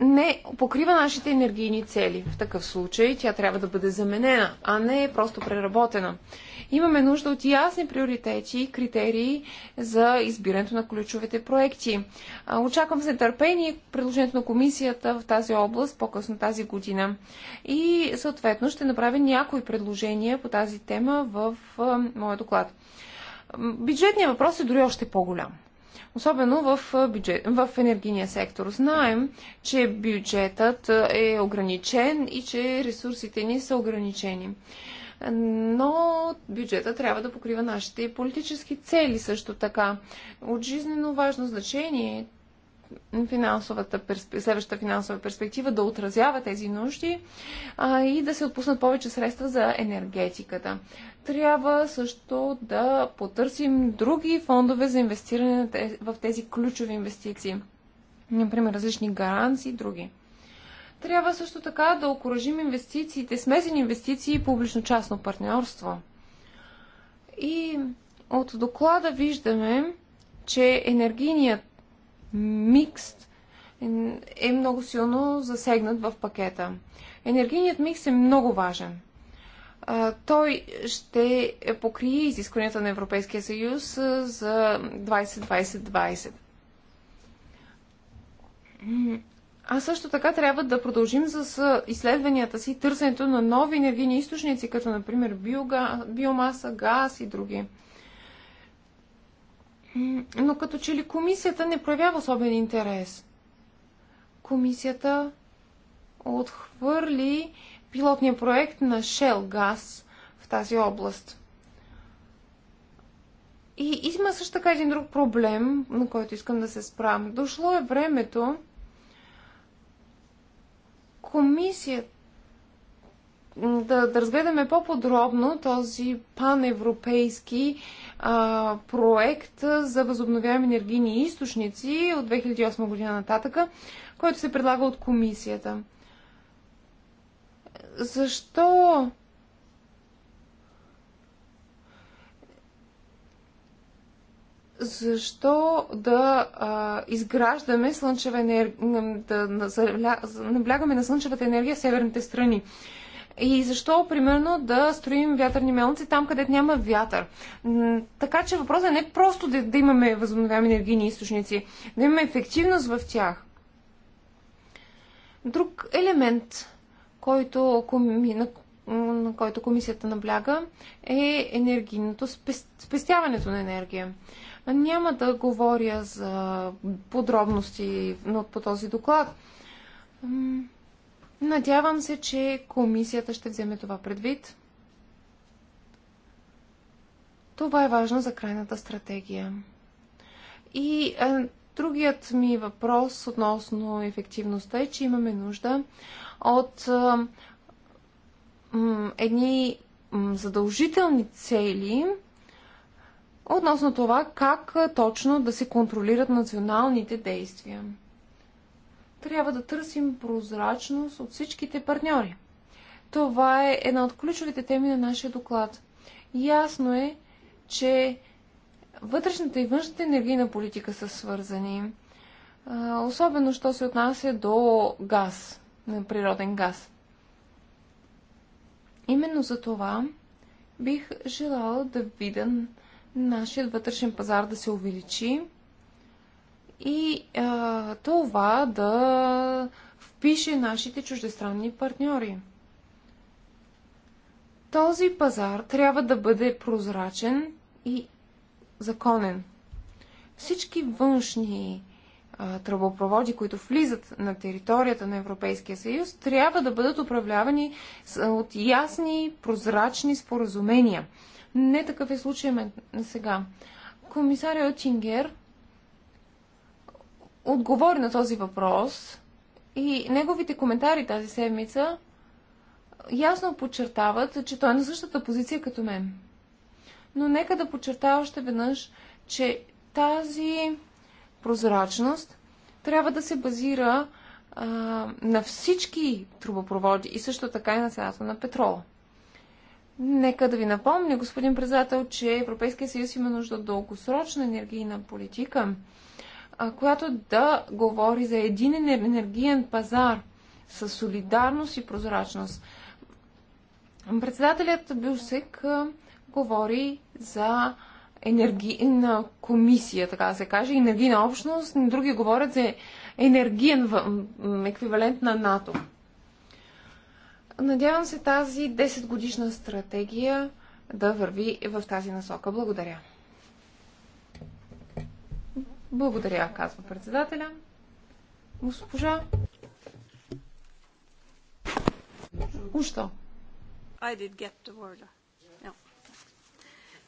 не покрива нашите енергийни цели. В такъв случай тя трябва да бъде заменена, а не просто преработена. Имаме нужда от ясни приоритети и критерии за избирането на ключовите проекти. Очаквам с нетърпение предложението на комисията в тази област по-късно тази година. И съответно ще направя някои предложения по тази тема в моя доклад. Бюджетният въпрос е дори още по-голям особено в, бюджет, в енергийния сектор. Знаем, че бюджетът е ограничен и че ресурсите ни са ограничени. Но бюджета трябва да покрива нашите политически цели също така. От жизнено важно значение финансовата, следващата финансова перспектива да отразява тези нужди а, и да се отпуснат повече средства за енергетиката. Трябва също да потърсим други фондове за инвестиране в тези ключови инвестиции. Например, различни гаранции и други. Трябва също така да окоръжим инвестициите, смесени инвестиции и публично-частно партньорство. И от доклада виждаме, че енергийният микс е много силно засегнат в пакета. Енергийният микс е много важен. Той ще покрие изискванията на Европейския съюз за 2020 20 А също така трябва да продължим с изследванията си, търсенето на нови енергийни източници, като например биомаса, газ и други. Но като че ли комисията не проявява особен интерес. Комисията отхвърли пилотния проект на Shell Gas в тази област. И има също така един друг проблем, на който искам да се справя. Дошло е времето комисията да, да разгледаме по-подробно този паневропейски а, проект за възобновяеми енергийни източници от 2008 година нататъка, който се предлага от комисията. Защо защо да а, изграждаме слънчева енергия, да, да наблягаме на слънчевата енергия в северните страни. И защо, примерно, да строим вятърни мелници там, където няма вятър? Така че въпросът е не просто да, да имаме възобновяеми енергийни източници, да имаме ефективност в тях. Друг елемент, който, на, на който комисията набляга, е енергийното спестяването на енергия. Няма да говоря за подробности по този доклад. Надявам се, че комисията ще вземе това предвид. Това е важно за крайната стратегия. И е, другият ми въпрос относно ефективността е, че имаме нужда от е, е, едни е, задължителни цели относно това как е, точно да се контролират националните действия трябва да търсим прозрачност от всичките партньори. Това е една от ключовите теми на нашия доклад. Ясно е, че вътрешната и външната енергийна политика са свързани. Особено, що се отнася до газ, на природен газ. Именно за това бих желала да видя нашият вътрешен пазар да се увеличи и а, това да впише нашите чуждестранни партньори. Този пазар трябва да бъде прозрачен и законен. Всички външни а, тръбопроводи, които влизат на територията на Европейския съюз, трябва да бъдат управлявани от ясни, прозрачни споразумения. Не такъв е случай сега. Комисаря Отингер отговори на този въпрос и неговите коментари тази седмица ясно подчертават, че той е на същата позиция като мен. Но нека да подчертава още веднъж, че тази прозрачност трябва да се базира а, на всички трубопроводи и също така и на цената на петрола. Нека да ви напомня, господин председател, че Европейския съюз има нужда от дългосрочна енергийна политика – която да говори за един енергиен пазар с солидарност и прозрачност. Председателят Бюсек говори за енергийна комисия, така да се каже, енергийна общност, други говорят за енергиен еквивалент на НАТО. Надявам се тази 10 годишна стратегия да върви в тази насока. Благодаря. Благодаря, казва председателя. Госпожа. Ушто. I did get the word. Ja.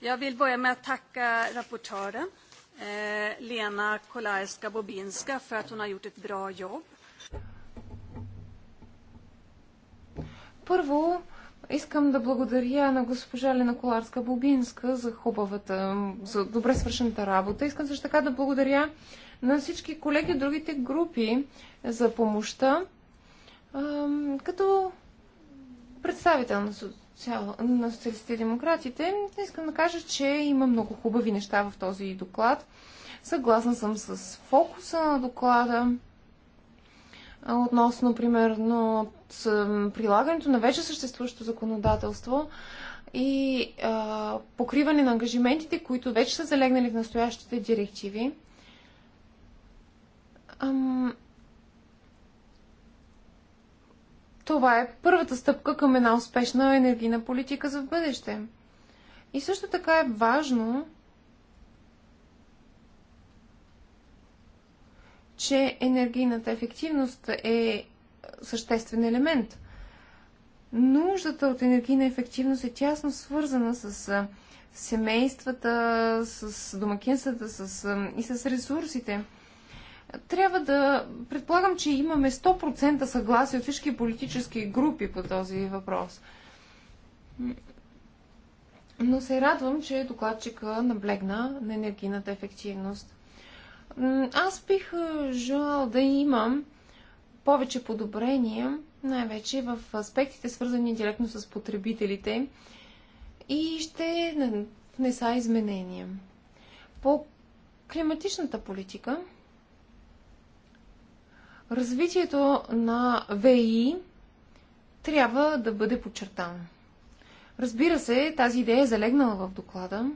Jag vill börja med att tacka rapportören, eh, Lena Kolarska-Bobinska, för att hon har gjort ett bra jobb. Първо, Искам да благодаря на госпожа Лена Коларска-Бубинска за хубавата, за добре свършената работа. Искам също така да благодаря на всички колеги от другите групи за помощта. Като представител на, социал... на социалистите и демократите, искам да кажа, че има много хубави неща в този доклад. Съгласна съм с фокуса на доклада относно, примерно, прилагането на вече съществуващо законодателство и а, покриване на ангажиментите, които вече са залегнали в настоящите директиви. Ам... Това е първата стъпка към една успешна енергийна политика за бъдеще. И също така е важно че енергийната ефективност е съществен елемент. Нуждата от енергийна ефективност е тясно свързана с семействата, с домакинствата с, и с ресурсите. Трябва да предполагам, че имаме 100% съгласие от всички политически групи по този въпрос. Но се радвам, че докладчика наблегна на енергийната ефективност. Аз бих желал да имам повече подобрения, най-вече в аспектите, свързани директно с потребителите и ще внеса изменения. По климатичната политика, развитието на ВИ трябва да бъде подчертано. Разбира се, тази идея е залегнала в доклада,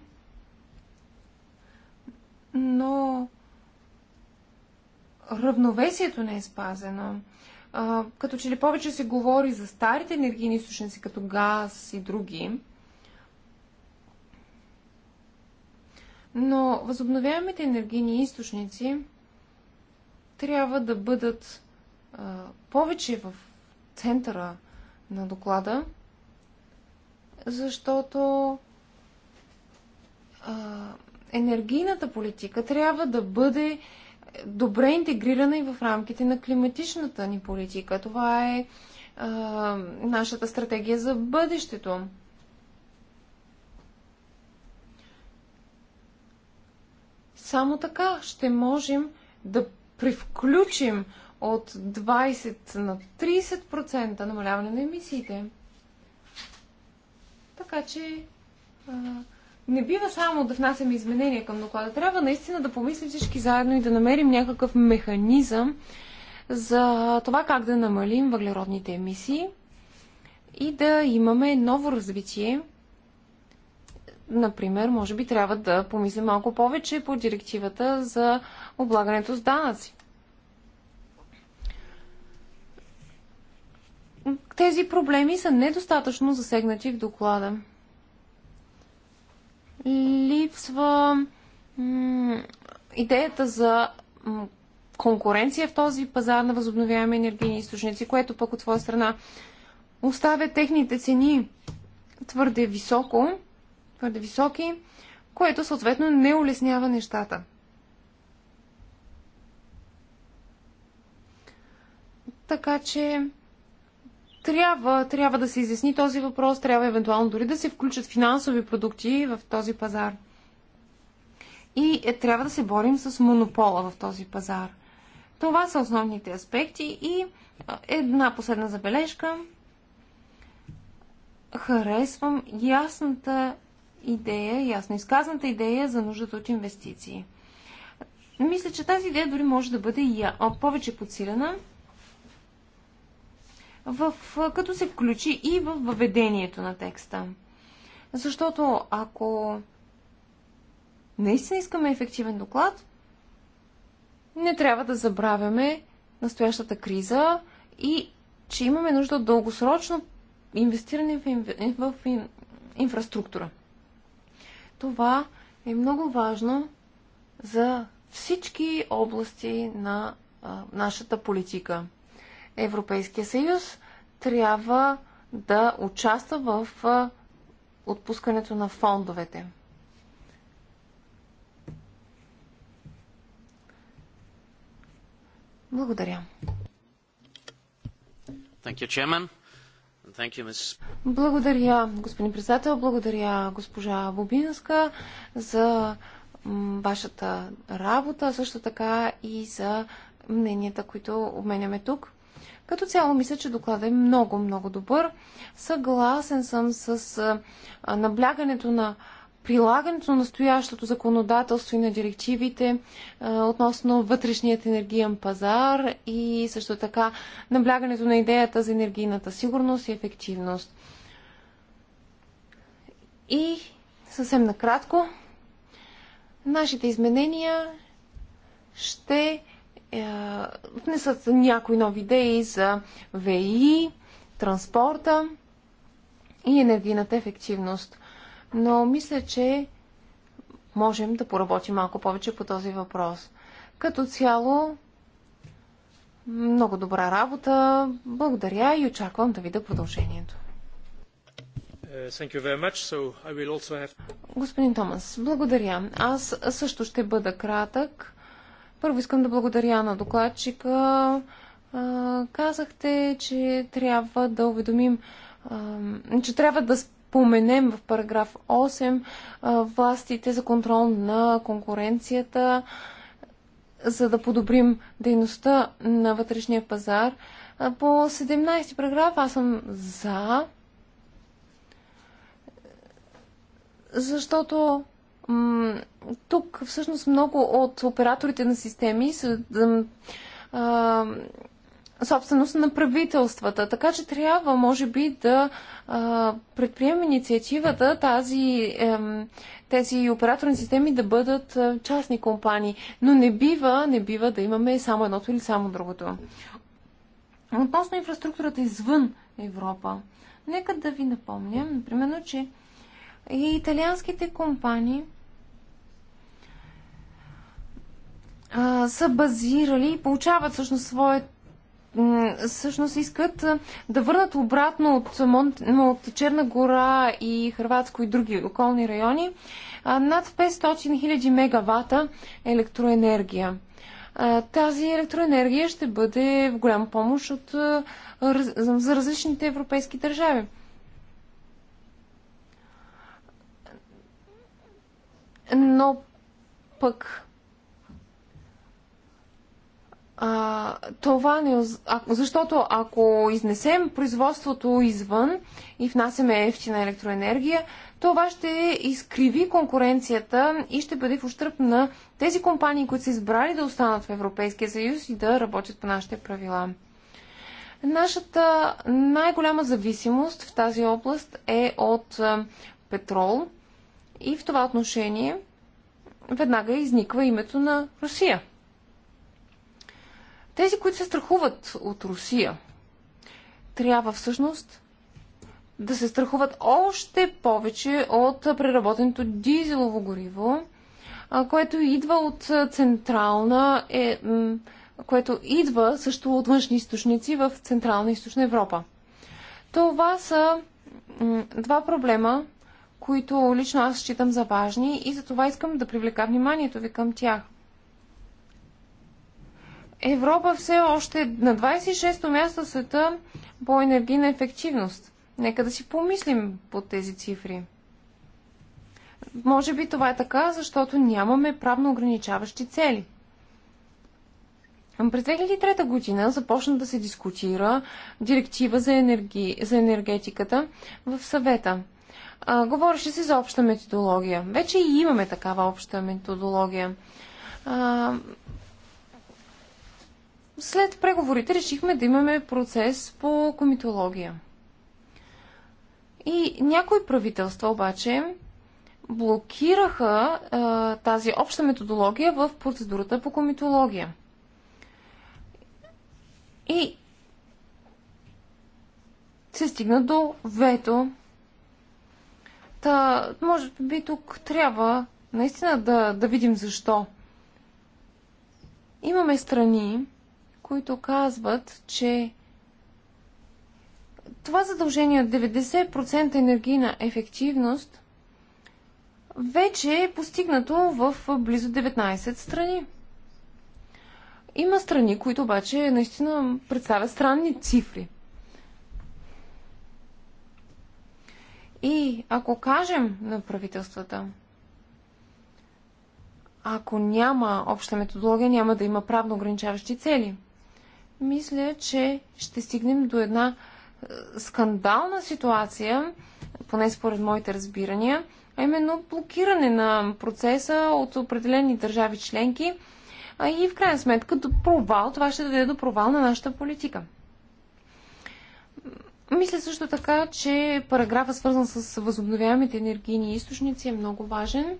но равновесието не е спазено. А, като че ли повече се говори за старите енергийни източници, като газ и други. Но възобновяемите енергийни източници трябва да бъдат а, повече в центъра на доклада, защото а, енергийната политика трябва да бъде а, добре интегрирана и в рамките на климатичната ни политика. Това е а, нашата стратегия за бъдещето. Само така ще можем да привключим от 20 на 30% намаляване на емисиите. Така че а, не бива само да внасяме изменения към доклада. Трябва наистина да помислим всички заедно и да намерим някакъв механизъм за това как да намалим въглеродните емисии и да имаме ново развитие. Например, може би трябва да помислим малко повече по директивата за облагането с данъци. Тези проблеми са недостатъчно засегнати в доклада липсва идеята за конкуренция в този пазар на възобновяеми енергийни източници, което пък от своя страна оставя техните цени твърде високо, твърде високи, което съответно не улеснява нещата. Така че трябва, трябва да се изясни този въпрос, трябва евентуално дори да се включат финансови продукти в този пазар. И е, трябва да се борим с монопола в този пазар. Това са основните аспекти и една последна забележка. Харесвам ясната идея, ясно изказаната идея за нуждата от инвестиции. Мисля, че тази идея дори може да бъде повече подсилена в, като се включи и в въведението на текста. Защото ако наистина искаме ефективен доклад, не трябва да забравяме настоящата криза и че имаме нужда от дългосрочно инвестиране в, инв... в ин... инфраструктура. Това е много важно за всички области на а, нашата политика. Европейския съюз трябва да участва в отпускането на фондовете. Благодаря. Благодаря, господин председател. Благодаря, госпожа Бобинска, за вашата работа, също така и за мненията, които обменяме тук. Като цяло мисля, че докладът е много, много добър. Съгласен съм с наблягането на прилагането на настоящото законодателство и на директивите а, относно вътрешният енергиен пазар и също така наблягането на идеята за енергийната сигурност и ефективност. И съвсем накратко, нашите изменения ще е, внесат някои нови идеи за ВИ, транспорта и енергийната ефективност. Но мисля, че можем да поработим малко повече по този въпрос. Като цяло, много добра работа. Благодаря и очаквам да видя продължението. Господин Томас, благодаря. Аз също ще бъда кратък. Първо искам да благодаря на докладчика. Казахте, че трябва да уведомим, че трябва да споменем в параграф 8 властите за контрол на конкуренцията, за да подобрим дейността на вътрешния пазар. По 17 параграф аз съм за, защото тук всъщност много от операторите на системи са а, собственост на правителствата. Така че трябва, може би, да а, предприемем инициативата тази, а, тези операторни системи да бъдат а, частни компании. Но не бива, не бива да имаме само едното или само другото. Относно инфраструктурата извън Европа, нека да ви напомня, например, че и италианските компании – а, са базирали и получават всъщност своят всъщност искат да върнат обратно от, Мон... от Черна гора и Хрватско и други околни райони над 500 000 мегавата електроенергия. Тази електроенергия ще бъде в голяма помощ от, за различните европейски държави. Но пък а, това не, а, защото ако изнесем производството извън и внасяме ефтина електроенергия, това ще изкриви конкуренцията и ще бъде в ущърп на тези компании, които са избрали да останат в Европейския съюз и да работят по нашите правила. Нашата най-голяма зависимост в тази област е от петрол и в това отношение веднага изниква името на Русия – тези, които се страхуват от Русия, трябва всъщност да се страхуват още повече от преработеното дизелово гориво, което идва от централна, е, което идва също от външни източници в Централна и Източна Европа. Това са два проблема, които лично аз считам за важни и за това искам да привлека вниманието ви към тях – Европа все още е на 26-то място в света по енергийна ефективност. Нека да си помислим по тези цифри. Може би това е така, защото нямаме правно ограничаващи цели. През 2003 година започна да се дискутира директива за, енерги... за енергетиката в съвета. А, говореше се за обща методология. Вече и имаме такава обща методология. А, след преговорите решихме да имаме процес по комитология. И някои правителства обаче блокираха а, тази обща методология в процедурата по комитология. И се стигна до вето. Та, може би тук трябва наистина да, да видим защо. Имаме страни, които казват, че това задължение от 90% енергийна ефективност вече е постигнато в близо 19 страни. Има страни, които обаче наистина представят странни цифри. И ако кажем на правителствата, ако няма обща методология, няма да има правно ограничаващи цели – мисля, че ще стигнем до една е, скандална ситуация, поне според моите разбирания, а именно блокиране на процеса от определени държави членки а и в крайна сметка до провал, това ще даде до провал на нашата политика. Мисля също така, че параграфа свързан с възобновяемите енергийни източници е много важен.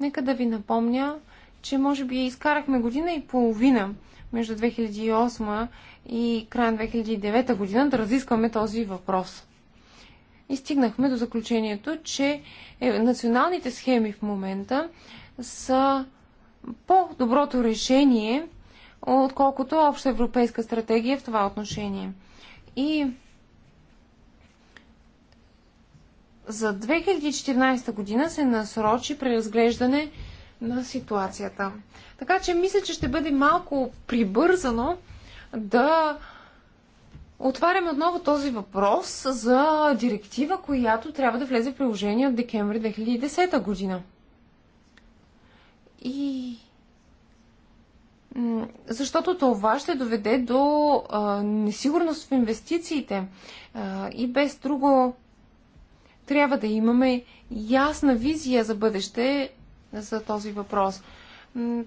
Нека да ви напомня, че може би изкарахме година и половина между 2008 и края на 2009 година да разискваме този въпрос. И стигнахме до заключението, че е, националните схеми в момента са по-доброто решение, отколкото обща европейска стратегия в това отношение. И за 2014 година се насрочи преразглеждане на ситуацията. Така че мисля, че ще бъде малко прибързано да отваряме отново този въпрос за директива, която трябва да влезе в приложение от декември 2010 година. И защото това ще доведе до а, несигурност в инвестициите. А, и без друго трябва да имаме ясна визия за бъдеще за този въпрос.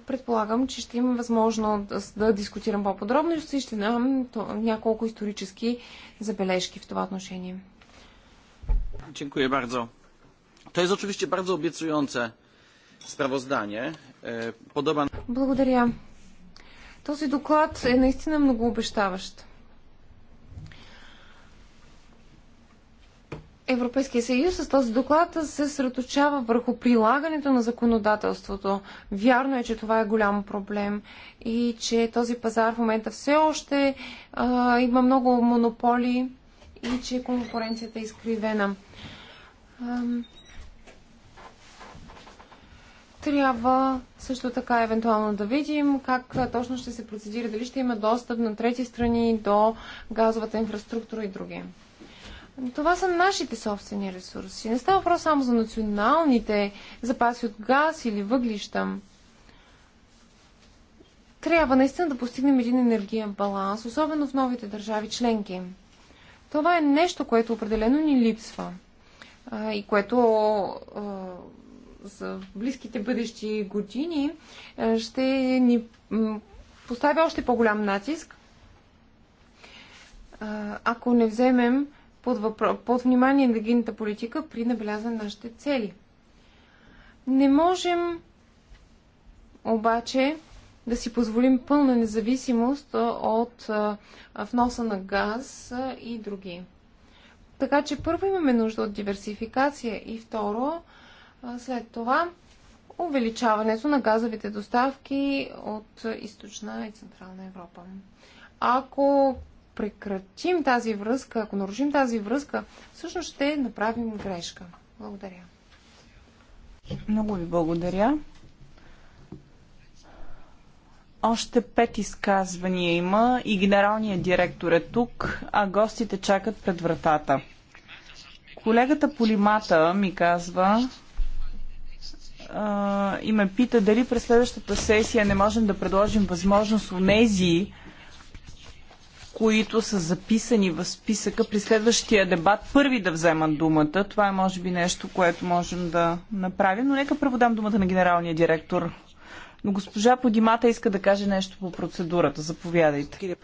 Предполагам, че ще имам възможност да дискутирам по-подробно и ще дам няколко исторически забележки в това отношение. Dziękuję bardzo. To jest oczywiście bardzo obiecujące sprawozdanie. E, podoba... Благодаря. Този доклад е наистина много обещаващ. Европейския съюз с този доклад се средочава върху прилагането на законодателството. Вярно е, че това е голям проблем и че този пазар в момента все още а, има много монополи и че конкуренцията е изкривена. А, трябва също така евентуално да видим как точно ще се процедира, дали ще има достъп на трети страни до газовата инфраструктура и други. Това са нашите собствени ресурси. Не става въпрос само за националните запаси от газ или въглища. Трябва наистина да постигнем един енергиен баланс, особено в новите държави членки. Това е нещо, което определено ни липсва а, и което а, за близките бъдещи години а, ще ни поставя още по-голям натиск, ако не вземем под, въпро... под внимание енергийната политика при набелязане на нашите цели. Не можем обаче да си позволим пълна независимост от вноса на газ и други. Така че първо имаме нужда от диверсификация и второ, след това увеличаването на газовите доставки от източна и централна Европа. Ако прекратим тази връзка, ако нарушим тази връзка, всъщност ще направим грешка. Благодаря. Много ви благодаря. Още пет изказвания има и генералният директор е тук, а гостите чакат пред вратата. Колегата Полимата ми казва а, и ме пита дали през следващата сесия не можем да предложим възможност у нези, които са записани в списъка при следващия дебат, първи да вземат думата. Това е може би нещо, което можем да направим, но нека първо дам думата на генералния директор. Но госпожа Подимата иска да каже нещо по процедурата. Заповядайте.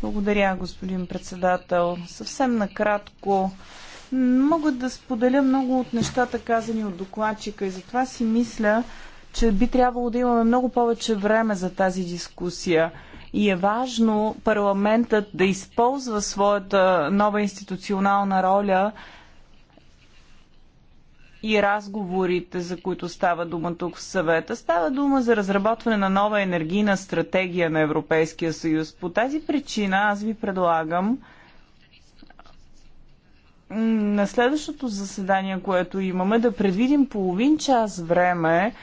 Благодаря, господин председател. Съвсем накратко. Мога да споделя много от нещата, казани от докладчика и затова си мисля, че би трябвало да имаме много повече време за тази дискусия и е важно парламентът да използва своята нова институционална роля и разговорите, за които става дума тук в съвета. Става дума за разработване на нова енергийна стратегия на Европейския съюз. По тази причина аз ви предлагам на следващото заседание, което имаме, да предвидим половин час време,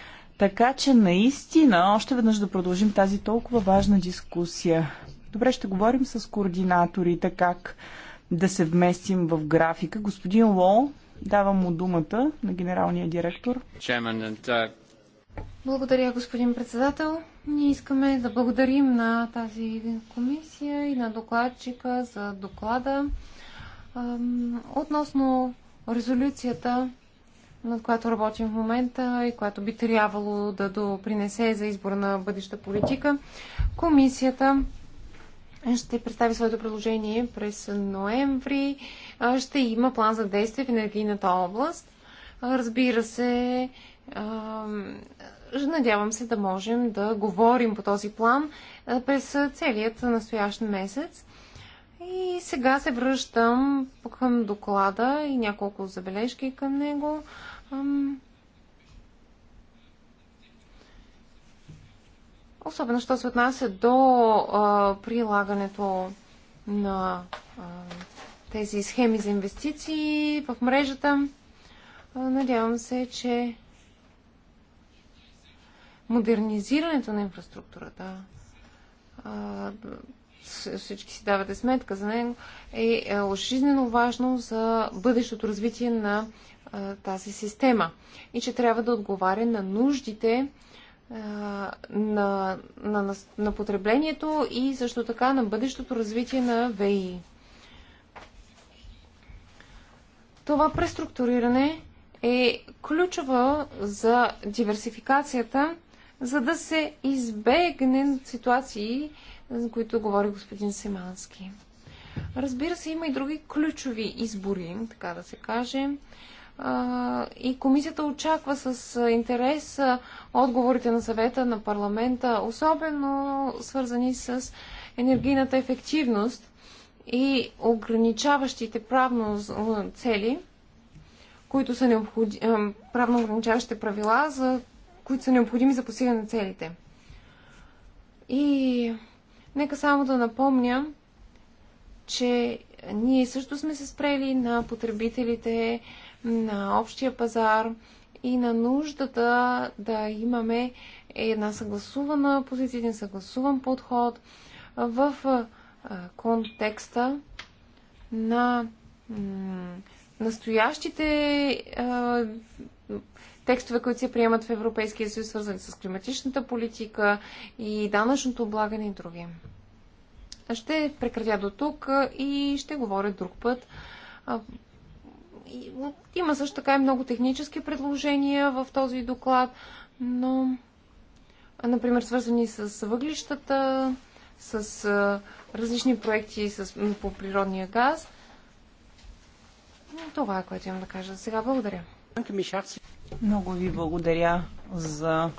така че наистина още веднъж да продължим тази толкова важна дискусия. Добре, ще говорим с координаторите как да се вместим в графика. Господин Лол, давам му думата на генералния директор. Uh, Благодаря, господин председател. Ние искаме да благодарим на тази комисия и на докладчика за доклада относно резолюцията над която работим в момента и която би трябвало да допринесе за избор на бъдеща политика. Комисията ще представи своето предложение през ноември. Ще има план за действие в енергийната област. Разбира се, надявам се да можем да говорим по този план през целият настоящ месец. И сега се връщам към доклада и няколко забележки към него. Особено, що се отнася до а, прилагането на а, тези схеми за инвестиции в мрежата. А, надявам се, че модернизирането на инфраструктурата, а, всички си давате сметка за него, е, е жизненно важно за бъдещото развитие на тази система и че трябва да отговаря на нуждите на, на, на, на потреблението и също така на бъдещото развитие на ВИ. Това преструктуриране е ключова за диверсификацията, за да се избегне ситуации, за които говори господин Семански. Разбира се, има и други ключови избори, така да се каже и комисията очаква с интерес отговорите на съвета на парламента, особено свързани с енергийната ефективност и ограничаващите правно цели, които са необходи... правно ограничаващите правила, за които са необходими за постигане на целите. И нека само да напомня, че ние също сме се спрели на потребителите, на общия пазар и на нуждата да имаме една съгласувана позиция, един съгласуван подход в контекста на настоящите текстове, които се приемат в Европейския съюз, свързани с климатичната политика и данъчното облагане и други. Ще прекратя до тук и ще говоря друг път има също така и много технически предложения в този доклад, но, например, свързани с въглищата, с различни проекти с, по природния газ. Това е което имам да кажа. Сега благодаря. Много ви благодаря за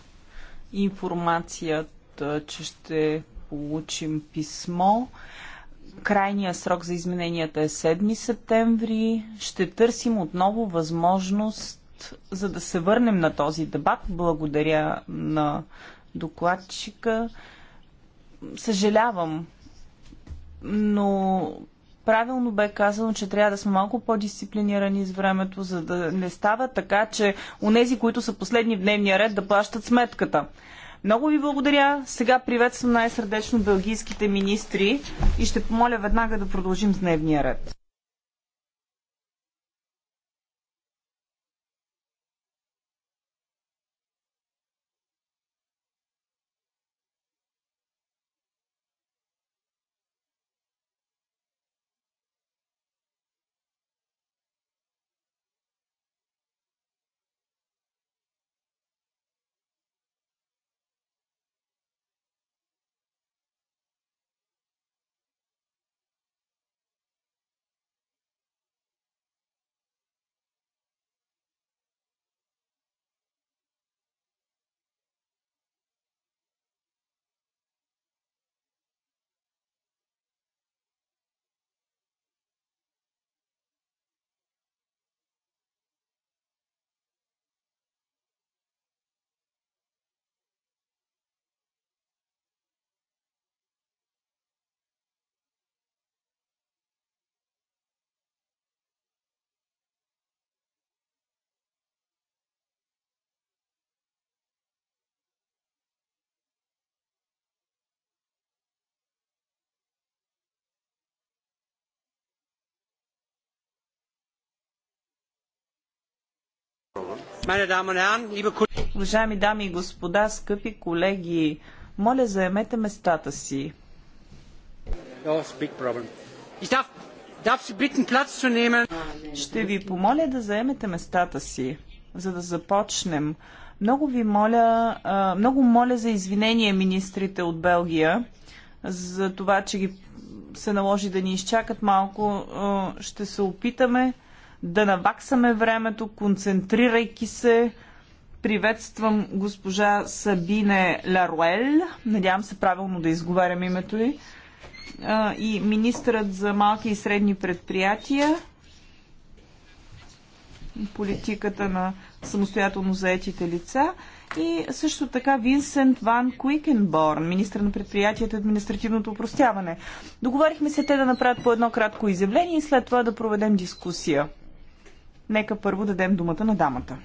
информацията, че ще получим писмо. Крайният срок за измененията е 7 септември. Ще търсим отново възможност за да се върнем на този дебат. Благодаря на докладчика. Съжалявам, но правилно бе казано, че трябва да сме малко по-дисциплинирани с времето, за да не става така, че нези, които са последни в дневния ред, да плащат сметката. Много ви благодаря. Сега приветствам най-сърдечно белгийските министри и ще помоля веднага да продължим с дневния ред. Уважаеми дами и господа, скъпи колеги, моля заемете местата си. Oh, ще ви помоля да заемете местата си, за да започнем. Много ви моля, много моля за извинение министрите от Белгия за това, че ги се наложи да ни изчакат малко. Ще се опитаме да наваксаме времето, концентрирайки се. Приветствам госпожа Сабине Ларуел, надявам се правилно да изговарям името й, и министърът за малки и средни предприятия, политиката на самостоятелно заетите лица и също така Винсент Ван Куикенборн, министр на предприятията и административното упростяване. Договорихме се те да направят по едно кратко изявление и след това да проведем дискусия. Нека първо дадем думата на дамата.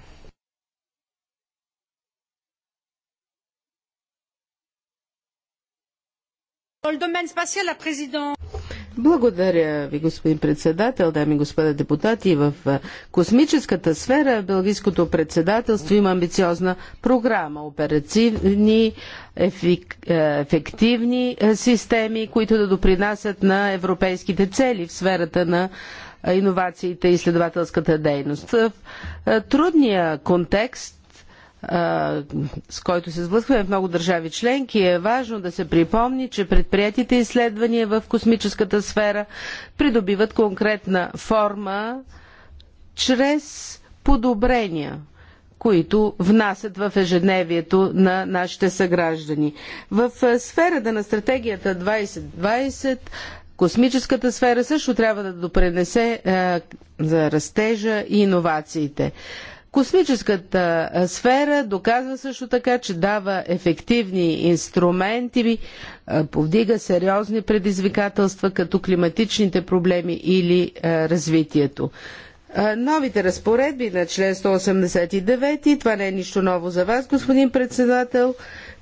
Благодаря ви, господин председател, дами и господа депутати. В космическата сфера Белгийското председателство има амбициозна програма. Оперативни, ефик, ефективни системи, които да допринасят на европейските цели в сферата на иновациите и изследователската дейност. В трудния контекст с който се сблъскваме в много държави членки, е важно да се припомни, че предприятите изследвания в космическата сфера придобиват конкретна форма чрез подобрения, които внасят в ежедневието на нашите съграждани. В сферата на стратегията 2020 Космическата сфера също трябва да допренесе е, за растежа и иновациите. Космическата е, сфера доказва също така, че дава ефективни инструменти, е, повдига сериозни предизвикателства, като климатичните проблеми или развитието. Новите разпоредби на член 189, това не е нищо ново за вас, господин председател,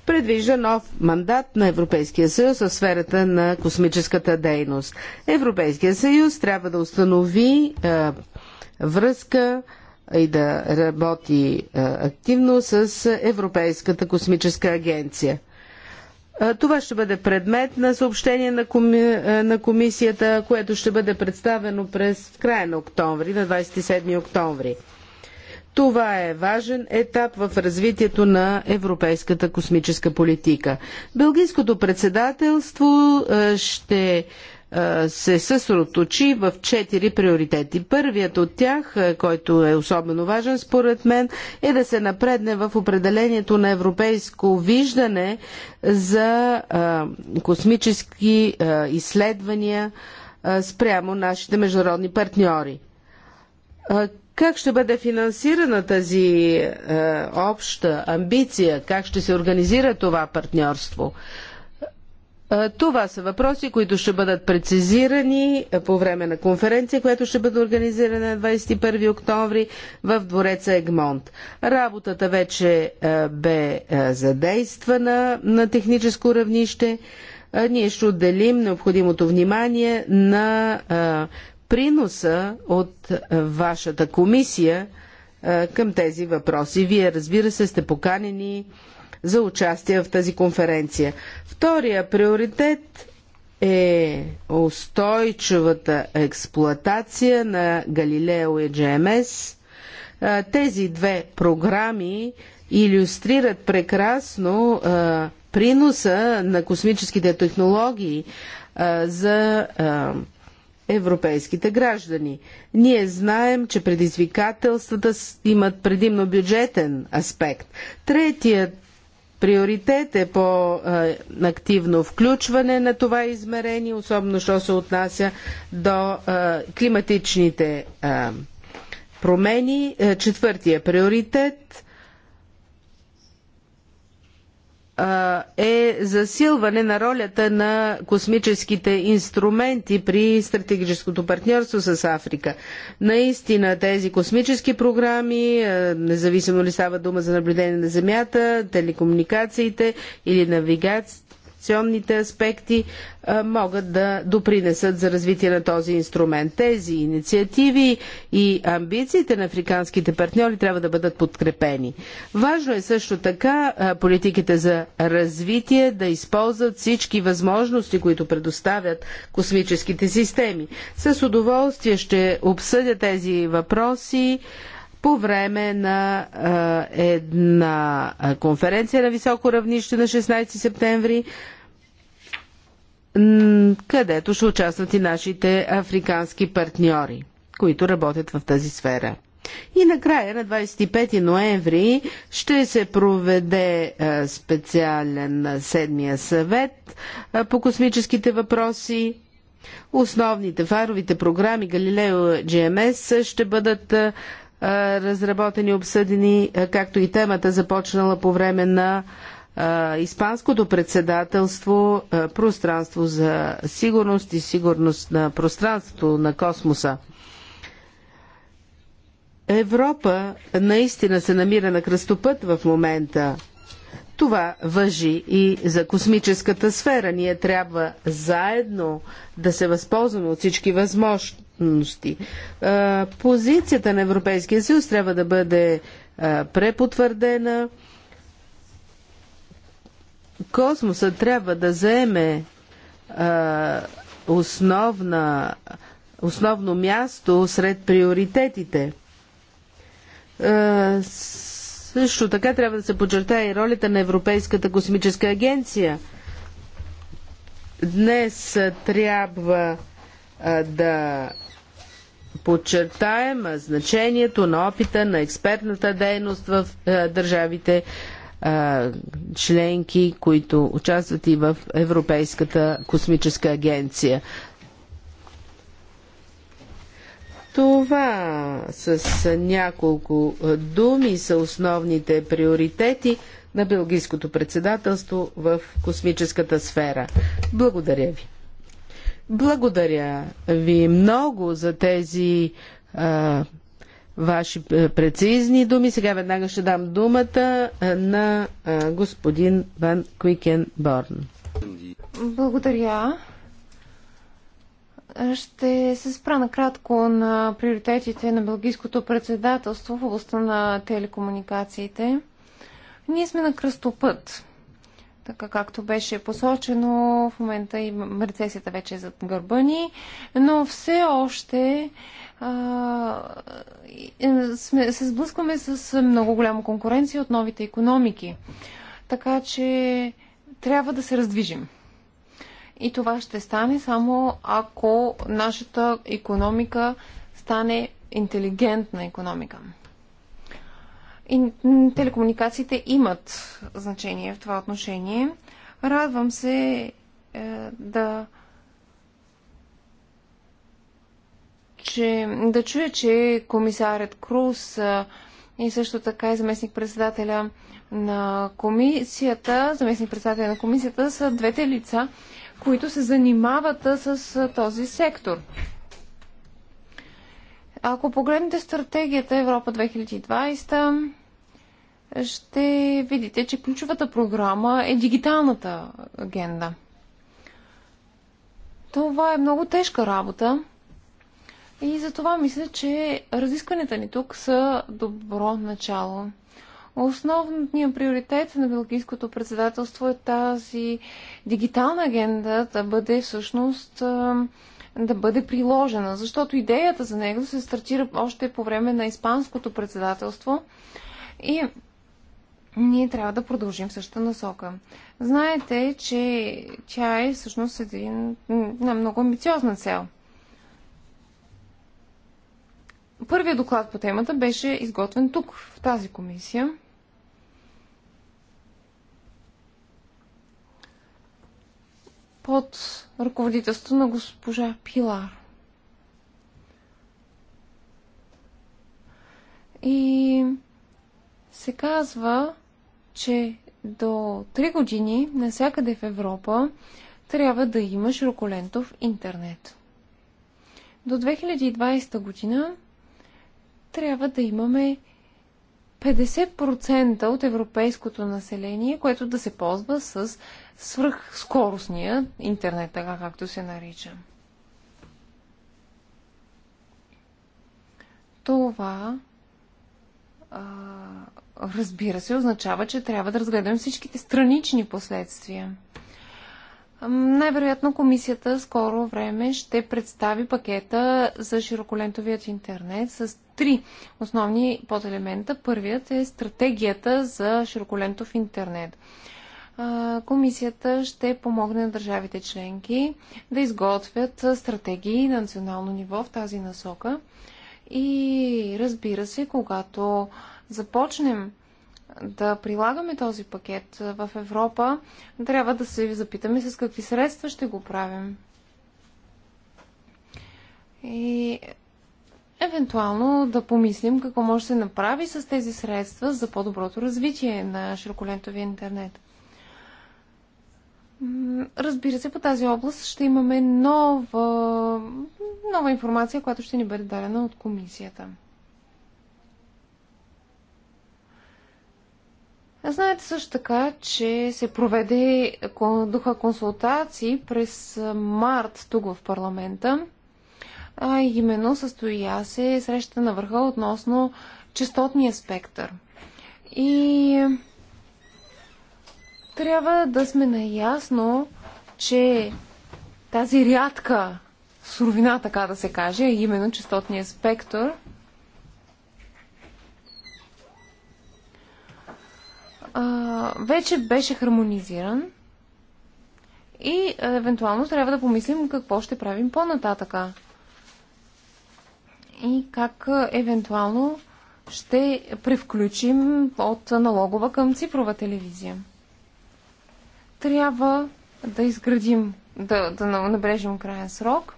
предвижда нов мандат на Европейския съюз в сферата на космическата дейност. Европейския съюз трябва да установи е, връзка и да работи е, активно с Европейската космическа агенция. това ще бъде предмет на съобщение на, коми... на комисията, което ще бъде представено през края на октомври, на 27 октомври. Това е важен етап в развитието на европейската космическа политика. Белгийското председателство е, ще е, се съсроточи в четири приоритети. Първият от тях, е, който е особено важен според мен, е да се напредне в определението на европейско виждане за космически изследвания спрямо нашите международни партньори как ще бъде финансирана тази е, обща амбиция? Как ще се организира това партньорство? Е, това са въпроси, които ще бъдат прецизирани е, по време на конференция, която ще бъде организирана на 21 октомври в двореца Егмонт. Работата вече е, бе е, задействана на техническо равнище е, ние ще отделим необходимото внимание на приноса от е, вашата комисия е, към тези въпроси. Вие, разбира се, сте поканени за участие в тази конференция. Втория приоритет е устойчивата експлоатация на Галилео и GMS. Е, тези две програми иллюстрират прекрасно приноса на космическите технологии за европейските граждани. Ние знаем, че предизвикателствата имат предимно бюджетен аспект. Третият приоритет е по-активно включване на това измерение, особено що се отнася до климатичните промени. Е, Четвъртия приоритет е засилване на ролята на космическите инструменти при стратегическото партньорство с Африка. Наистина тези космически програми, независимо ли става дума за наблюдение на Земята, телекомуникациите или навигацията, инвестиционните аспекти могат да допринесат за развитие на този инструмент. Тези инициативи и амбициите на африканските партньори трябва да бъдат подкрепени. Важно е също така политиките за развитие да използват всички възможности, които предоставят космическите системи. С удоволствие ще обсъдя тези въпроси по време на една конференция на високо равнище на 16 септември където ще участват и нашите африкански партньори, които работят в тази сфера. И накрая на 25 ноември ще се проведе е, специален е, седмия съвет е, по космическите въпроси. Основните фаровите програми Галилео GMS ще бъдат разработени обсъдени, както и темата започнала по време на Испанското председателство пространство за сигурност и сигурност на пространството на космоса. Европа наистина се намира на кръстопът в момента. Това въжи и за космическата сфера. Ние трябва заедно да се възползваме от всички възможности. Позицията на Европейския съюз трябва да бъде препотвърдена космоса трябва да заеме а, основна, основно място сред приоритетите. А, също така трябва да се подчертая и ролята на Европейската космическа агенция. Днес трябва а, да подчертаем значението на опита на експертната дейност в а, държавите членки, които участват и в Европейската космическа агенция. Това с няколко думи са основните приоритети на Белгийското председателство в космическата сфера. Благодаря ви. Благодаря ви много за тези а, ваши е, прецизни думи. Сега веднага ще дам думата е, на е, господин Ван Куикен Борн. Благодаря. Ще се спра накратко на приоритетите на Белгийското председателство в областта на телекомуникациите. Ние сме на кръстопът. Така както беше посочено, в момента и рецесията вече е зад гърба ни, но все още е, сме, се сблъскваме с много голяма конкуренция от новите економики. Така че трябва да се раздвижим. И това ще стане само ако нашата економика стане интелигентна економика. И телекомуникациите имат значение в това отношение. Радвам се е, да че, да чуя, че комисарят Круз и също така и заместник-председателя на комисията, заместник-председателя на комисията са двете лица, които се занимават с този сектор. Ако погледнете стратегията Европа 2020, ще видите, че ключовата програма е дигиталната агенда. Това е много тежка работа. И за това мисля, че разискванията ни тук са добро начало. Основният приоритет на Белгийското председателство е тази дигитална агенда да бъде всъщност да бъде приложена, защото идеята за него се стартира още по време на Испанското председателство и ние трябва да продължим в същата насока. Знаете, че тя е всъщност един, една много амбициозна цел – Първият доклад по темата беше изготвен тук, в тази комисия. под ръководителството на госпожа Пилар. И се казва, че до 3 години навсякъде в Европа трябва да има широколентов интернет. До 2020 година трябва да имаме 50% от европейското население, което да се ползва с свръхскоростния интернет, така както се нарича. Това, а, разбира се, означава, че трябва да разгледаме всичките странични последствия. Най-вероятно комисията скоро време ще представи пакета за широколентовият интернет с три основни поделемента. Първият е стратегията за широколентов интернет. Комисията ще помогне на държавите членки да изготвят стратегии на национално ниво в тази насока. И разбира се, когато започнем да прилагаме този пакет в Европа, трябва да се запитаме с какви средства ще го правим. И евентуално да помислим какво може да се направи с тези средства за по-доброто развитие на широколентовия интернет. Разбира се, по тази област ще имаме нова, нова информация, която ще ни бъде дадена от комисията. Знаете също така, че се проведе духа консултации през март тук в парламента. А именно състоя се среща на върха относно частотния спектър. И трябва да сме наясно, че тази рядка суровина, така да се каже, а именно частотния спектър – а, вече беше хармонизиран и а, евентуално трябва да помислим какво ще правим по-нататъка. И как а, евентуално ще превключим от налогова към цифрова телевизия. Трябва да изградим, да, да набрежим крайен срок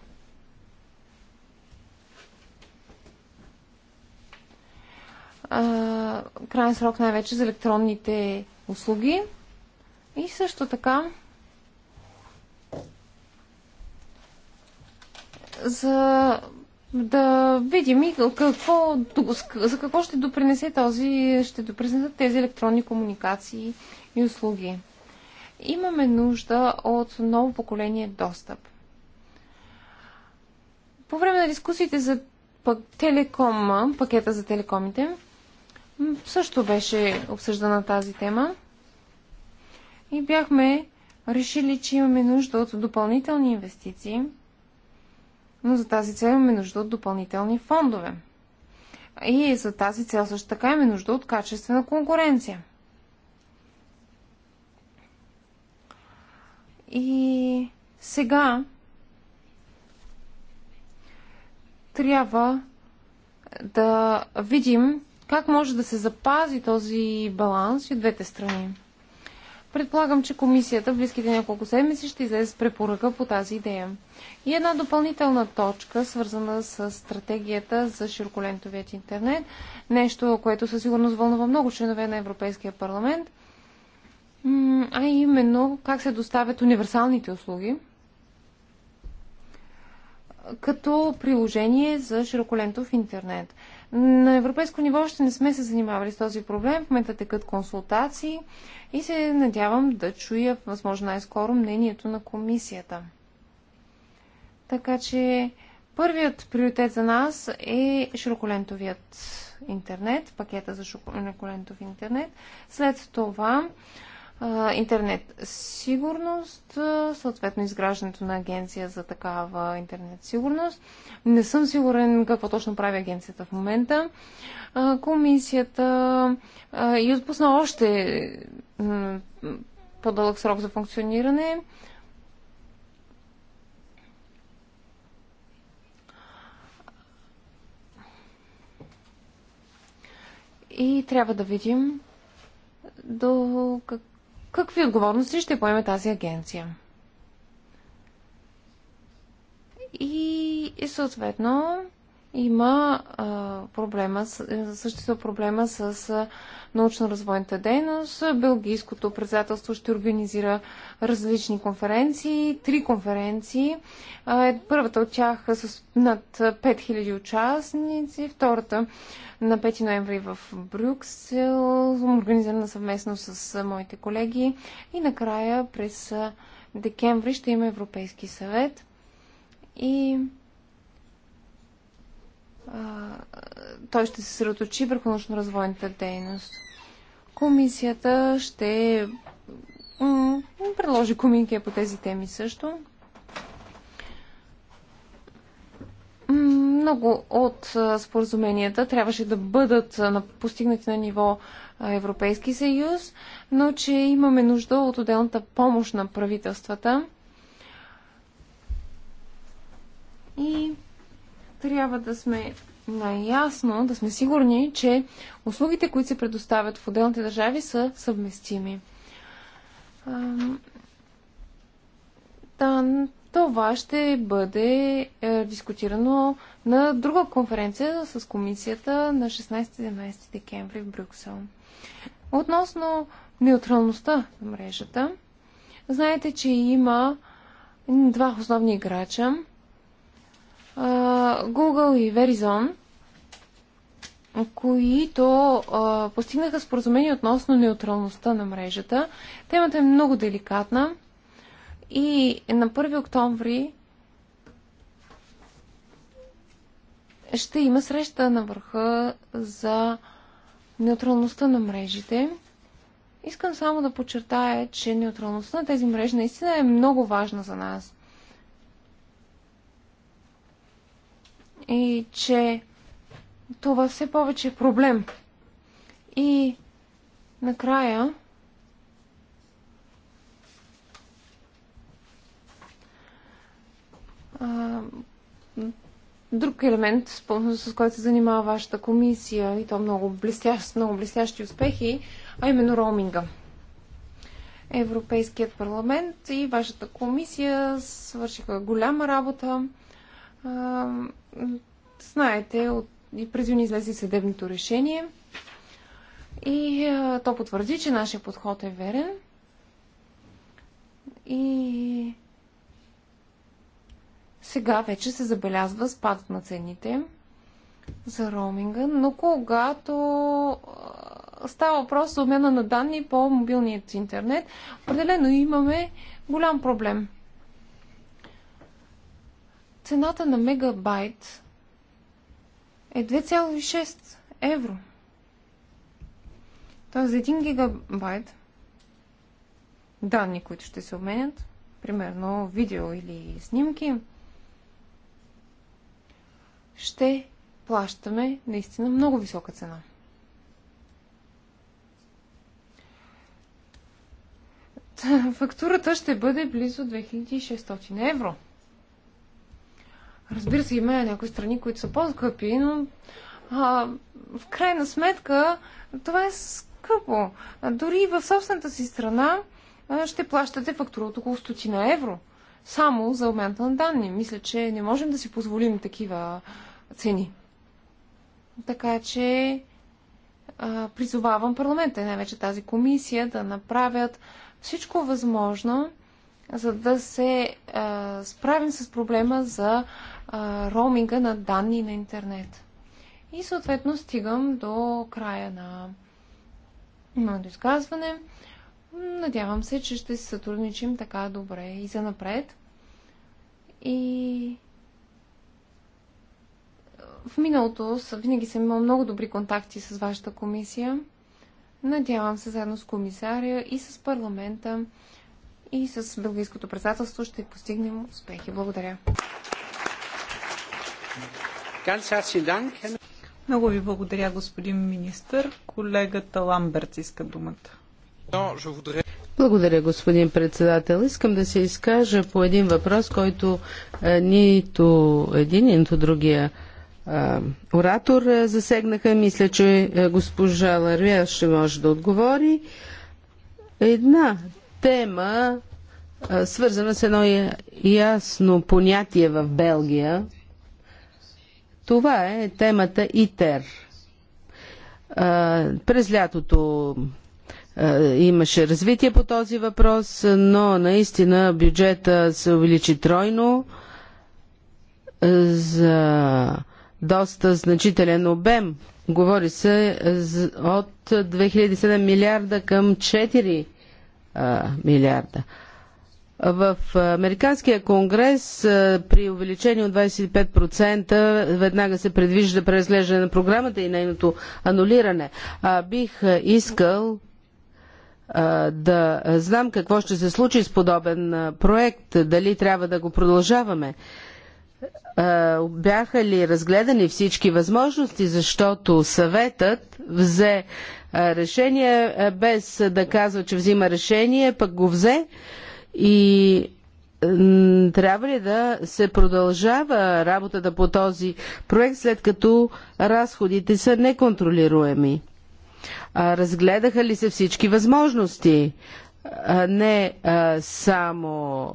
крайен срок най-вече за електронните услуги. И също така за да видим и какво, за какво ще допринесе този, ще допринесат тези електронни комуникации и услуги. Имаме нужда от ново поколение достъп. По време на дискусиите за телекома, пакета за телекомите, също беше обсъждана тази тема и бяхме решили, че имаме нужда от допълнителни инвестиции, но за тази цел имаме нужда от допълнителни фондове. И за тази цел също така имаме нужда от качествена конкуренция. И сега трябва да видим как може да се запази този баланс и от двете страни? Предполагам, че комисията в близките няколко седмици ще излезе с препоръка по тази идея. И една допълнителна точка, свързана с стратегията за широколентовият интернет, нещо, което със сигурност вълнува много членове на Европейския парламент, а именно как се доставят универсалните услуги като приложение за широколентов интернет. На европейско ниво още не сме се занимавали с този проблем. В момента текат консултации и се надявам да чуя, възможно най-скоро, мнението на комисията. Така че първият приоритет за нас е широколентовият интернет, пакета за широколентов интернет. След това интернет сигурност, съответно изграждането на агенция за такава интернет сигурност. Не съм сигурен какво точно прави агенцията в момента. Комисията и отпусна още по-дълъг срок за функциониране. И трябва да видим до как Какви отговорности ще поеме тази агенция? И, и съответно има а, проблема, съществува проблема с научно-развойната дейност. Белгийското председателство ще организира различни конференции, три конференции. Е, първата от тях с над 5000 участници, втората на 5 ноември в Брюксел, организирана съвместно с моите колеги и накрая през декември ще има Европейски съвет. И той ще се средоточи върху научно-развойната дейност. Комисията ще предложи коминки по тези теми също. Много от споразуменията трябваше да бъдат постигнати на ниво Европейски съюз, но че имаме нужда от отделната помощ на правителствата. И трябва да сме наясно, да сме сигурни, че услугите, които се предоставят в отделните държави, са съвместими. Това ще бъде е, дискутирано на друга конференция с комисията на 16-17 декември в Брюксел. Относно неутралността на мрежата, знаете, че има два основни играча Google и Verizon, които а, постигнаха споразумение относно неутралността на мрежата. Темата е много деликатна и на 1 октомври ще има среща на върха за неутралността на мрежите. Искам само да подчертая, че неутралността на тези мрежи наистина е много важна за нас. и че това все повече е проблем. И накрая друг елемент, с който се занимава вашата комисия и то много, блестящ, много блестящи успехи, а именно роуминга. Европейският парламент и вашата комисия свършиха голяма работа знаете, от, и през юни излезе съдебното решение и а, то потвърди, че нашия подход е верен. И сега вече се забелязва спад на цените за роуминга, но когато става въпрос за обмяна на данни по мобилният интернет, определено имаме голям проблем цената на мегабайт е 2,6 евро. Тоест за 1 гигабайт данни, които ще се обменят, примерно видео или снимки, ще плащаме наистина много висока цена. Фактурата ще бъде близо 2600 евро. Разбира се, има някои страни, които са по-скъпи, но а, в крайна сметка това е скъпо. А, дори в собствената си страна а, ще плащате фактура от около 100 евро. Само за обмяната на данни. Мисля, че не можем да си позволим такива цени. Така че а, призовавам парламента и най-вече тази комисия да направят всичко възможно, за да се а, справим с проблема за роуминга на данни на интернет. И съответно стигам до края на моето изказване. Надявам се, че ще се сътрудничим така добре и за напред. И в миналото винаги съм имал много добри контакти с вашата комисия. Надявам се заедно с комисаря и с парламента и с Белгийското председателство ще постигнем успехи. Благодаря. Много ви благодаря, господин министр. Колегата Ламберт иска думата. Благодаря, господин председател. Искам да се изкажа по един въпрос, който е, нито един, нито другия е, оратор е, засегнаха. Мисля, че госпожа Ларвия ще може да отговори. Една тема, свързана с едно ясно понятие в Белгия – това е темата ИТЕР. През лятото имаше развитие по този въпрос, но наистина бюджета се увеличи тройно за доста значителен обем. Говори се от 2007 милиарда към 4 милиарда. В Американския конгрес при увеличение от 25% веднага се предвижда преразглеждане на програмата и нейното анулиране. А, бих искал а, да знам какво ще се случи с подобен проект, дали трябва да го продължаваме. А, бяха ли разгледани всички възможности, защото съветът взе решение без да казва, че взима решение, пък го взе. И трябва ли да се продължава работата по този проект, след като разходите са неконтролируеми? Разгледаха ли се всички възможности? Не само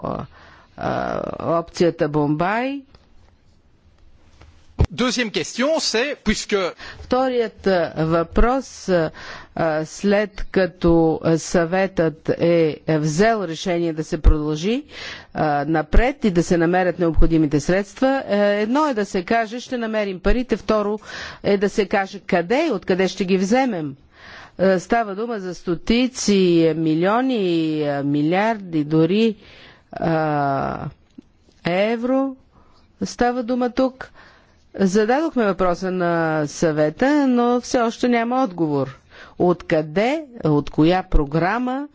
опцията Бомбай, Вторият въпрос, след като съветът е, е взел решение да се продължи напред и да се намерят необходимите средства, е, едно е да се каже ще намерим парите, второ е да се каже къде, откъде ще ги вземем. Става дума за стотици, е, милиони, милиарди дори евро. Става дума тук. Зададохме въпроса на съвета, но все още няма отговор. Откъде, от коя програма,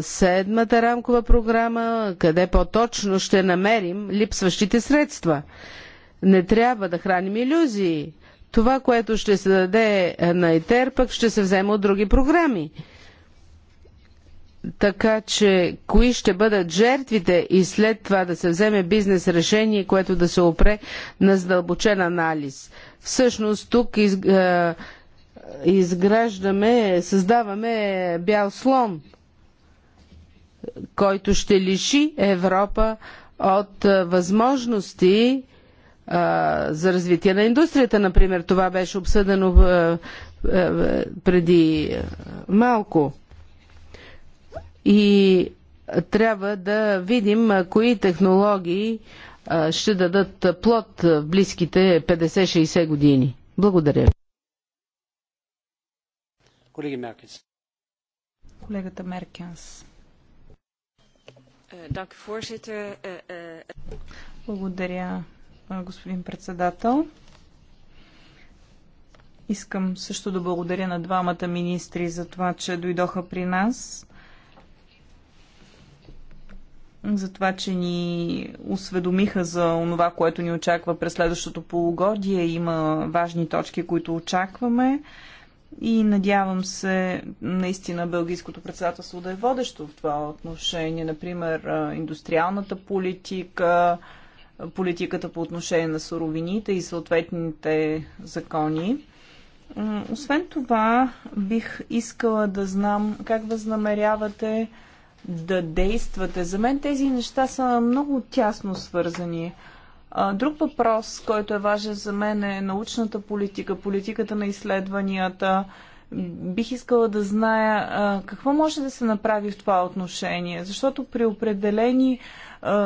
седмата рамкова програма, къде по-точно ще намерим липсващите средства. Не трябва да храним иллюзии. Това, което ще се даде на ИТЕР, пък ще се вземе от други програми така че кои ще бъдат жертвите и след това да се вземе бизнес решение, което да се опре на задълбочен анализ. Всъщност тук из, е, изграждаме, създаваме бял слон, който ще лиши Европа от е, възможности е, за развитие на индустрията. Например, това беше обсъдено преди малко и трябва да видим кои технологии ще дадат плод в близките 50-60 години. Благодаря ви. Колеги Меркенс. Колегата Меркенс. Е, е, е, благодаря, господин председател. Искам също да благодаря на двамата министри за това, че дойдоха при нас за това, че ни осведомиха за онова, което ни очаква през следващото полугодие. Има важни точки, които очакваме и надявам се наистина Белгийското председателство да е водещо в това отношение. Например, индустриалната политика, политиката по отношение на суровините и съответните закони. Освен това, бих искала да знам как възнамерявате да да действате. За мен тези неща са много тясно свързани. Друг въпрос, който е важен за мен е научната политика, политиката на изследванията. Бих искала да зная какво може да се направи в това отношение, защото при определени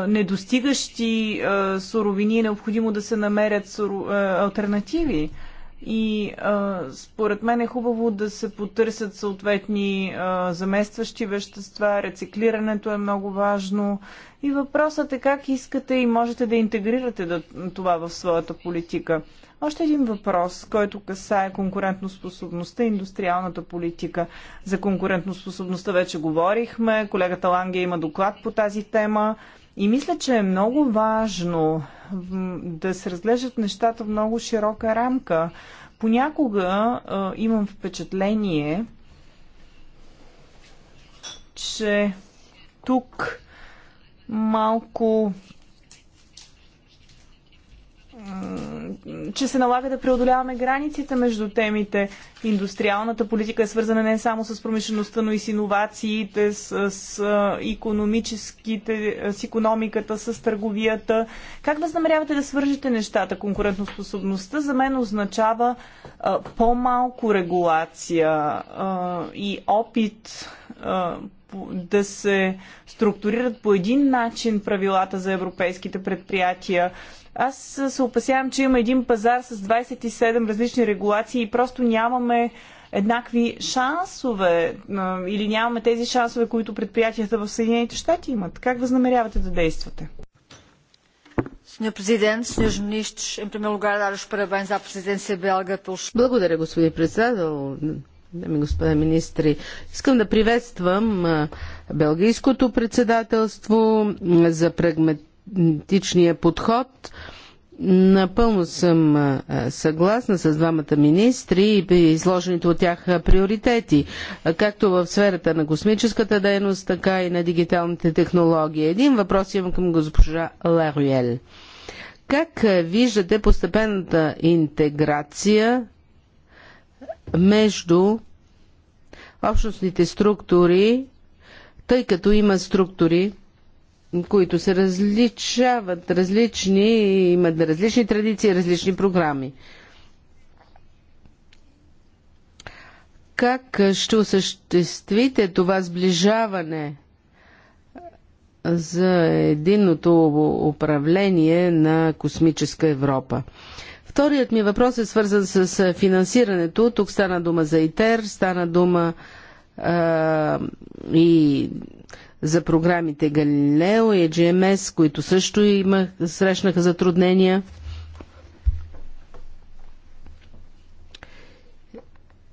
недостигащи суровини е необходимо да се намерят альтернативи. Суров и а, според мен е хубаво да се потърсят съответни а, заместващи вещества, рециклирането е много важно. И въпросът е как искате и можете да интегрирате да, това в своята политика. Още един въпрос, който касае конкурентноспособността и индустриалната политика. За конкурентноспособността вече говорихме, колегата Ланге има доклад по тази тема. И мисля, че е много важно да се разглеждат нещата в много широка рамка. Понякога а, имам впечатление, че тук малко че се налага да преодоляваме границите между темите. Индустриалната политика е свързана не само с промишлеността, но и с иновациите, с, с економическите, с економиката, с търговията. Как възнамерявате да свържете нещата? Конкурентоспособността за мен означава по-малко регулация а, и опит а, да се структурират по един начин правилата за европейските предприятия, аз се опасявам, че има един пазар с 27 различни регулации и просто нямаме еднакви шансове или нямаме тези шансове, които предприятията в Съединените щати имат. Как възнамерявате да действате? Благодаря, господин председател. Дами господа министри, искам да приветствам белгийското председателство за прагмат прагматичния подход. Напълно съм съгласна с двамата министри и изложените от тях приоритети, както в сферата на космическата дейност, така и на дигиталните технологии. Един въпрос имам към госпожа Ларуел. Как виждате постепенната интеграция между общностните структури, тъй като има структури, които се различават, различни, имат различни традиции, различни програми. Как ще осъществите това сближаване за единното управление на космическа Европа? Вторият ми въпрос е свързан с финансирането. Тук стана дума за ИТЕР, стана дума а, и за програмите Галилео и GMS, които също имах, срещнаха затруднения.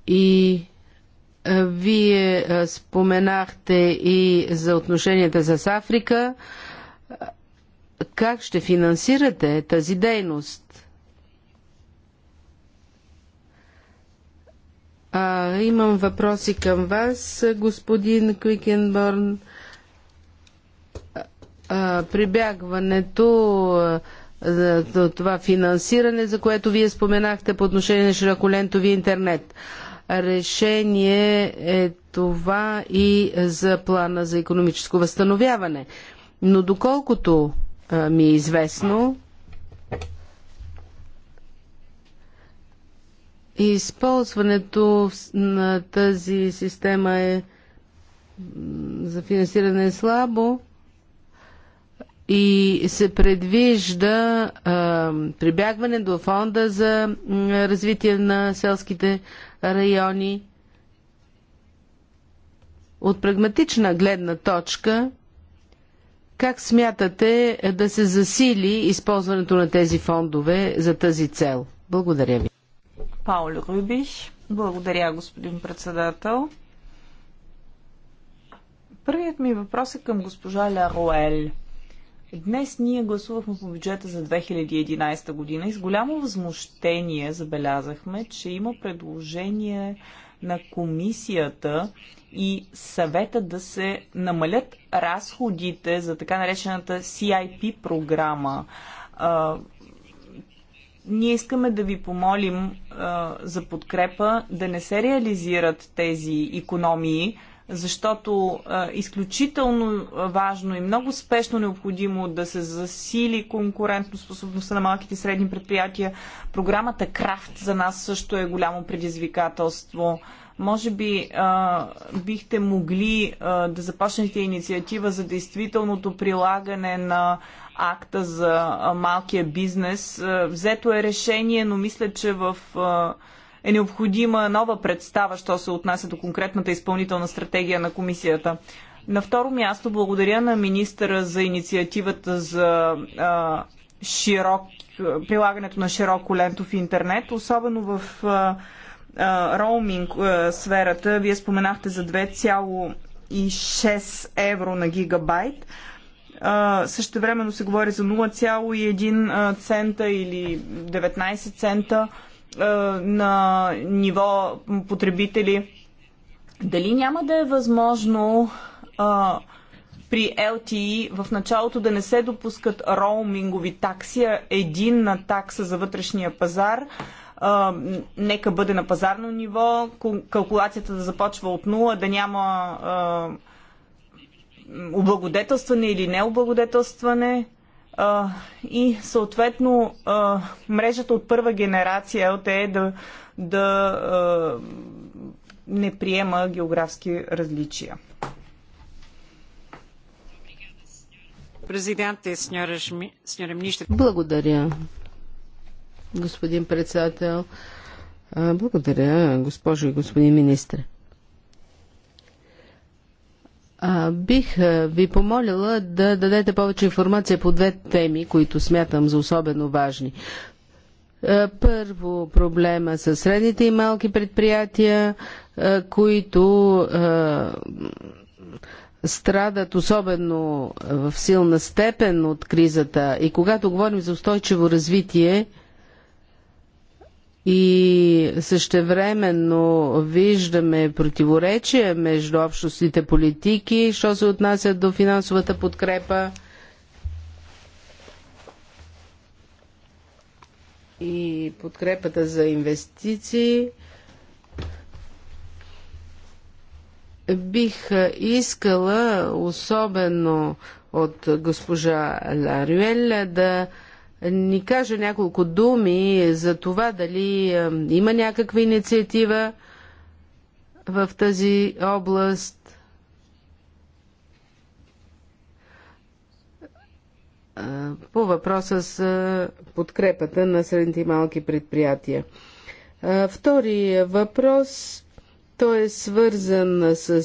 И а, вие а, споменахте и за отношенията с Африка. Как ще финансирате тази дейност? А, имам въпроси към вас, господин Куикенборн. А, прибягването за това финансиране, за което вие споменахте по отношение на широколентови интернет. Решение е това и за плана за економическо възстановяване. Но доколкото ми е известно, използването на тази система е за финансиране е слабо и се предвижда а, прибягване до фонда за развитие на селските райони. От прагматична гледна точка, как смятате да се засили използването на тези фондове за тази цел? Благодаря ви. Паул Рубиш. Благодаря, господин председател. Първият ми въпрос е към госпожа Ларуель. Днес ние гласувахме по бюджета за 2011 година и с голямо възмущение забелязахме, че има предложение на комисията и съвета да се намалят разходите за така наречената CIP програма. А, ние искаме да ви помолим а, за подкрепа да не се реализират тези економии, защото е изключително важно и много спешно необходимо да се засили конкурентоспособността на малките и средни предприятия. Програмата Крафт за нас също е голямо предизвикателство. Може би а, бихте могли а, да започнете инициатива за действителното прилагане на акта за а, малкия бизнес. А, взето е решение, но мисля, че в. А, е необходима нова представа, що се отнася до конкретната изпълнителна стратегия на комисията. На второ място, благодаря на министъра за инициативата за а, широк, прилагането на широко лентов интернет, особено в а, роуминг а, сферата. Вие споменахте за 2,6 евро на гигабайт. Също времено се говори за 0,1 цента или 19 цента. Е, на ниво потребители. Дали няма да е възможно а, е, при LTE в началото да не се допускат роумингови такси, един на такса за вътрешния пазар, а, е, нека бъде на пазарно ниво, калкулацията да започва от нула, да няма а, облагодетелстване или необлагодетелстване и съответно мрежата от първа генерация ЛТЕ да, да не приема географски различия. Благодаря, господин председател. Благодаря, госпожо и господин министр бих ви помолила да дадете повече информация по две теми, които смятам за особено важни. Първо проблема с средните и малки предприятия, които страдат особено в силна степен от кризата. И когато говорим за устойчиво развитие, и същевременно виждаме противоречия между общностните политики, що се отнася до финансовата подкрепа и подкрепата за инвестиции, бих искала особено от госпожа Ларюеля, да ни каже няколко думи за това дали има някаква инициатива в тази област. Е, по въпроса с е, подкрепата на средните и малки предприятия. Е, втори въпрос, той е свързан с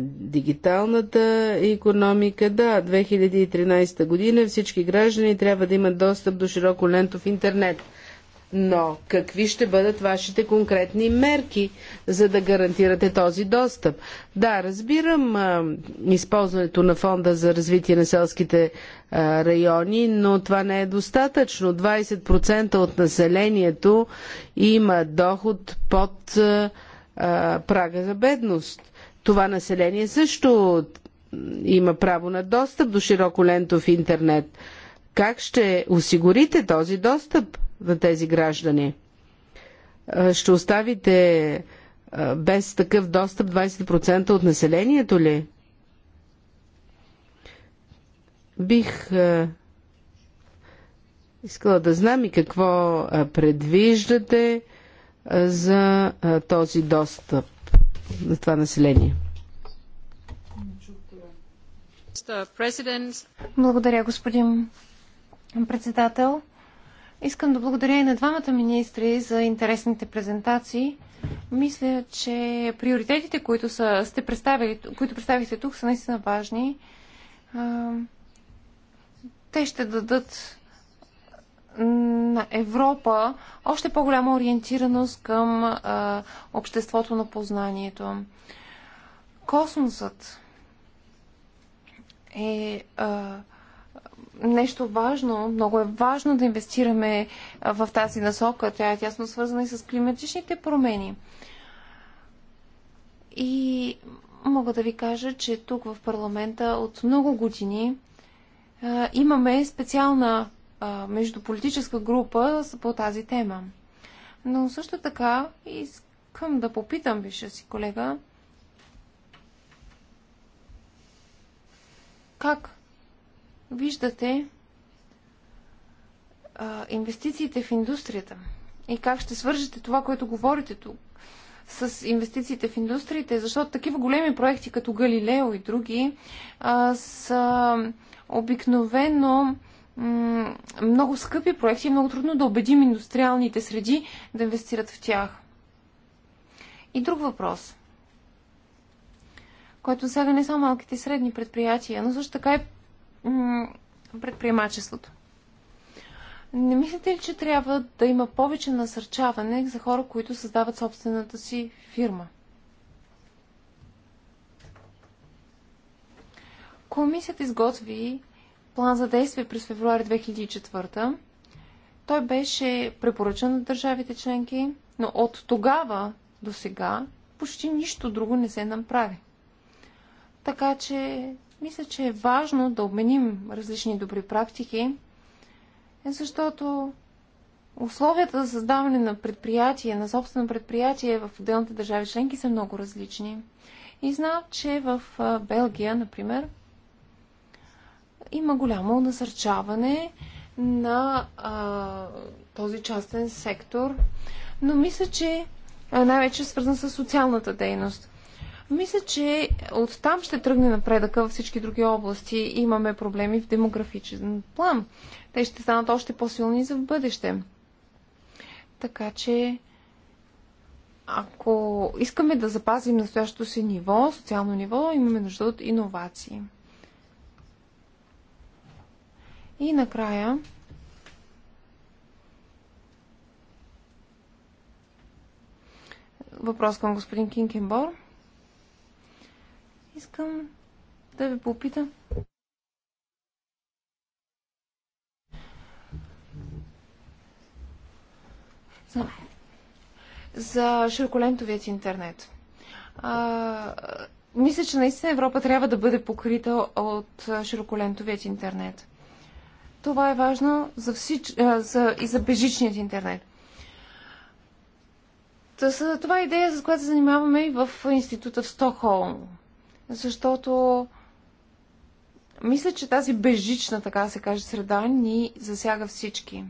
дигиталната економика. Да, 2013 година всички граждани трябва да имат достъп до широко лентов интернет. Но какви ще бъдат вашите конкретни мерки, за да гарантирате този достъп? Да, разбирам а, използването на фонда за развитие на селските а, райони, но това не е достатъчно. 20% от населението има доход под а, прага за бедност това население също има право на достъп до широколентов интернет. Как ще осигурите този достъп на тези граждани? Ще оставите без такъв достъп 20% от населението ли? Бих искала да знам и какво предвиждате за този достъп на това население. Благодаря, господин председател. Искам да благодаря и на двамата министри за интересните презентации. Мисля, че приоритетите, които, са, сте представили, които представихте тук, са наистина важни. Те ще дадат на Европа още по-голяма ориентираност към а, обществото на познанието. Космосът е а, нещо важно, много е важно да инвестираме в тази насока. Тя е тясно свързана и с климатичните промени. И мога да ви кажа, че тук в парламента от много години а, имаме специална между политическа група по тази тема. Но също така искам да попитам бившия си колега как виждате а, инвестициите в индустрията и как ще свържете това, което говорите тук с инвестициите в индустриите, защото такива големи проекти като Галилео и други а, са обикновено много скъпи проекти и много трудно да убедим индустриалните среди да инвестират в тях. И друг въпрос, който сега не само малките и средни предприятия, но също така и предприемачеството. Не мислите ли, че трябва да има повече насърчаване за хора, които създават собствената си фирма? Комисията изготви план за действие през февруари 2004. Той беше препоръчан от държавите членки, но от тогава до сега почти нищо друго не се направи. Така че мисля, че е важно да обменим различни добри практики, защото условията за създаване на предприятие, на собствено предприятие в отделните държави членки са много различни. И знам, че в Белгия, например, има голямо насърчаване на а, този частен сектор, но мисля, че най-вече е свързан с социалната дейност. Мисля, че от там ще тръгне напредъка във всички други области. Имаме проблеми в демографичен план. Те ще станат още по-силни за в бъдеще. Така че, ако искаме да запазим настоящото си ниво, социално ниво, имаме нужда от иновации. И накрая въпрос към господин Кинкенбор. Искам да ви попитам. За, за широколентовият интернет. А, мисля, че наистина Европа трябва да бъде покрита от широколентовият интернет. Това е важно за всич... за... и за бежичният интернет. Това е идея, с която се занимаваме и в института в Стокхолм. Защото мисля, че тази бежична, така се каже, среда ни засяга всички.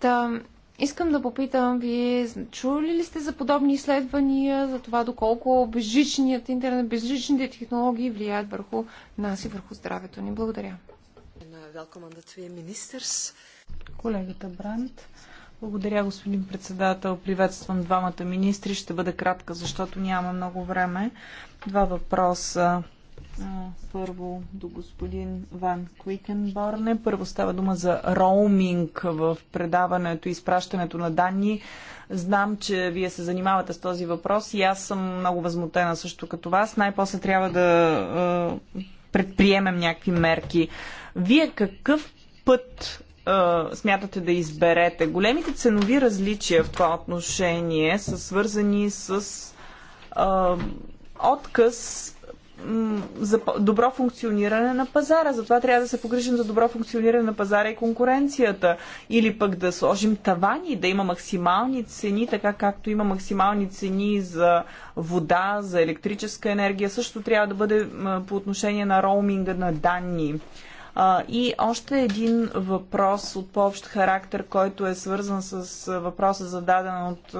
Та, Искам да попитам, вие чули ли сте за подобни изследвания, за това доколко безжичният интернет, безжичните технологии влияят върху нас и върху здравето ни? Благодаря. Колегата Бранд. Благодаря, господин председател. Приветствам двамата министри. Ще бъда кратка, защото няма много време. Два въпроса първо до господин Ван Куикенборне. Първо става дума за роуминг в предаването и изпращането на данни. Знам, че вие се занимавате с този въпрос и аз съм много възмутена също като вас. Най-после трябва да предприемем някакви мерки. Вие какъв път смятате да изберете? Големите ценови различия в това отношение са свързани с отказ за добро функциониране на пазара. Затова трябва да се погрижим за добро функциониране на пазара и конкуренцията. Или пък да сложим тавани, да има максимални цени, така както има максимални цени за вода, за електрическа енергия. Също трябва да бъде по отношение на роуминга на данни. И още един въпрос от по-общ характер, който е свързан с въпроса зададен от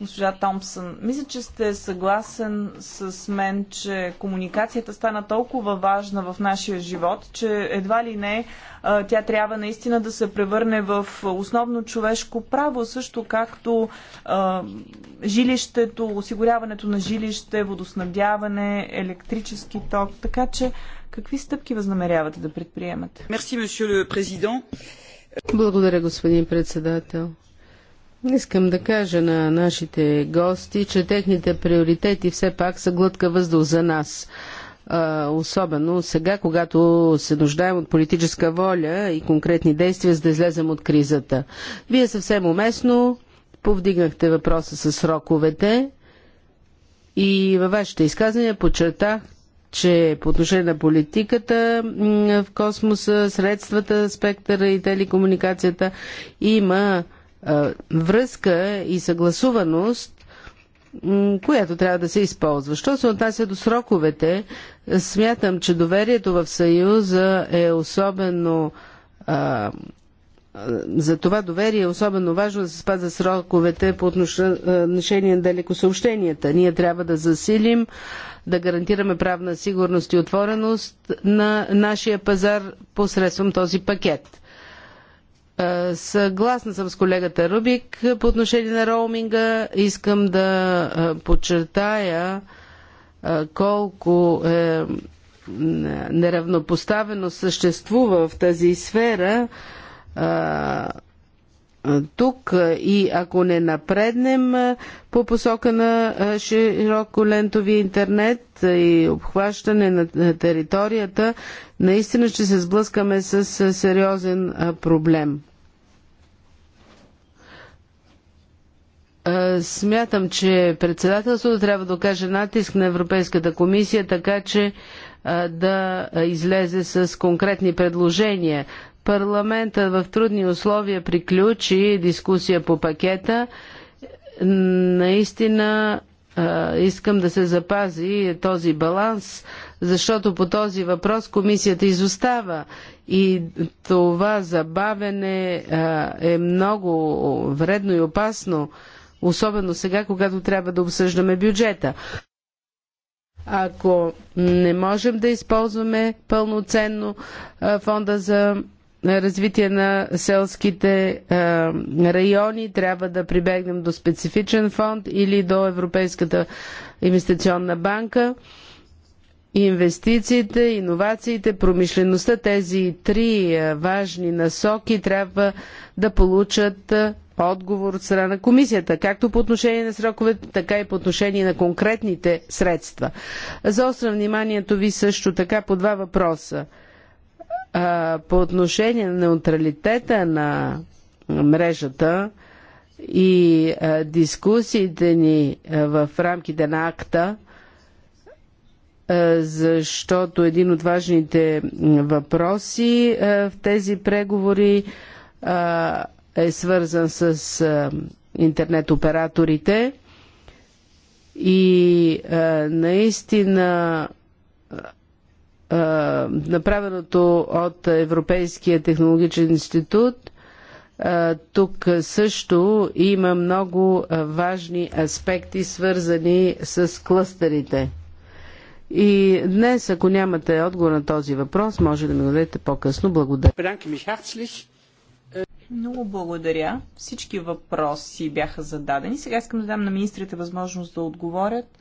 госпожа Томпсън. Мисля, че сте съгласен с мен, че комуникацията стана толкова важна в нашия живот, че едва ли не тя трябва наистина да се превърне в основно човешко право, също както а, жилището, осигуряването на жилище, водоснабдяване, електрически ток. Така че какви стъпки възнамерявате да предприемете? Мерси, Благодаря, господин председател. Искам да кажа на нашите гости, че техните приоритети все пак са глътка въздух за нас. А, особено сега, когато се нуждаем от политическа воля и конкретни действия, за да излезем от кризата. Вие съвсем уместно повдигнахте въпроса с сроковете и във вашите изказвания подчертах, че по отношение на политиката в космоса, средствата, спектъра и телекомуникацията има връзка и съгласуваност, която трябва да се използва. Що се отнася до сроковете, смятам, че доверието в Съюза е особено за това доверие е особено важно да се спазва сроковете по отношение на далекосъобщенията. Ние трябва да засилим, да гарантираме правна сигурност и отвореност на нашия пазар посредством този пакет. Е, съгласна съм с колегата Рубик по отношение на роуминга. Искам да е, подчертая е, колко е неравнопоставеност съществува в тази сфера тук и ако не напреднем по посока на широколентовия интернет и обхващане на територията, наистина ще се сблъскаме с сериозен проблем. Смятам, че председателството трябва да окаже натиск на Европейската комисия, така че да излезе с конкретни предложения. Парламента в трудни условия приключи дискусия по пакета. Наистина искам да се запази този баланс, защото по този въпрос комисията изостава и това забавене е много вредно и опасно особено сега, когато трябва да обсъждаме бюджета. Ако не можем да използваме пълноценно фонда за развитие на селските райони, трябва да прибегнем до специфичен фонд или до Европейската инвестиционна банка. Инвестициите, иновациите, промишлеността, тези три важни насоки трябва да получат отговор от страна на комисията, както по отношение на сроковете, така и по отношение на конкретните средства. Заострям вниманието ви също така по два въпроса. По отношение на неутралитета на мрежата и дискусиите ни в рамките на акта, защото един от важните въпроси в тези преговори е свързан с интернет операторите и наистина направеното от Европейския технологичен институт. Тук също има много важни аспекти, свързани с клъстерите. И днес, ако нямате отговор на този въпрос, може да ми го дадете по-късно. Благодаря. Много благодаря. Всички въпроси бяха зададени. Сега искам да дам на министрите възможност да отговорят.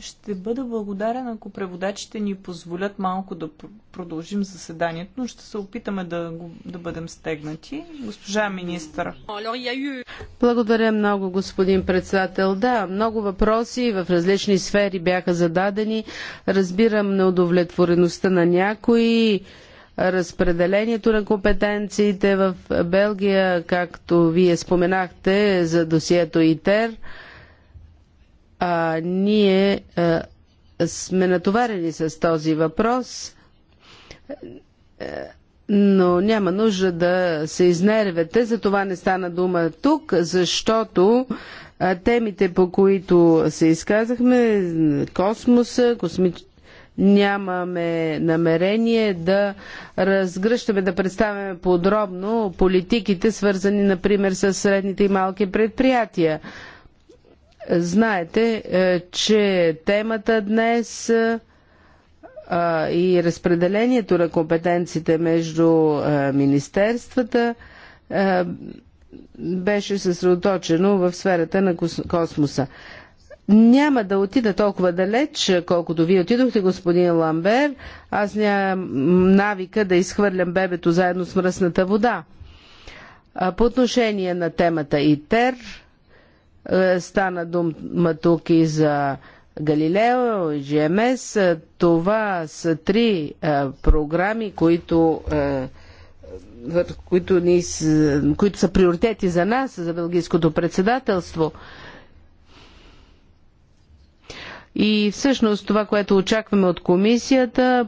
Ще бъда благодарен, ако преводачите ни позволят малко да продължим заседанието, но ще се опитаме да, да бъдем стегнати. Госпожа министър. Благодаря много, господин председател. Да, много въпроси в различни сфери бяха зададени. Разбирам неудовлетвореността на някои разпределението на компетенциите в Белгия, както вие споменахте за досието ИТЕР, а ние а, сме натоварени с този въпрос, но няма нужда да се изнервете, за това не стана дума тук, защото темите, по които се изказахме, космоса, космич Нямаме намерение да разгръщаме, да представяме подробно политиките, свързани, например, с средните и малки предприятия. Знаете, е, че темата днес е, и разпределението на компетенциите между е, министерствата беше съсредоточено в сферата на космоса няма да отида толкова далеч, колкото вие отидохте, господин Ламбер. Аз нямам навика да изхвърлям бебето заедно с мръсната вода. По отношение на темата ИТЕР, е, стана дума тук и за Галилео и ЖМС. Е, това са три е, програми, които които, ни, които са приоритети за нас, за Белгийското председателство. И всъщност това, което очакваме от комисията,